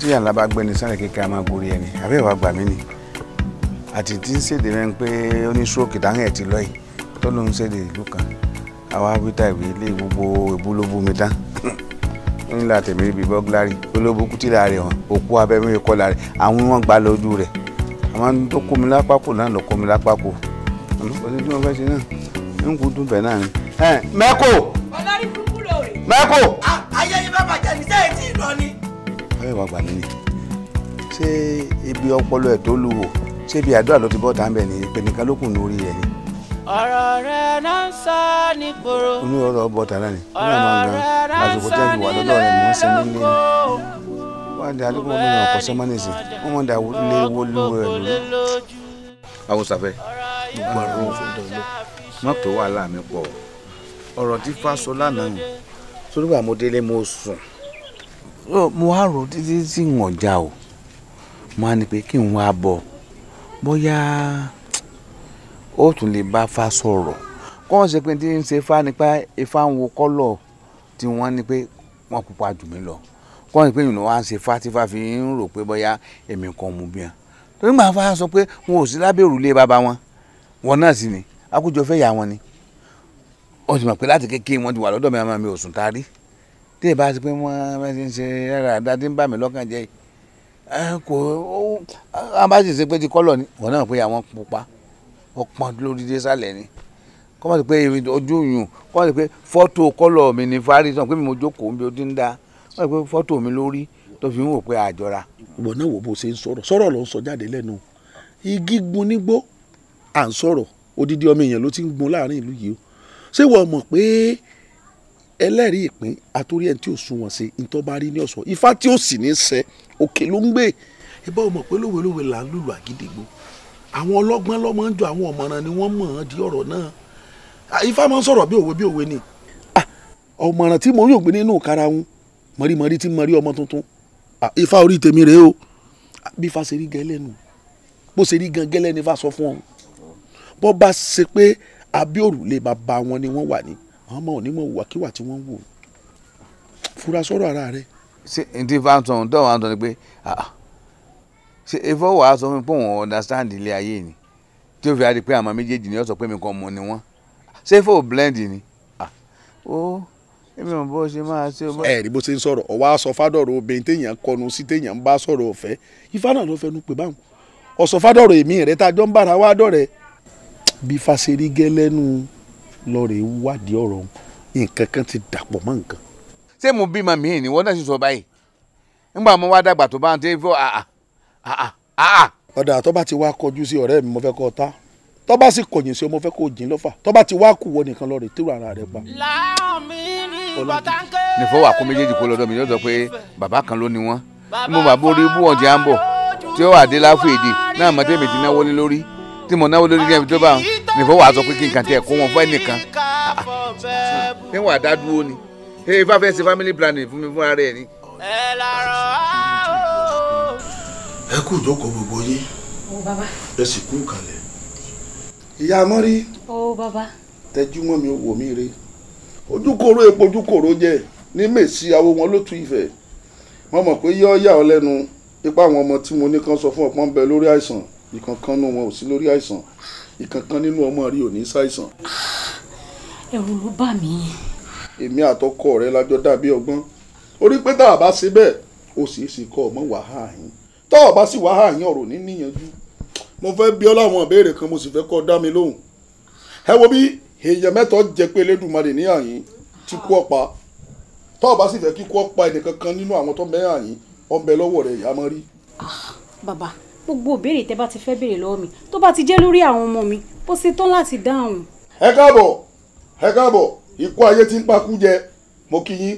tí yàrá bá gbẹni sáré kékeré a máa gorí ẹni àbẹ́wò àgbà mi ni àti tí ń ṣèdè rẹ pé ó ní stroke dáhùn ẹ̀ ti lọ yìí tó ló ń ṣèdè ìlú kan àwa abita ìwé ilé gbogbo èbú ló bú mi dán ó ní láti mi ibi bọ́gláàrì olóbó kútí láàrin hàn òkú abẹ́mi kọ́ láàrin àwọn wọn gbà lójú rẹ̀ àwọn tó kó mi lápákò náà lọ kó mi lápákò ọdún tí wọ́n fẹ́ ṣe náà ń kú dùn bẹ́ẹ̀ náà ni. mẹ́kò. ọlọ́rí burúkú rẹ̀ ò rí. mẹ́kò. ayé yín bá bàjẹ́ ní sẹ́yìn tí ì lọ ni. ọ̀rẹ́ wa gbà mí ṣé ibi ọpọlọ ẹ̀ tó lù wò ṣé ibi àdúrà ló ti bọ́ tá à ń bẹ̀ ní pẹ̀nìkan ló kùn lórí rẹ̀ ni. ọ̀rọ̀ rẹ̀ náà ń sá ní koro. inú ọ̀rọ̀ bọ̀ tà náà ni nínú àwọn ọ̀gá lásìkò tẹ́ ìwà lọ́dọ̀ rẹ̀ mò ń sin ní ilé wọ́n á da alẹ́kùn wọn nínú ọkọ̀ sọ́mọ́ nìsín wọ́n mọ̀ dá lé wó lúwo rẹ̀ lórí. awosafẹ gbogbo má pé wàhálà mi pọ̀ ọ̀rọ̀ tí fásolá náà sórí wà mo délé mo sùn mo wá rò títí tí ń ọjà o mo á ní pé kí n wá bọ̀ bóyá ó tún lè bá fa sọ̀rọ̀ kọ́ ọ́n ṣe pé tí ń ṣe fa nípa ifá ń wo kọ́lọ̀ tí wọ́n ní pé wọ́n pupa jù mí lọ kọ́ ọ́n pé ìlú wa ń ṣe fa tí fa fi ń rò pé bóyá èmi kan mú bí wọn torí màá fa sọ pé wọn ò sí lábẹ́ òrùlé bàbá wọn wọn náà sì ni akójọ fẹ́ yà wọn ni ó sì mọ̀ pé láti kékeré wọn ti wà lọ́dọ̀ mi àmọ́ mi ò sùn tarí tí ì bá ti pé wọ́n ti ń ṣe rárá dáadé ń bà mí lọ́kàn jẹ́ yìí kò ó bá sì ṣe pé ti kọ́lọ̀ ni wọn náà pé àwọn pupa ọpọn lórí désàlẹ̀ ni kọ́ mọ̀ sí pé ojú yùn kọ́ mọ̀ sí pé fọ́tò kọ́lọ̀ mi ni fárí sàn pé mi mo jókòó mi ò ti ń da kọ́ mọ̀ sí pé fọ́tò mi lórí tó fi ń wò pé àjọra. ìwọ náà wò bó ṣe ń sọ̀rọ̀ sọ̀rọ̀ ló ń sọ jáde lẹ́nu igi gun nígbó à ń sọ̀rọ̀ odidi ọmọ èèyàn ló ti ń gun láàrin ìlú yìí o ṣé wọ́n mọ̀ pé ẹlẹ́rìí ìpín àtòrí ẹni tí ò sun wọn ṣe ìtọ́ bá rí ní ọ̀sán ifá tí ó sì ní sẹ òkè ló ń gbé ìbá ọmọ pé lówelówe là ń lùlù àgídìgbò àwọn ọlọ́gbọ́n lọ́mọ ń jọ àwọn ọ̀mọ̀ràn ni wọ́n mọ̀ ọ́n di ọ̀rọ̀ náà ifá máa ń sọ̀rọ̀ bí òwe bí òwe ni. ọ̀mọ̀ràn tí mo rí ògbé nínú kára wọn mọ̀rímọ̀rí tí mo rí ọmọ tuntun ifá orí tèmi rèé o bí ifá ṣe rí gẹ́lẹ́ nu bó ṣe rí gan gẹ́lẹ́ ni ifá sọ fún ọ bọ́ bá ṣe pé abíòrùlé bàbá wọn ni wọ́n wà ní àwọn ọmọ onímọ̀ wàkíwà tí wọ́n ń wò fura sọ̀rọ̀ ara rẹ. ṣé n ti fa sọ̀rọ̀ tó wà á sọ ni pé ah, ah. ṣé efo wà á sọ fún mi pé òun understand ilé ayé ni tí ó fi á di pé àmọ́ méjèèjì ni ó sọ pé mi kàn mọ̀ ni wọ́n ṣé efo blend ni ah, ó èmi ò bó ṣe máa ṣe. ẹ rí bó ṣe ń sọ̀rọ̀ ọwọ́ aṣọ fádọ̀rọ̀ obìnrin téèyàn kọnu sí téèyàn bá sọ̀rọ̀ ọ̀fẹ́ ifá náà ló fẹnu pè báwọn ọ̀sọ̀ fádọ̀rọ̀ èmi rẹ̀ tá a jọ ń bára wá dọ̀rẹ́ bí fàṣẹrí gẹ́lẹ́nu lọ́ọ̀rẹ́ wádìí ọ̀rọ̀ nǹkan kan ti dàpọ̀ mọ́ nǹkan. ṣé mo bímọ mi ni wọn náà sì sọ báyìí nígbà mo wá dàgbà tó bá ń tẹ́ fọ́ àà àà àà. ọ̀dà tó bá ti wá kọjú sí ọ̀rẹ́ mi mo fẹ́ kọ́ ta tó bá sì kọ̀yìn sí ọ mo fẹ́ kó jìn lọ́fà tó bá ti wá kù wọ nìkan lọ́ọ̀rẹ́ tí wàrà rẹ pa. nìfọ̀ wà kó méjèèjì kó lọ́dọ̀ mi yóò sọ pé bàbá kan ló ni wọ́n mo bàbá orí bú ọ̀jẹ̀ à ń bọ̀ tí ó wà dé láfọ̀ èdè náà mọ̀tẹ́mì ti náwó lé tí mo náwó lórí ẹbí bá wọn nìfọ wàá sọ pé kí n kàn tiẹ̀ kó wọn fún ẹnìkan ṣé wàá dá ni ẹ bá fẹ́ family planning fún mi fún ara ẹ ni. ẹ kú ìjókòó gbogbo yín ẹ sì kú kalẹ̀. ìyá amọ́rí tẹjú mọ́ mi wò mí re ojúkòrò epo ojúkòrò jẹ ní mèsì awo wọn ló tu ìfẹ́ mo mọ̀ pé yọ́ yà ọ́ lẹ́nu ipa àwọn ọmọ tí mo ní kan sọ fún ọ̀pọ̀ bẹ lórí àìsàn ìkankan nínú wọn ò sí lórí àìsàn ìkankan nínú ọmọ rí ò ní ṣàìsàn. ẹ̀rù ló bà mí. èmi àtọkọ rẹ lájọ dàbí ọgbọ́n orí pé tá a bá ṣe bẹ́ẹ̀ ó sì ṣe kọ́ ọmọ wàhálà yín tá a bá sì wàhálà yín ọ̀rọ̀ ní níyànjú mo fẹ́ bi ọ́ láwọn ìbéèrè kan mo sì fẹ́ kọ́ ọ dá mi lóhùn ẹ wo bí èèyàn mẹ́tọ́ jẹ pé elédùnmarè ní àyín ti kú ọ̀pá tá a bá sì fẹ́ kíkú ọ̀pá ẹnìkankan nínú àwọn tó mẹ́ràn yín ọ̀bẹ lọ́wọ́ rẹ̀ ìyá mọ́ rí. Ah, bàbá gbogbo ìbéèrè tẹ́ bá ti fẹ́ béèrè lọ́wọ́ mi tó bá ti jẹ́ lórí àwọn ọmọ mi bó ṣe tán láti dáhùn. ẹ káàbọ̀ ẹ káàbọ̀ ikú ayé ti ń pakú jẹ mo kí yín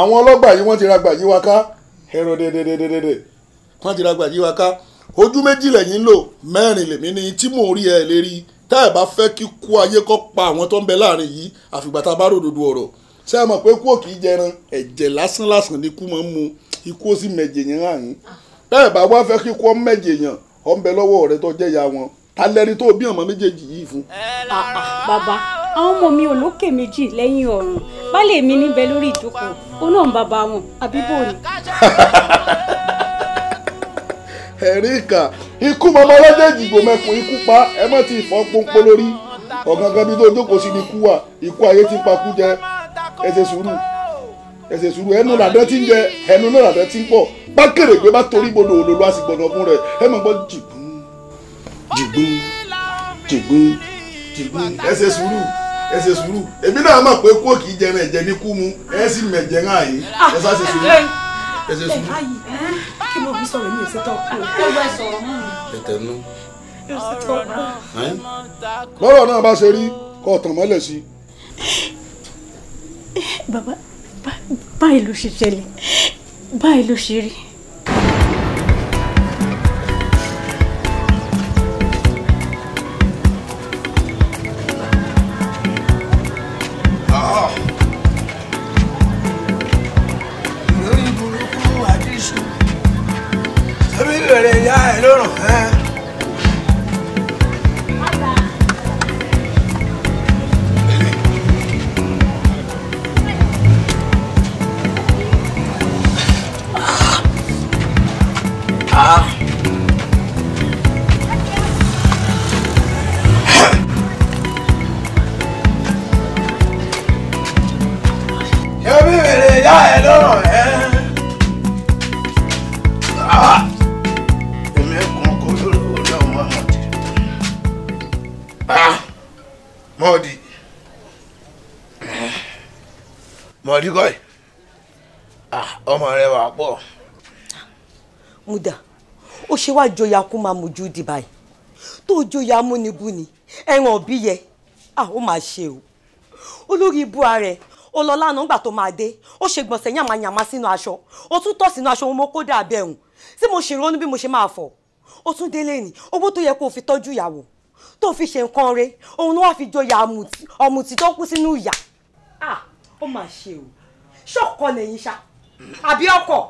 àwọn ọlọ́gbà yìí wọ́n ti ra gbàyí wa ká ẹ̀rọ dẹ̀dẹ̀dẹ̀dẹ̀dẹ̀ wọ́n ti ra gbàyí wa ká ojú méjì lẹ́yìn lò mẹ́rin lèmi ni tí mò ń rí ẹ lè rí tá ẹ bá fẹ́ kí kú ayé kó pa àwọn tó ń bẹ láàrin yìí àfìgbà tá a bá ròdòdò ọ̀rọ̀ ṣé ẹ mọ̀ pé kú ò kì jẹran ẹ̀jẹ̀ lásán lásán ni kú máa ń mu ikú ó sì mẹ̀jẹ̀ yẹn hàn bẹ́ẹ̀ bá wá fẹ́ kíkú ọmọ méje èèyàn ọmọ bẹ lọ́wọ́ rẹ tó jẹ́ ya wọn ta lẹni tó bí ọmọ méjèèjì yìí fún. Ah, ah, bàbá àwọn ọmọ mi ò lókè méjì lẹ́yìn ọ̀run baálé mi níbẹ̀ lórí ìjókòó ó náà ń bàbá wọn àbíbò ni. ẹ̀rí ìkà ikú mọ́mọ́ lọ́jẹ́jì gbò mẹ́kùn ikú pa ẹ mọ́ ti ìfọ́ pọ́npọ́ lórí ọ̀gángan bí tó jókòó sí ni ikú wà ikú ayé ti pa kú jẹ ẹ ṣe sùúrù ẹsẹ̀ sùúrù ẹnu làdán ti ń jẹ ẹnu náà làdán ti ń pọ̀ pákèrè pé bá torí gbọdọ̀ òlòlò a sì gbọdọ̀ fún rẹ̀ ẹ mọ̀ gbọ́ jìgbọ́n jìgbọ́n jìgbọ́n jìgbọ́n ẹsẹ̀ sùúrù ẹ ṣe èmi náà mọ̀ pé kó kì jẹ ẹ̀jẹ̀ ní kú mu ẹ sì mẹ̀jẹ̀ ń àyè ah, ẹ sá ṣe eh, eh. sùúrù ẹ eh. kí mo fi sọ̀rọ̀ mi ò ṣe kú ó bá sọ̀rọ̀ mọ́ mi. ẹ̀tẹ̀ náà bá ṣe rí kọ́ ọ̀tàn mọ́lẹ̀ sí. bàbá báyìí ló ṣe ṣẹlẹ̀ báyìí ló ṣe rí wàá joyà kú máa mojú di báyìí tó joyà múnibú ni ẹran òbí yẹ à ó máa ṣe o olórí ibú ara ẹ ó lọ lánàá nígbà tó máa dé ó ṣe gbọ̀nsẹ̀ yàmáyàmá sínú aṣọ ó tún tọ̀ sínú aṣọ mo kó dàbẹ̀ ẹ̀hùn tí mo ṣì ronú bí mo ṣe máa fọ̀ ó tún délé ní owó tó yẹ kó o fi tọ́jú ìyàwó tó fi ṣe nǹkan re òun ni wàá fi joyà ọ̀mùtí tó kú sínú ìyà ah, ó máa ṣe o ṣọ́ọ̀kọ lẹ́yìn ṣá àbí ọkọ̀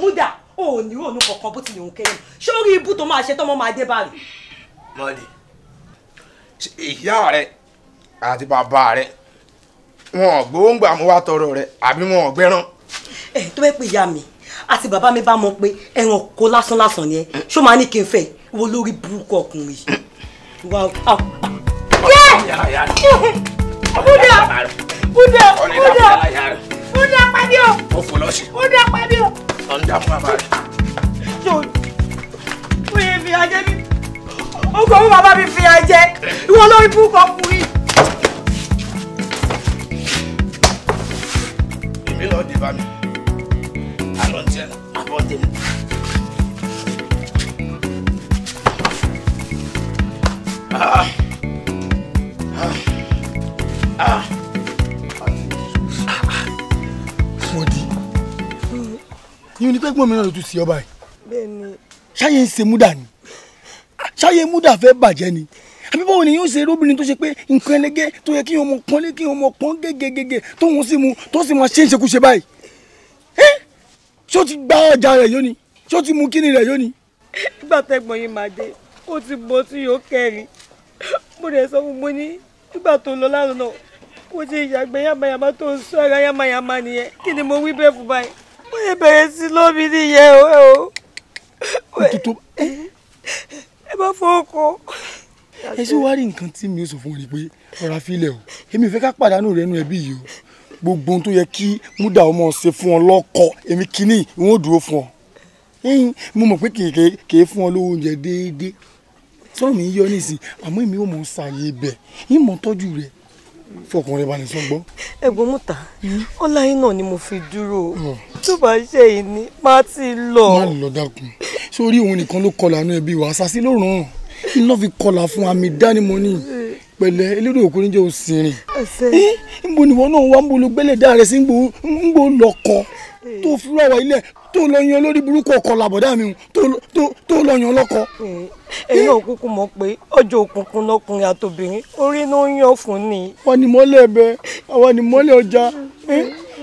múdà o ò ní rònú kankan bó tilẹ̀ òun kéré mi ṣé orí ibú tó máa ṣe tọ́mọ máa dé báyìí. mọ́ọ̀dì ìyá rẹ àti bàbá rẹ wọn ò gbóngbà mú wá tọrọ rẹ àbí wọn ò gbẹran. ẹ tó bẹ́ẹ̀ pé ìyá mi àti bàbá mi bá mọ̀ pé ẹran kó lásán lásán ni ẹ ṣó máa ní kí n fẹ́ wo lórí burúkú ọkùnrin wa a. yẹ búdà búdà búdà búdà pàdé o búdà pàdé o ọ̀n dààmú bàbá rẹ̀. jòjò oyè fi ajẹ́ mi ó kọ́ fún bàbá mi fi ajẹ́ ìwọ lórí búkú ọkùnrin. èmi lọ dé bá mi àlọ́ tiẹ̀ àbọ̀ tèmi. Ah. Ah. Ah. ìyẹn ni pé gbọ́n mi náà ló tún sí ọba yìí. bẹ́ẹ̀ni. ṣáyé ń ṣe múdà ni ṣáyé múdà fẹ́ bàjẹ́ ni àbí báwo ni yóò ṣe róbìnrin tó ṣe pé nǹkan ẹlẹgẹ́ tó yẹ kí ọmọ pọ́n lé kí ọmọ pọ́n gégegége tóun sì mu tó sì máa ṣe ń ṣekúṣe báyìí ṣé ó ti gba ọjà rẹ̀ yóni ṣé ó ti mu kíni rẹ̀ yóni. nígbà tẹ́gbọ̀n yìí máa dé ó ti bọ́ tí yóò kẹ́rin mo rẹ̀ sọ fún mo ní nígbà tó lọ lánàá kó ṣe ìyàgbẹ́ yàmàyàmá tó ń sọ ara yàmàyàmá nìyẹn kí ni mo wí bẹ́ẹ̀ fún báyìí mo yẹ bẹ̀rẹ̀ sí lómi nìyẹn o ẹ o. òtútù ẹ ẹ bá fọwọ́ kọ. ẹ ṣe wá rí nǹkan tí mi ò sọ fún ọ ni pé rọra filẹ o èmi ò fẹ́ ká pàdánù rẹ nù ẹbí yìí o gbogbo ohun tó yẹ kí múdà ọmọ ṣe fún ọ lọ́kọ èmi kínní ìwọ́n ò dúró fún ọ ẹyin mo mọ̀ pé kèé fún ọ lówó oúnjẹ déédéé sọ́ọ̀mù yíyọ nísìnyí àmọ́ èmi ò mọ̀ ṣàyè ibẹ̀ ìmọ̀ tọ́jú rẹ̀ fọkùnrin balẹ̀ sọ gbọ́. ẹ̀gbọ́n mùtà hmm? ọlá yín náà ni mo fi dúró hmm. tó bá ṣe yìí ni má ti lọ. má lọ dákun sórí òun nìkan ló kọlà nínú ẹbí wa àṣàṣì ló ràn án iná fi kọlà fún àmì ìdánimọ̀ni pẹ̀lẹ́ elédè òkú níjẹ́ òsìnrìn. ẹ ǹbo nìwọ náà wà ń bolo gbẹ́lẹ̀ dá rẹ sí ń gbó lọ́kọ̀ọ́ tó fi rọ̀wọ̀ ilẹ̀ tó lọ yan olórí burúkú ọkọ làbọ̀dá mi tó lọ yan ọlọ́kọ. ẹ̀yin òkùnkùn mọ̀ pé ọjọ́ òkùnkùn lọkùnrin àtòbìnrin orí ló ń yan fún ni. wọn ni mọ́lẹ̀ ẹ̀bẹ àwọn ni mọ́lẹ̀ ọjà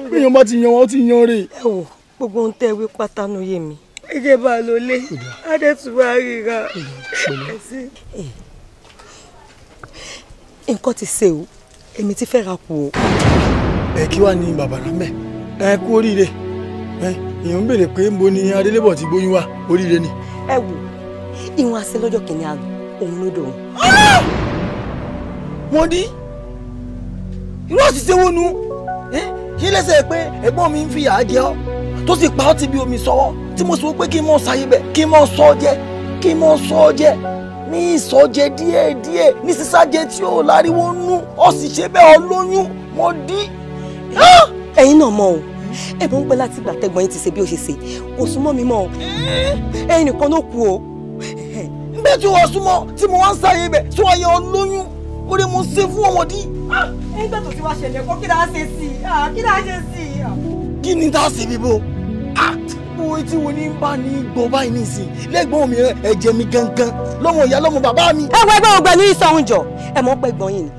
bí yan bá ti yan wọn ti yan rè. ẹ wò gbogbo ohun tẹ́ wí pátá ló yé mi. ẹ̀jẹ̀ bá lọ lé adẹ́tùbá ríra. nǹkan ti ṣe o èmi ti fẹ́ ra kù o. ẹ kí wàá ní bàbá rà mẹ́ ẹ kú oríire èèyàn ń béèrè pé mo ni adélébọ̀ ti gbóyún wá oríire ni. ẹ wò ìwọn àṣẹ lọ́jọ́ kìíní àgbà òun ló dòun. wọ́n dí irú òṣìṣẹ́ wo nu ṣé lẹ́sẹ̀ pé ẹ̀gbọ́n mi ń fìyà jẹ ọ́ tó sì pa ọ́ ti bí omi sọ́wọ́ tí mo sọ pé kí n mọ̀ ṣàyè bẹ̀ kí n mọ̀ sọ́ jẹ́ kí n mọ̀ sọ́ jẹ́ ní ìsọjẹ díẹ̀ díẹ̀ ní sísájẹ tí ò láriwo nú ọ sì ṣe bẹ́ẹ̀ ọ lóyún wọ́n dí. ẹ̀yin náà mọ̀ o ẹ mọ̀ ń pẹ́ láti gbàtẹ́gbọ̀n yín ti ṣe bí ó ṣe ṣe kò súnmọ́ mi mọ́ ẹ̀yin nìkan ló kù o. bẹ́ẹ̀ tí wọ́n súnmọ́ tí mo wá ń sáyé bẹ̀ tí wọ́n yẹ ọlóyún ó lè mú ṣe fún ọmọdé. ẹ̀yin tó tó ti wá ṣẹlẹ̀ kọ́ kí dáa ṣe sí i kí dáa ṣe sí i. kí ni tá a ṣe bíbo owó tí wo ní bá ní gbọ́n báyìí nísìn lẹ́gbọ́n mi ẹ̀jẹ̀ mi gangan lọ́mọ ìyá lọ́mọ bàbá mi. ẹ wọ ẹgbẹ́ ògbẹ́ ní ìsọ̀hún jọ ẹ mọ̀ pẹ́ gbọ́n yìí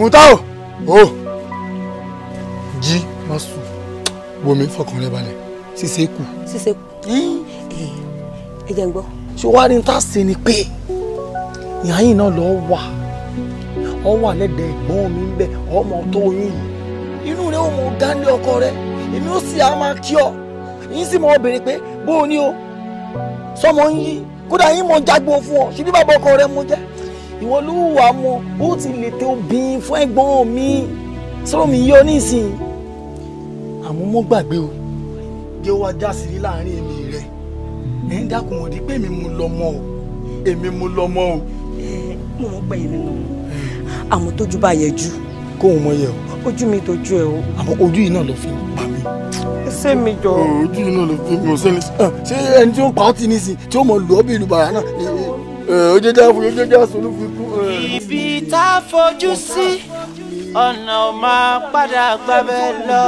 mutau o jí má sùn bomi fọkàn rẹ balẹ̀ ṣíṣe kù. ṣíṣe kù ẹ jẹ́ n gbọ́. ṣé wàá ní tá a ṣe ni pé ìyáyìn náà lọ wà ọ wà lẹ́dẹ̀ẹ́ ẹ̀gbọ́n mi ń bẹ̀ ọmọ tó oyún yìí inú rẹ ò mọ gánlé ọkọ rẹ èmi ó sì á máa kí ọ yín sì mọ obìnrin pé bó o ní o sọmọ ń yí kódà yín mọ jágbó fún ọ ṣùgbọ́n bàbá ọkọ rẹ mo jẹ́ ìwọ ló wà mọ ó ti lè tẹ obìnrin fún ẹ̀gbọ́n mi sọ̀rọ̀ mi yọ nísìn àmọ́ mọ́ gbàgbé o jẹ́ wá jásìrí láàrin èmi rẹ̀ ẹ̀ ń dákun òdi pé èmi mo lọ́mọ o èmi mo lọ́mọ o. mo mọ pé èmi lọ́mọ àmọ́ tójú bá yẹ jù. kó o mọ yẹ o. ojú mi tójú ẹ o. àmọ́ ojú yìí náà ló fi pa mí. ṣé mi jọ. ojú yìí náà ló fi mi ò sẹ́ni. ṣé ẹni tí ó ń pa ọ́ ti nísìn tí ó mọ lù ọ́ bí ìlú bàrà náà. Eh, ojoojà fún ojoojà sọlú fi kú. Eh. ibi tá a fojú sí ọ̀nà ò máa padà gbabẹ̀ lọ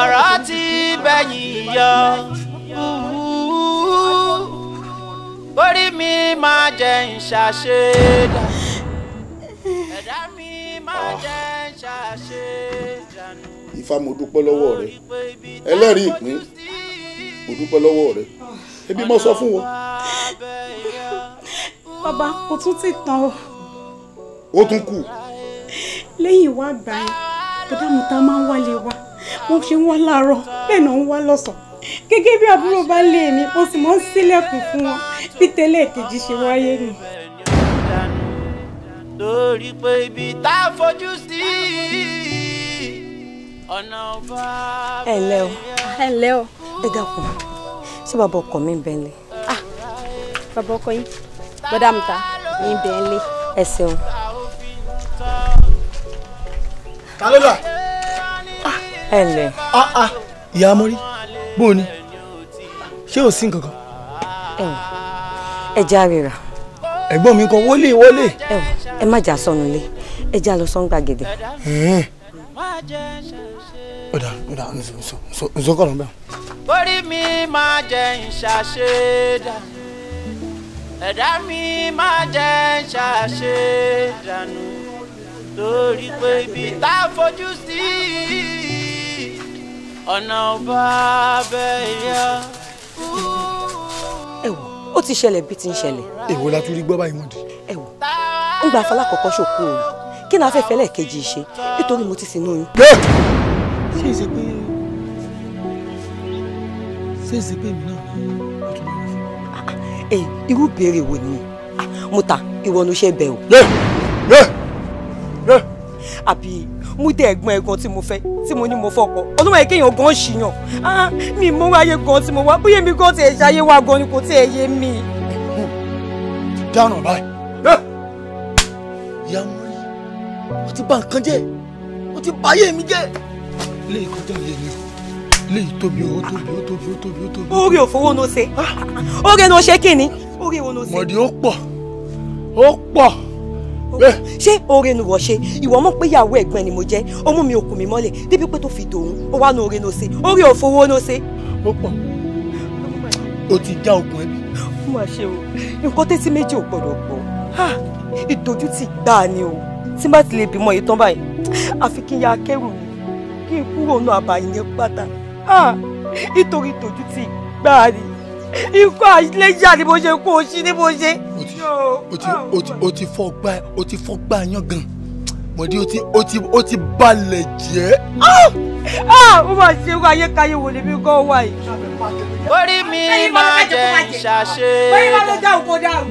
ọ̀rọ̀ ti bẹ̀yìn yọ orí mi máa jẹ́ ìṣàṣedà ẹ̀dá mi máa jẹ́ ìṣàṣedànù. ifá mo dúpẹ́ lọ́wọ́ rẹ ẹlẹ́rìí ìpín mo dúpẹ́ lọ́wọ́ rẹ ebi mo sọ fún wọn bàbá kò tún ti tán o. ó tún kù. lẹ́yìn ìwà àgbà yẹn bọ́dà mi ta máa ń wálé wa wọ́n ṣe ń wá láàárọ̀ bẹ́ẹ̀ náà ń wá lọ́sàn gẹ́gẹ́ bí àbúrò bá lé mi mo sì mọ́ sílẹ̀kùn fún wọn bí tẹ́lẹ̀ kejì ṣe wáyé nù. torí pé ibi tá a fojú sí ọ̀nà ọba. ẹ ǹlẹ́ o ẹ ǹlẹ́ o ẹ dákun ṣé bàbá ọkọ mi ń bẹ ni. Ah, bàbá ọkọ yín gbọ́dá mi ta ní ibẹ̀ ń lé ẹsẹ̀ o. ta ló Ah, ah. Yamori, ìyá amọ́rí bó o ní ṣé ò sí nǹkan kan. ẹ já rira. ẹ̀gbọ́n mi kan wọlé wọlé. ẹ má jà sọnù lé ẹ já lọ sọ́n gbàgede. ọ̀dà ọ̀dà nsọ̀kọ̀ lọ́nbẹ̀. orí mi máa jẹ ìṣàṣe dànù ẹ̀dá mi má jẹ́ ṣàṣe dànù torí pé ibi tá a fojú sí ọ̀nà ọba bẹ́ẹ̀ yá. ẹ wò ó ti ṣẹlẹ̀ bí ti ń ṣẹlẹ̀. èwo la tún rí gbọ́ báyìí Múdì. ẹ wò ń gba afọlá kọ̀ọ̀kan ṣòkó o kí ni afẹ́fẹ́ lẹ́ẹ̀kejì ṣe nítorí mo ti sínú oyún. ṣé èsì pé ṣé èsì pé mi náà ẹ eh, irú béèrè wo ni ah, mo ta ìwọ ni ó ṣe bẹ o. yẹ yẹ yẹ. àbí mú dé ẹ̀gbọ́n ẹ̀gbọ́n tí mo fẹ́ tí mo ní mo fọkọ ọdún wáyé kéèyàn gan ṣìyàn ah, mi mọ wáyé gan tí mo wá bóyá mi gan ti ẹ̀ ṣayé wá gan ni kò tí ẹ̀ yé mi. dáràn báyìí. ìyá wọn rí wọn ti bà nǹkan jẹ́ wọn ti bà ayé mi jẹ́ ilé ìkọjá ilé mi léyìí tóbi ó tóbi ó tóbi ó tóbi ó tóbi. oore ò fowó ní o ṣe oore ní o ṣe kí ni oore wo ní o ṣe. mọ̀dí ó pọ̀ ó pọ̀. ṣé oore ni wọ́n ṣe ìwọ mọ̀ pé ìyàwó ẹ̀gbọ́n ni mo jẹ́ ó mú mi òkú mi mọ́lẹ̀ débi pé tó fi dòun ó wá ní oore ní o ṣe oore ò fowó ní o ṣe. ó pọ̀ o ti já okùn ẹbí. ó mà ṣe o nǹkan tẹ́tí méjì ò gbọ́dọ̀ gbọ́ ìdójútì gbáà ni o tí bá ti lè bímọ ìtàn kí n ya akẹ́rù mi kí n kúrò náà àbàyìn pátá. Ah, nítorí tòjú ti gbà ni ikú àìlẹ́yà ni mo ṣe kó o ṣí ni mo ṣe. o ti fọ́ gbá o ti fọ́ gbá yan gan mọ̀dí o ti o ti o ti balẹ̀ jẹ́. Ah, ah, ó mà ṣe irú ayékáyé wo lèmi gan wà yìí. orí mi máa jẹ ìṣàṣe. bóyá máa lọ dáhùn kó dáhùn.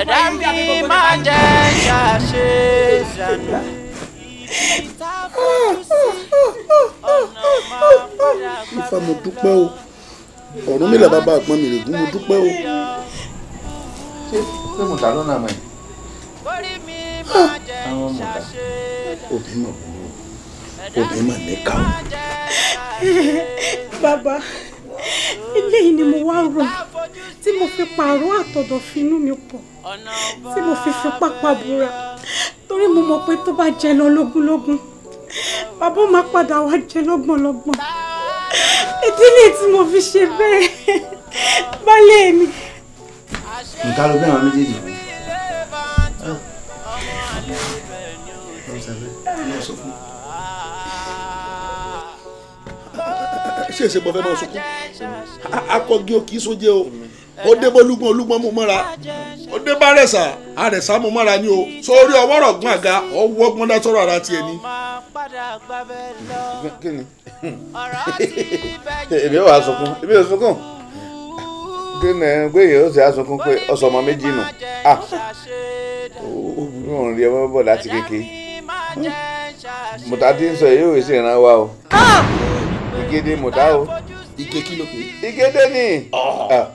ẹ̀dá mi máa jẹ ìṣàṣe ìṣàṣe. Ifá mo dúpẹ́ o ọ̀run mi làbá bá àgbọn mi rè gún mo dúpẹ́ o. ṣé ṣé mo ta lọ́nà àmọ́ ẹ̀. Ah. àwọn ọmọ ta obìnrin mà burú obìnrin mà níkà o. bàbá eléyìí ni mo wá rò tí mo fi pààrọ̀ àtọ̀dọ̀ finú mi pọ̀ tí mo fi fipá pabura torí mo mọ̀ pé tó bá jẹ lọ lógúnlógún bàbá máa padà wá jẹ lọ́gbọ̀nlọ́gbọ̀n ìdílé tí mo fi ṣe bẹ́ẹ̀ balẹ̀ mi. nǹkan ló bẹ́ẹ̀ wọn méjèèjì mi. ọ̀sẹ̀ bẹ́ẹ̀ ló sọ fún mi. ṣe ṣe bọ́ fẹ́ mọ́ sunkún akọgi òkì sójé o ó dé bólúgbọ́n olúgbọ́n mú mọ́ra ó dé bá rẹ̀sà àrẹ̀sà mú mọ́ra ni o sórí ọwọ́ rọ̀gbọ́n àga ọwọ́ gbọ́n dátọ́rọ̀ ara tiẹ̀ ni. èmi ò wá sunkún èmi ò sunkún kí ni ó sì á sunkún pé ọsọ ọmọ méjì nù ah òun rí ọmọ bọ̀ láti kékeré mọ̀tà ń sọ yìí ò sì ràn wá o. Ah! igede mọ̀dá o. ike kí ló pé. igede ni ah. Ah.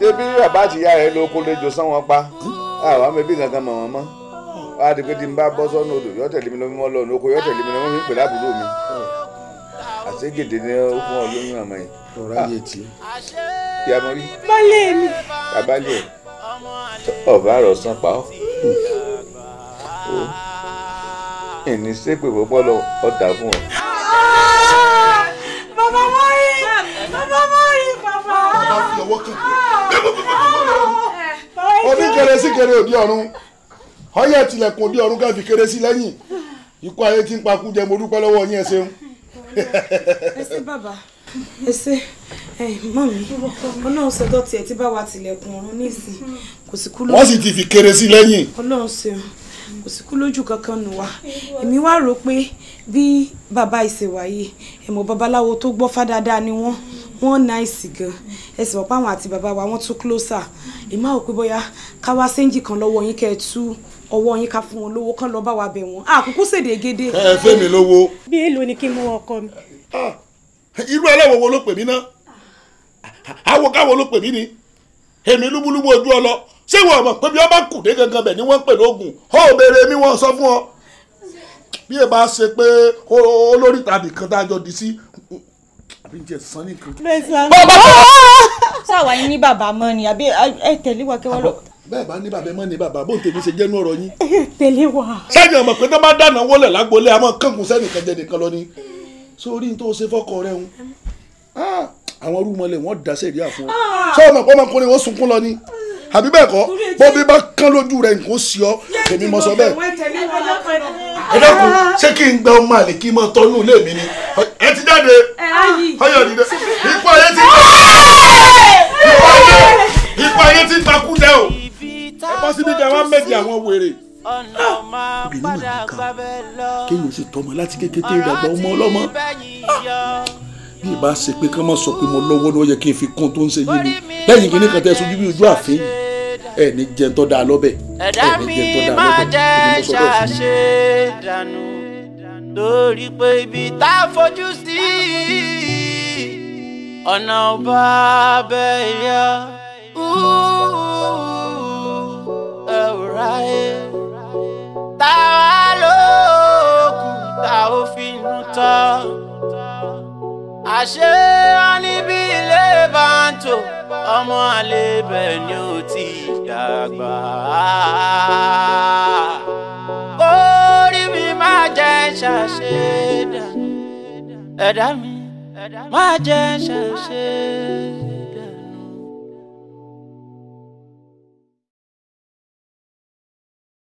ṣé bí bàbá àti ìyá rẹ ló kó lẹ́jọ́ sanwó pa ah, àwọn àmì bí kankan mọ̀ wọ́n mọ́ wọ́n á di pé tí n bá bọ́ sọ́nù odò yọ́ tẹ̀lé mi lọ́mọ́ lọ́nà oko yọ́ tẹ̀lé mi lọ́mọ́ mi pè lábúrò mi àṣegèdè ni ó fún ọ lóyún àmọ́ yìí. ọ̀rọ̀ ayé tí. kí a mọ rí. balẹ̀ mi. abalẹ̀ ọba àrọ̀ san pa ọ́. ìní sépè púpọ̀ lọ ọ̀dà fún ọ. máa fi ọwọ́ kàn oní ah! kéré sí kéré òdi ọ̀run ọyẹ tilẹ̀kùn òdi ọ̀run ká fi sí lẹ́yìn ikú ayé tí ń pakú jẹ mo dúpẹ́ lọ́wọ́ yín ẹ ṣeun. ẹ ṣé bàbá ẹ ṣé ẹ mọ̀mí ọlọ́run tiẹ̀ tí bá wa tilẹ̀kùn ọ̀run ní ìsìn kò sí kú lójú. wọ́n sì ti fi kéré sí lẹ́yìn. ọlọ́run ṣeun kò sí kú lójú kankan nù wá èmi wá rò pé bí bàbá ìṣèwà yìí ẹ̀mọ́ babaláwo tó gbọ́ fádáadáa ni wọ́n wọ́n nice gan ẹ sì mọ̀ pé àwọn àti bàbá wa wọ́n tún closer èmi àwọn òpè bóyá ká wá séǹjì kan lọ́wọ́ yín kẹ́ ẹ tú ọwọ́ yín ká fún wọn lówó kán lọ bá wa bẹ̀ wọ́n àkókò ṣèdè gèdè. ẹ fẹ́ mi lówó. bí èèlò ni kí n mú ọkọ mi. Ah, irú aláwọ̀ wo ló pè mí náà àwọ̀ káwọ̀ ló pè mí ni èmi lúbúlúbú ojú ọ lọ ṣé wọn mọ̀ pé bí wọ́n bá kù dé gangan bẹ̀ ni wọ́n pè lóògùn ó béèrè mi wọ́n sọ fún ọ bí ẹ bá ṣe pé olórí tàbí kan tá a jọ di sí àbí sáwa yín ní bàbá mọ́ ni àbí ẹ tẹ̀lé wa kẹwàá lọ. bẹ́ẹ̀ bá ní bàbá ẹ ni bàbá bó ń tèmi ṣe jẹ́nu ọ̀rọ̀ yín. ẹ tẹ̀lé wa. sẹ́yìn ọmọ pé tó bá dáná wọlé lágbolé àmọ́ kankun sẹ́nìkan jẹ nìkan lọ ni sórí ní tó ṣe fọ́kọ rẹ̀ ń àwọn rúmọlẹ̀ wọ́n dasẹ̀ ìdí àfọ sọ ọmọ pé ọmọkùnrin wọn sunkún lọ ni àbí bẹ́ẹ̀ kọ́ bọ́bí bá kán lójú rẹ̀ nǹkan sí ọ ẹ dákun ṣé kí n gba ọmọ àlè kí n máa tọ́nú ilé mi ni ẹ ti jáde ọyọ dídẹ ipò ayé ti ipò ayé ipò ayé ti takú dẹ o ẹ bọ́ síbi jẹ́ wá méjì àwọn wèrè obìnrin mà nìkan kéèyàn sì tọmọ láti kékeré dàgbà ọmọ ọlọ́mọ bí ìbá ṣe pé ká má sọ pé mo lọ́wọ́ ni ó yẹ kí n fi kún tó ń ṣe yé mi lẹ́yìn kí ní kàtẹ́ sojú bí ojú àfẹ́ yìí ẹ ní jẹun tó dáa lọ́bẹ̀ ẹ ní jẹun tó dáa lọ́bẹ̀ èmi pé ibi tá a fojú sí ọ̀nà ọba bẹ́ẹ̀ yá ẹ ò ráyè tá a lóòkù tá a ó fi inú tán àṣé alibi ilé bá ń tò ọmọ àlebẹ̀ ni ó ti dàgbà. kórì mi má jẹ́ ṣàṣedà ẹ̀dá mi má jẹ́ ṣàṣedà.